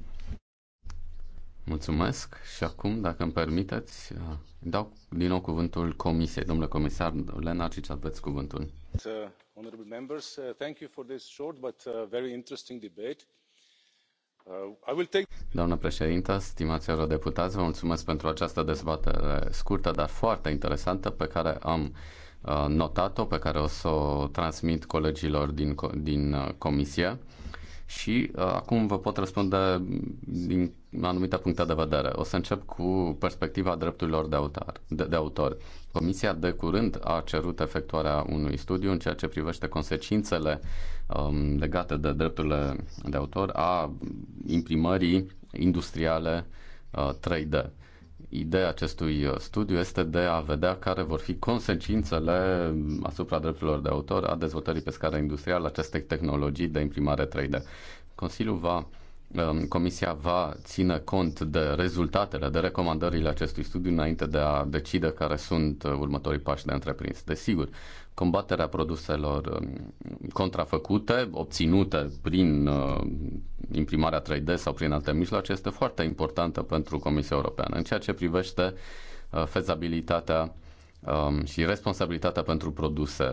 Mulțumesc și acum, dacă îmi permiteți, uh, dau din nou cuvântul Comisiei. Domnule comisar Lenar, ce aveți cuvântul? Uh, honorable members, uh, thank you for this short but uh, very interesting debate. Take... Doamnă președintă, stimați eurodeputați, vă mulțumesc pentru această dezbatere scurtă, dar foarte interesantă, pe care am notat-o, pe care o să o transmit colegilor din, din comisie și uh, acum vă pot răspunde din anumite puncte de vedere. O să încep cu perspectiva drepturilor de autor. De, de autor. Comisia de curând a cerut efectuarea unui studiu în ceea ce privește consecințele um, legate de drepturile de autor a imprimării industriale uh, 3D. Ideea acestui uh, studiu este de a vedea care vor fi consecințele asupra drepturilor de autor a dezvoltării pe scară industrială acestei tehnologii de imprimare 3D. Consiliul va um, Comisia va ține cont de rezultatele, de recomandările acestui studiu înainte de a decide care sunt uh, următorii pași de întreprins. Desigur, combaterea produselor um, contrafăcute, obținute prin uh, imprimarea 3D sau prin alte mijloace, este foarte importantă pentru Comisia Europeană. În ceea ce privește uh, fezabilitatea um, și responsabilitatea pentru produse,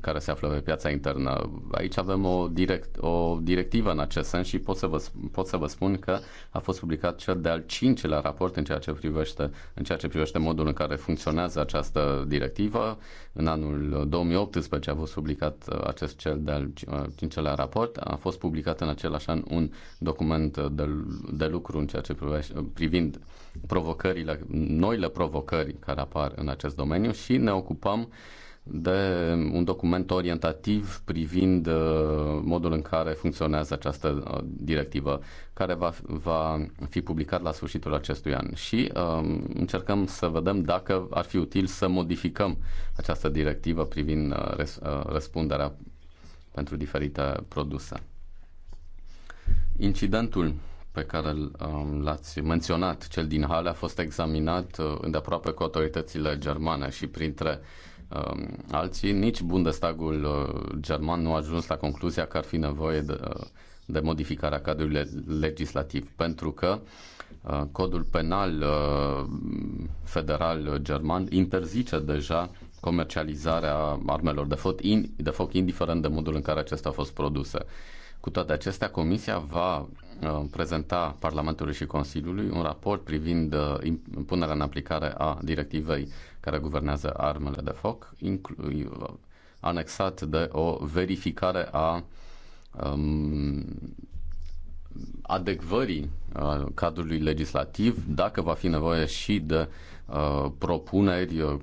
care se află pe piața internă. Aici avem o, direct, o directivă în acest sens și pot să, vă, pot să vă spun că a fost publicat cel de-al cincilea raport în ceea, ce privește, în ceea ce privește modul în care funcționează această directivă. În anul 2018 a fost publicat uh, acest cel de-al uh, cincilea raport. A fost publicat în același an un document de, de lucru în ceea ce privește, privind provocările, noile provocări care apar în acest domeniu și ne ocupăm uh, de un document orientativ privind uh, modul în care funcționează această uh, directivă, care va, va fi publicat la sfârșitul acestui an. Și uh, încercăm să vedem dacă ar fi util să modificăm această directivă privind uh, res, răspunderea pentru diferite produse. Incidentul pe care um, l-ați menționat, cel din Hale, a fost examinat îndeaproape cu autoritățile germane și printre uh, uh, alții, nici Bundestagul uh, german nu a ajuns la concluzia că ar fi nevoie de, uh, de modificarea cadrului legislativ, pentru că uh, codul penal uh, federal german interzice deja comercializarea armelor de foc, in, de foc, indiferent de modul în care acestea au fost produse. Cu toate acestea, Comisia va Uh, prezenta Parlamentului și Consiliului un raport privind uh, punerea în aplicare a directivei care guvernează armele de foc, uh, anexat de o verificare a um, adecvării cadrului legislativ, dacă va fi nevoie și de uh, propuneri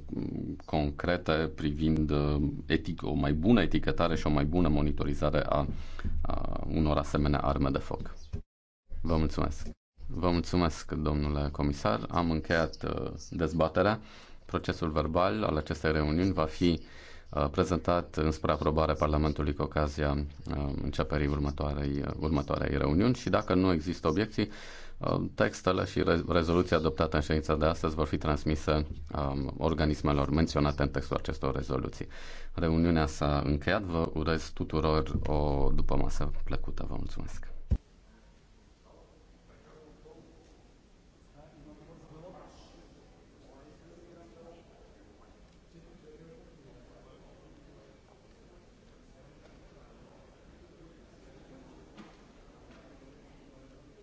concrete privind etic- o mai bună etichetare și o mai bună monitorizare a, a unor asemenea arme de foc. Vă mulțumesc. Vă mulțumesc, domnule comisar. Am încheiat uh, dezbaterea. Procesul verbal al acestei reuniuni va fi uh, prezentat înspre aprobarea Parlamentului cu ocazia uh, începerii următoarei, următoarei reuniuni și dacă nu există obiecții, textele și rezoluția adoptată în ședința de astăzi vor fi transmise um, organismelor menționate în textul acestor rezoluții. Reuniunea s-a încheiat. Vă urez tuturor o după masă plăcută. Vă mulțumesc!